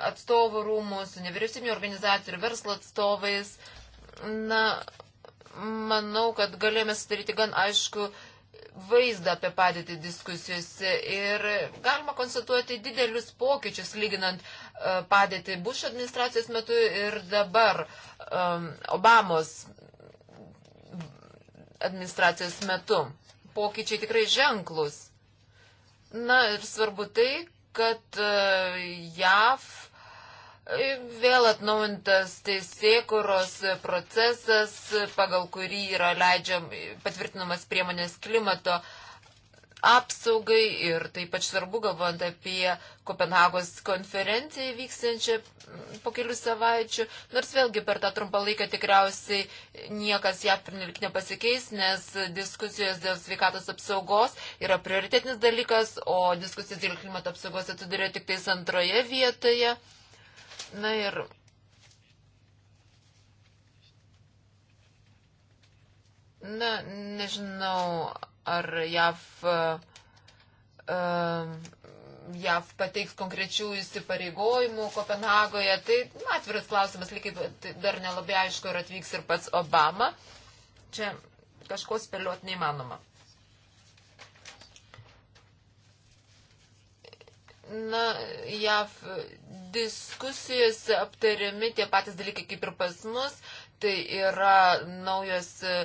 atstovų rūmų, su nevyriausybinio organizacijų ir verslo atstovais. Na, manau, kad galėjome sudaryti gan aišku vaizdą apie padėtį diskusijose ir galima konstatuoti didelius pokyčius lyginant e, padėtį Bush administracijos metu ir dabar um, Obamos administracijos metu. Pokyčiai tikrai ženklus. Na ir svarbu tai, kad uh, e, JAV Vėl atnaujintas teisėkuros procesas, pagal kurį yra leidžiam patvirtinamas priemonės klimato apsaugai ir taip pat svarbu, galvojant apie Kopenhagos konferenciją vyksiančią po kelių savaičių. Nors vėlgi per tą trumpą laiką tikriausiai niekas ją pernelik nepasikeis, nes diskusijos dėl sveikatos apsaugos yra prioritetinis dalykas, o diskusijos dėl klimato apsaugos atsiduria tik tais antroje vietoje. Na ir Na, nežinau, ar JAV, uh, JAV pateiks konkrečių įsipareigojimų Kopenhagoje. Tai atviras klausimas, lygiai tai dar nelabai aišku, ar atvyks ir pats Obama. Čia kažko spėlioti neįmanoma. Na, JAV diskusijose aptariami tie patys dalykai kaip ir pas mus, tai yra naujos e,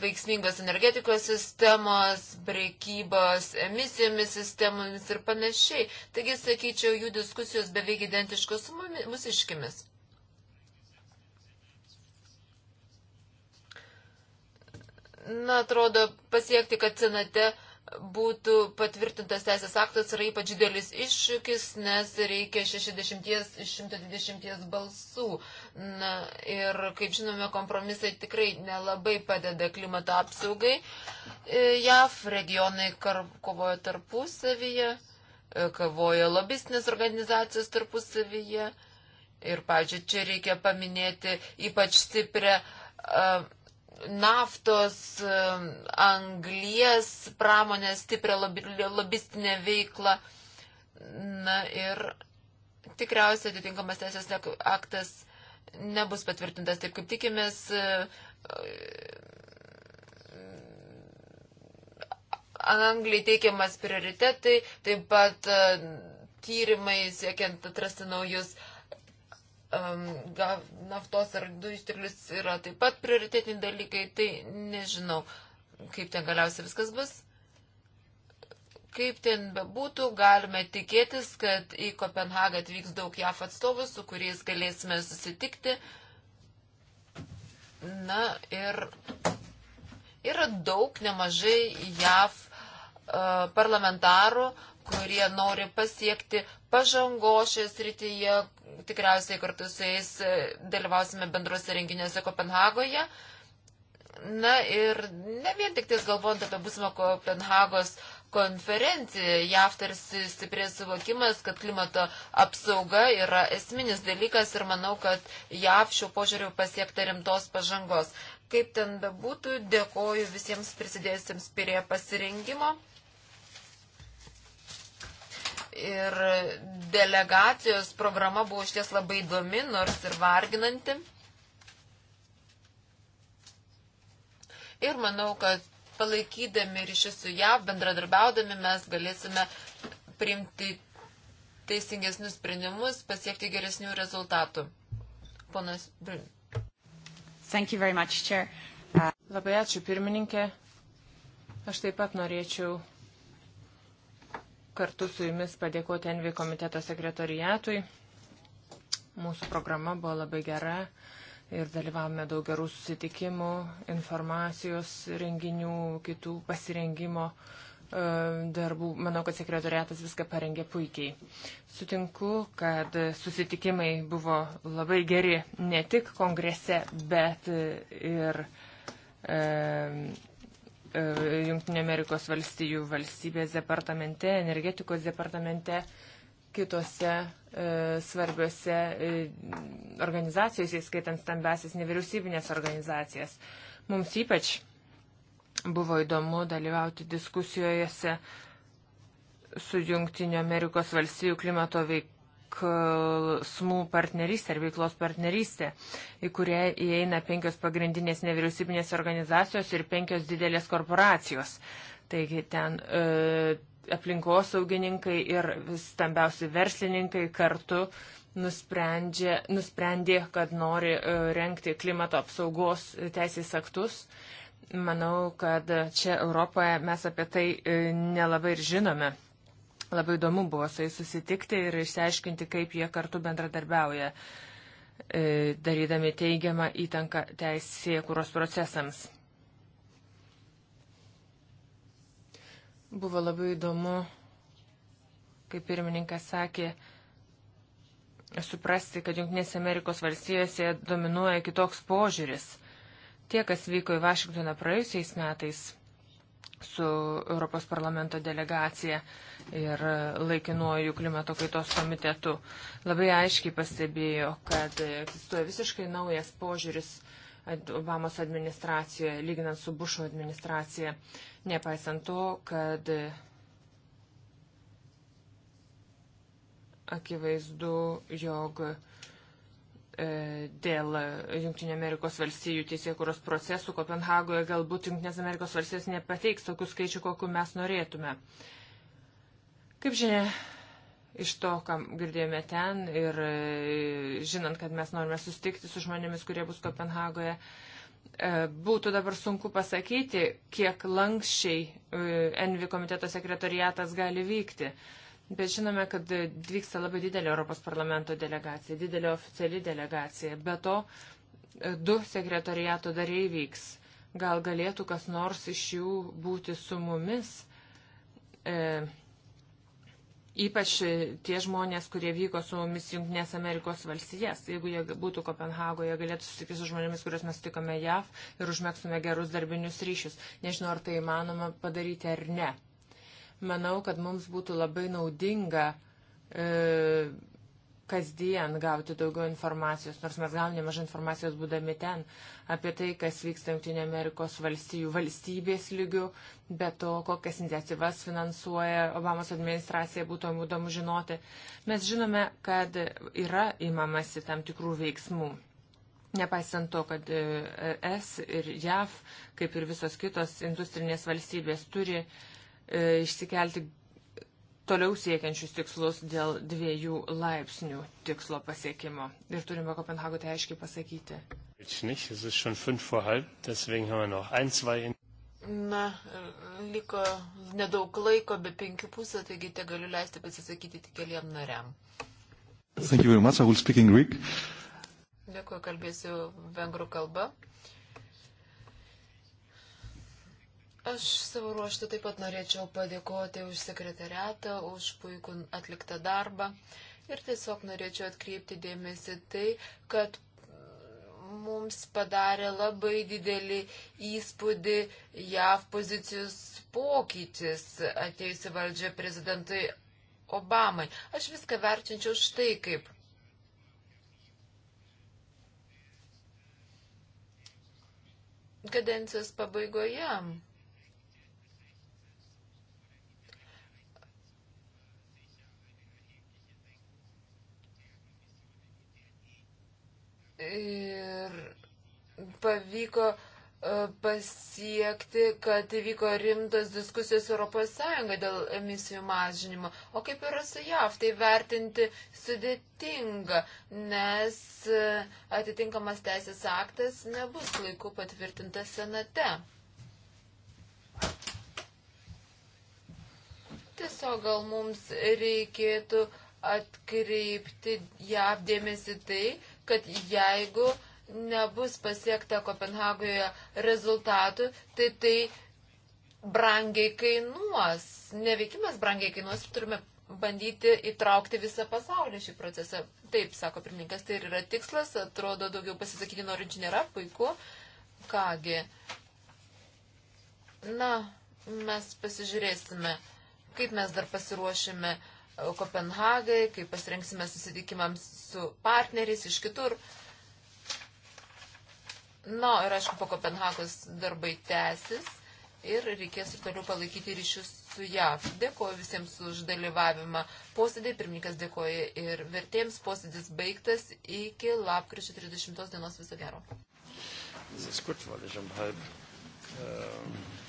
veiksmingos energetikos sistemos, priekybos, emisijomis sistemomis ir panašiai. Taigi, sakyčiau, jų diskusijos beveik identiškos su mūsiškimis. Na, atrodo, pasiekti, kad senate uh, būtų patvirtintas teisės aktas yra ypač didelis iššūkis, nes reikia 60 iš 120 balsų. Na, ir, kaip žinome, kompromisai tikrai nelabai padeda klimato apsaugai. E, JAF regionai kovoja tarpusavyje, e, kovoja lobistinės organizacijos tarpusavyje. Ir, pažiūrėjau, čia reikia paminėti ypač stiprią. Uh, naftos, anglies pramonės stiprią lobistinę veiklą. Na ir tikriausiai atitinkamas teisės aktas nebus patvirtintas taip, kaip tikimės. Anglijai teikiamas prioritetai, taip pat tyrimai siekiant atrasti naujus naftos ar dujų išteklius yra taip pat prioritetiniai dalykai, tai nežinau, kaip ten galiausiai viskas bus. Kaip ten bebūtų, galime tikėtis, kad į Kopenhagą atvyks daug JAF atstovų, su kuriais galėsime susitikti. Na ir yra daug nemažai JAF parlamentarų, kurie nori pasiekti pažango šioje srityje, tikriausiai kartu su jais e, dalyvausime bendruose renginiuose Kopenhagoje. Na ir ne vien tik tais galvojant apie būsimą Kopenhagos konferenciją, JAV tarsi stiprės suvokimas, kad klimato apsauga yra esminis dalykas ir manau, kad JAV šiuo požiūriu pasiekta rimtos pažangos. Kaip ten bebūtų, dėkoju visiems prisidėjusiems prie pasirengimo ir delegacijos programa buvo iš ties labai įdomi, nors ir varginanti. Ir manau, kad palaikydami ryšius su JAV, bendradarbiaudami mes galėsime priimti teisingesnius sprendimus, pasiekti geresnių rezultatų. Ponas Brin.
Thank you very much, Chair. Uh... Labai ačiū, pirmininkė. Aš taip pat norėčiau kartu su jumis padėkoti Envi komiteto sekretoriatui. Mūsų programa buvo labai gera ir dalyvavome daug gerų susitikimų, informacijos renginių, kitų pasirengimo e, darbų. Manau, kad sekretoriatas viską parengė puikiai. Sutinku, kad susitikimai buvo labai geri ne tik kongrese, bet ir e, E, Junktinio Amerikos valstijų valstybės departamente, energetikos departamente, kitose e, svarbiose e, organizacijose, įskaitant stambesias nevyriausybinės organizacijas. Mums ypač buvo įdomu dalyvauti diskusijose su Junktinio Amerikos valstijų klimato veik, E, smų partnerystė ar veiklos partnerystė, į kurią įeina penkios pagrindinės nevyriausybinės organizacijos ir penkios didelės korporacijos. Taigi ten e, aplinkosaugininkai ir stambiausi verslininkai kartu nusprendė, nusprendė kad nori e, renkti klimato apsaugos teisės aktus. Manau, kad čia Europoje mes apie tai e, nelabai ir žinome. Labai įdomu buvo su jais susitikti ir išsiaiškinti, kaip jie kartu bendradarbiauja, e, darydami teigiamą įtanką teisėkūros procesams. Buvo labai įdomu, kaip pirmininkas sakė, suprasti, kad Junktinėse Amerikos valstijose dominuoja kitoks požiūris. Tie, kas vyko į Vašingtoną praėjusiais metais, su Europos parlamento delegacija ir laikinuoju klimato kaitos komitetu. Labai aiškiai pastebėjo, kad egzistuoja visiškai naujas požiūris Obamos administracijoje, lyginant su Bušo administracija, nepaisant to, kad akivaizdu, jog uh, E, dėl Junktinio Amerikos valstijų teisėkuros procesų Kopenhagoje galbūt Junktinės Amerikos valstijos nepateiks tokių skaičių, kokiu mes norėtume. Kaip žinia, iš to, kam girdėjome ten ir e, žinant, kad mes norime sustikti su žmonėmis, kurie bus Kopenhagoje, e, būtų dabar sunku pasakyti, kiek lankščiai Envi komiteto sekretariatas gali vykti. Bet žinome, kad vyksta labai didelė Europos parlamento delegacija, didelė oficiali delegacija. Be to, e, du sekretariato dariai vyks. Gal galėtų kas nors iš jų būti su mumis? E, ypač tie žmonės, kurie vyko su mumis Junktinės Amerikos valstijas. Jeigu jie būtų Kopenhagoje, galėtų susitikti su žmonėmis, kuriuos mes tikome JAV ir užmėgsime gerus darbinius ryšius. Nežinau, ar tai įmanoma padaryti ar ne. Manau, kad mums būtų labai naudinga e, kasdien gauti daugiau informacijos, nors mes gauname mažai informacijos būdami ten, apie tai, kas vyksta Junktinė Amerikos valstijų valstybės lygių, bet to, kokias iniciatyvas finansuoja Obamos administracija, būtų įdomu žinoti. Mes žinome, kad yra įmamasi tam tikrų veiksmų. Nepaisant to, kad e, ES ir JAV, kaip ir visos kitos industrinės valstybės, turi uh, E, išsikelti toliau siekiančius tikslus dėl dviejų laipsnių tikslo pasiekimo. Ir turime Kopenhagoje tai aiškiai pasakyti.
Na, liko nedaug laiko, be penkių pusę, taigi te galiu leisti pasisakyti tik keliam nariam. Dėkuoju, kalbėsiu vengrų kalbą. Uh, Aš savo ruoštų taip pat norėčiau padėkoti už sekretariatą, už puikų atliktą darbą ir tiesiog norėčiau atkreipti dėmesį tai, kad mums padarė labai didelį įspūdį JAV pozicijos pokytis ateisi valdžia prezidentui Obamai. Aš viską vertinčiau štai kaip. Kadencijos pabaigoje pavyko e, pasiekti, kad įvyko rimtos diskusijos ES dėl emisijų mažinimo. O kaip yra su JAV, tai vertinti sudėtinga, nes e, atitinkamas teisės aktas nebus laiku patvirtintas senate. Tiesiog gal mums reikėtų atkreipti JAV dėmesį tai, kad jeigu uh, nebus pasiekta Kopenhagoje rezultatų, tai tai brangiai kainuos. Neveikimas brangiai kainuos ir turime bandyti įtraukti visą pasaulį šį procesą. Taip, sako pirmininkas, tai ir yra tikslas, atrodo, daugiau pasisakyti norinčių nėra, puiku. Kągi. Na, mes pasižiūrėsime, kaip mes dar pasiruošime Kopenhagai, kaip pasirinksime susitikimams su partneriais iš kitur. Uh, Na, ir aišku, po Kopenhagos darbai tęsis ir reikės ir toliau palaikyti ryšius su JAV. Dėkoju visiems už dalyvavimą posėdį, pirmininkas dėkoja ir vertėjams posėdis baigtas iki lapkričio 30 dienos viso gero. Das ist gut, weil ich um halb
ähm,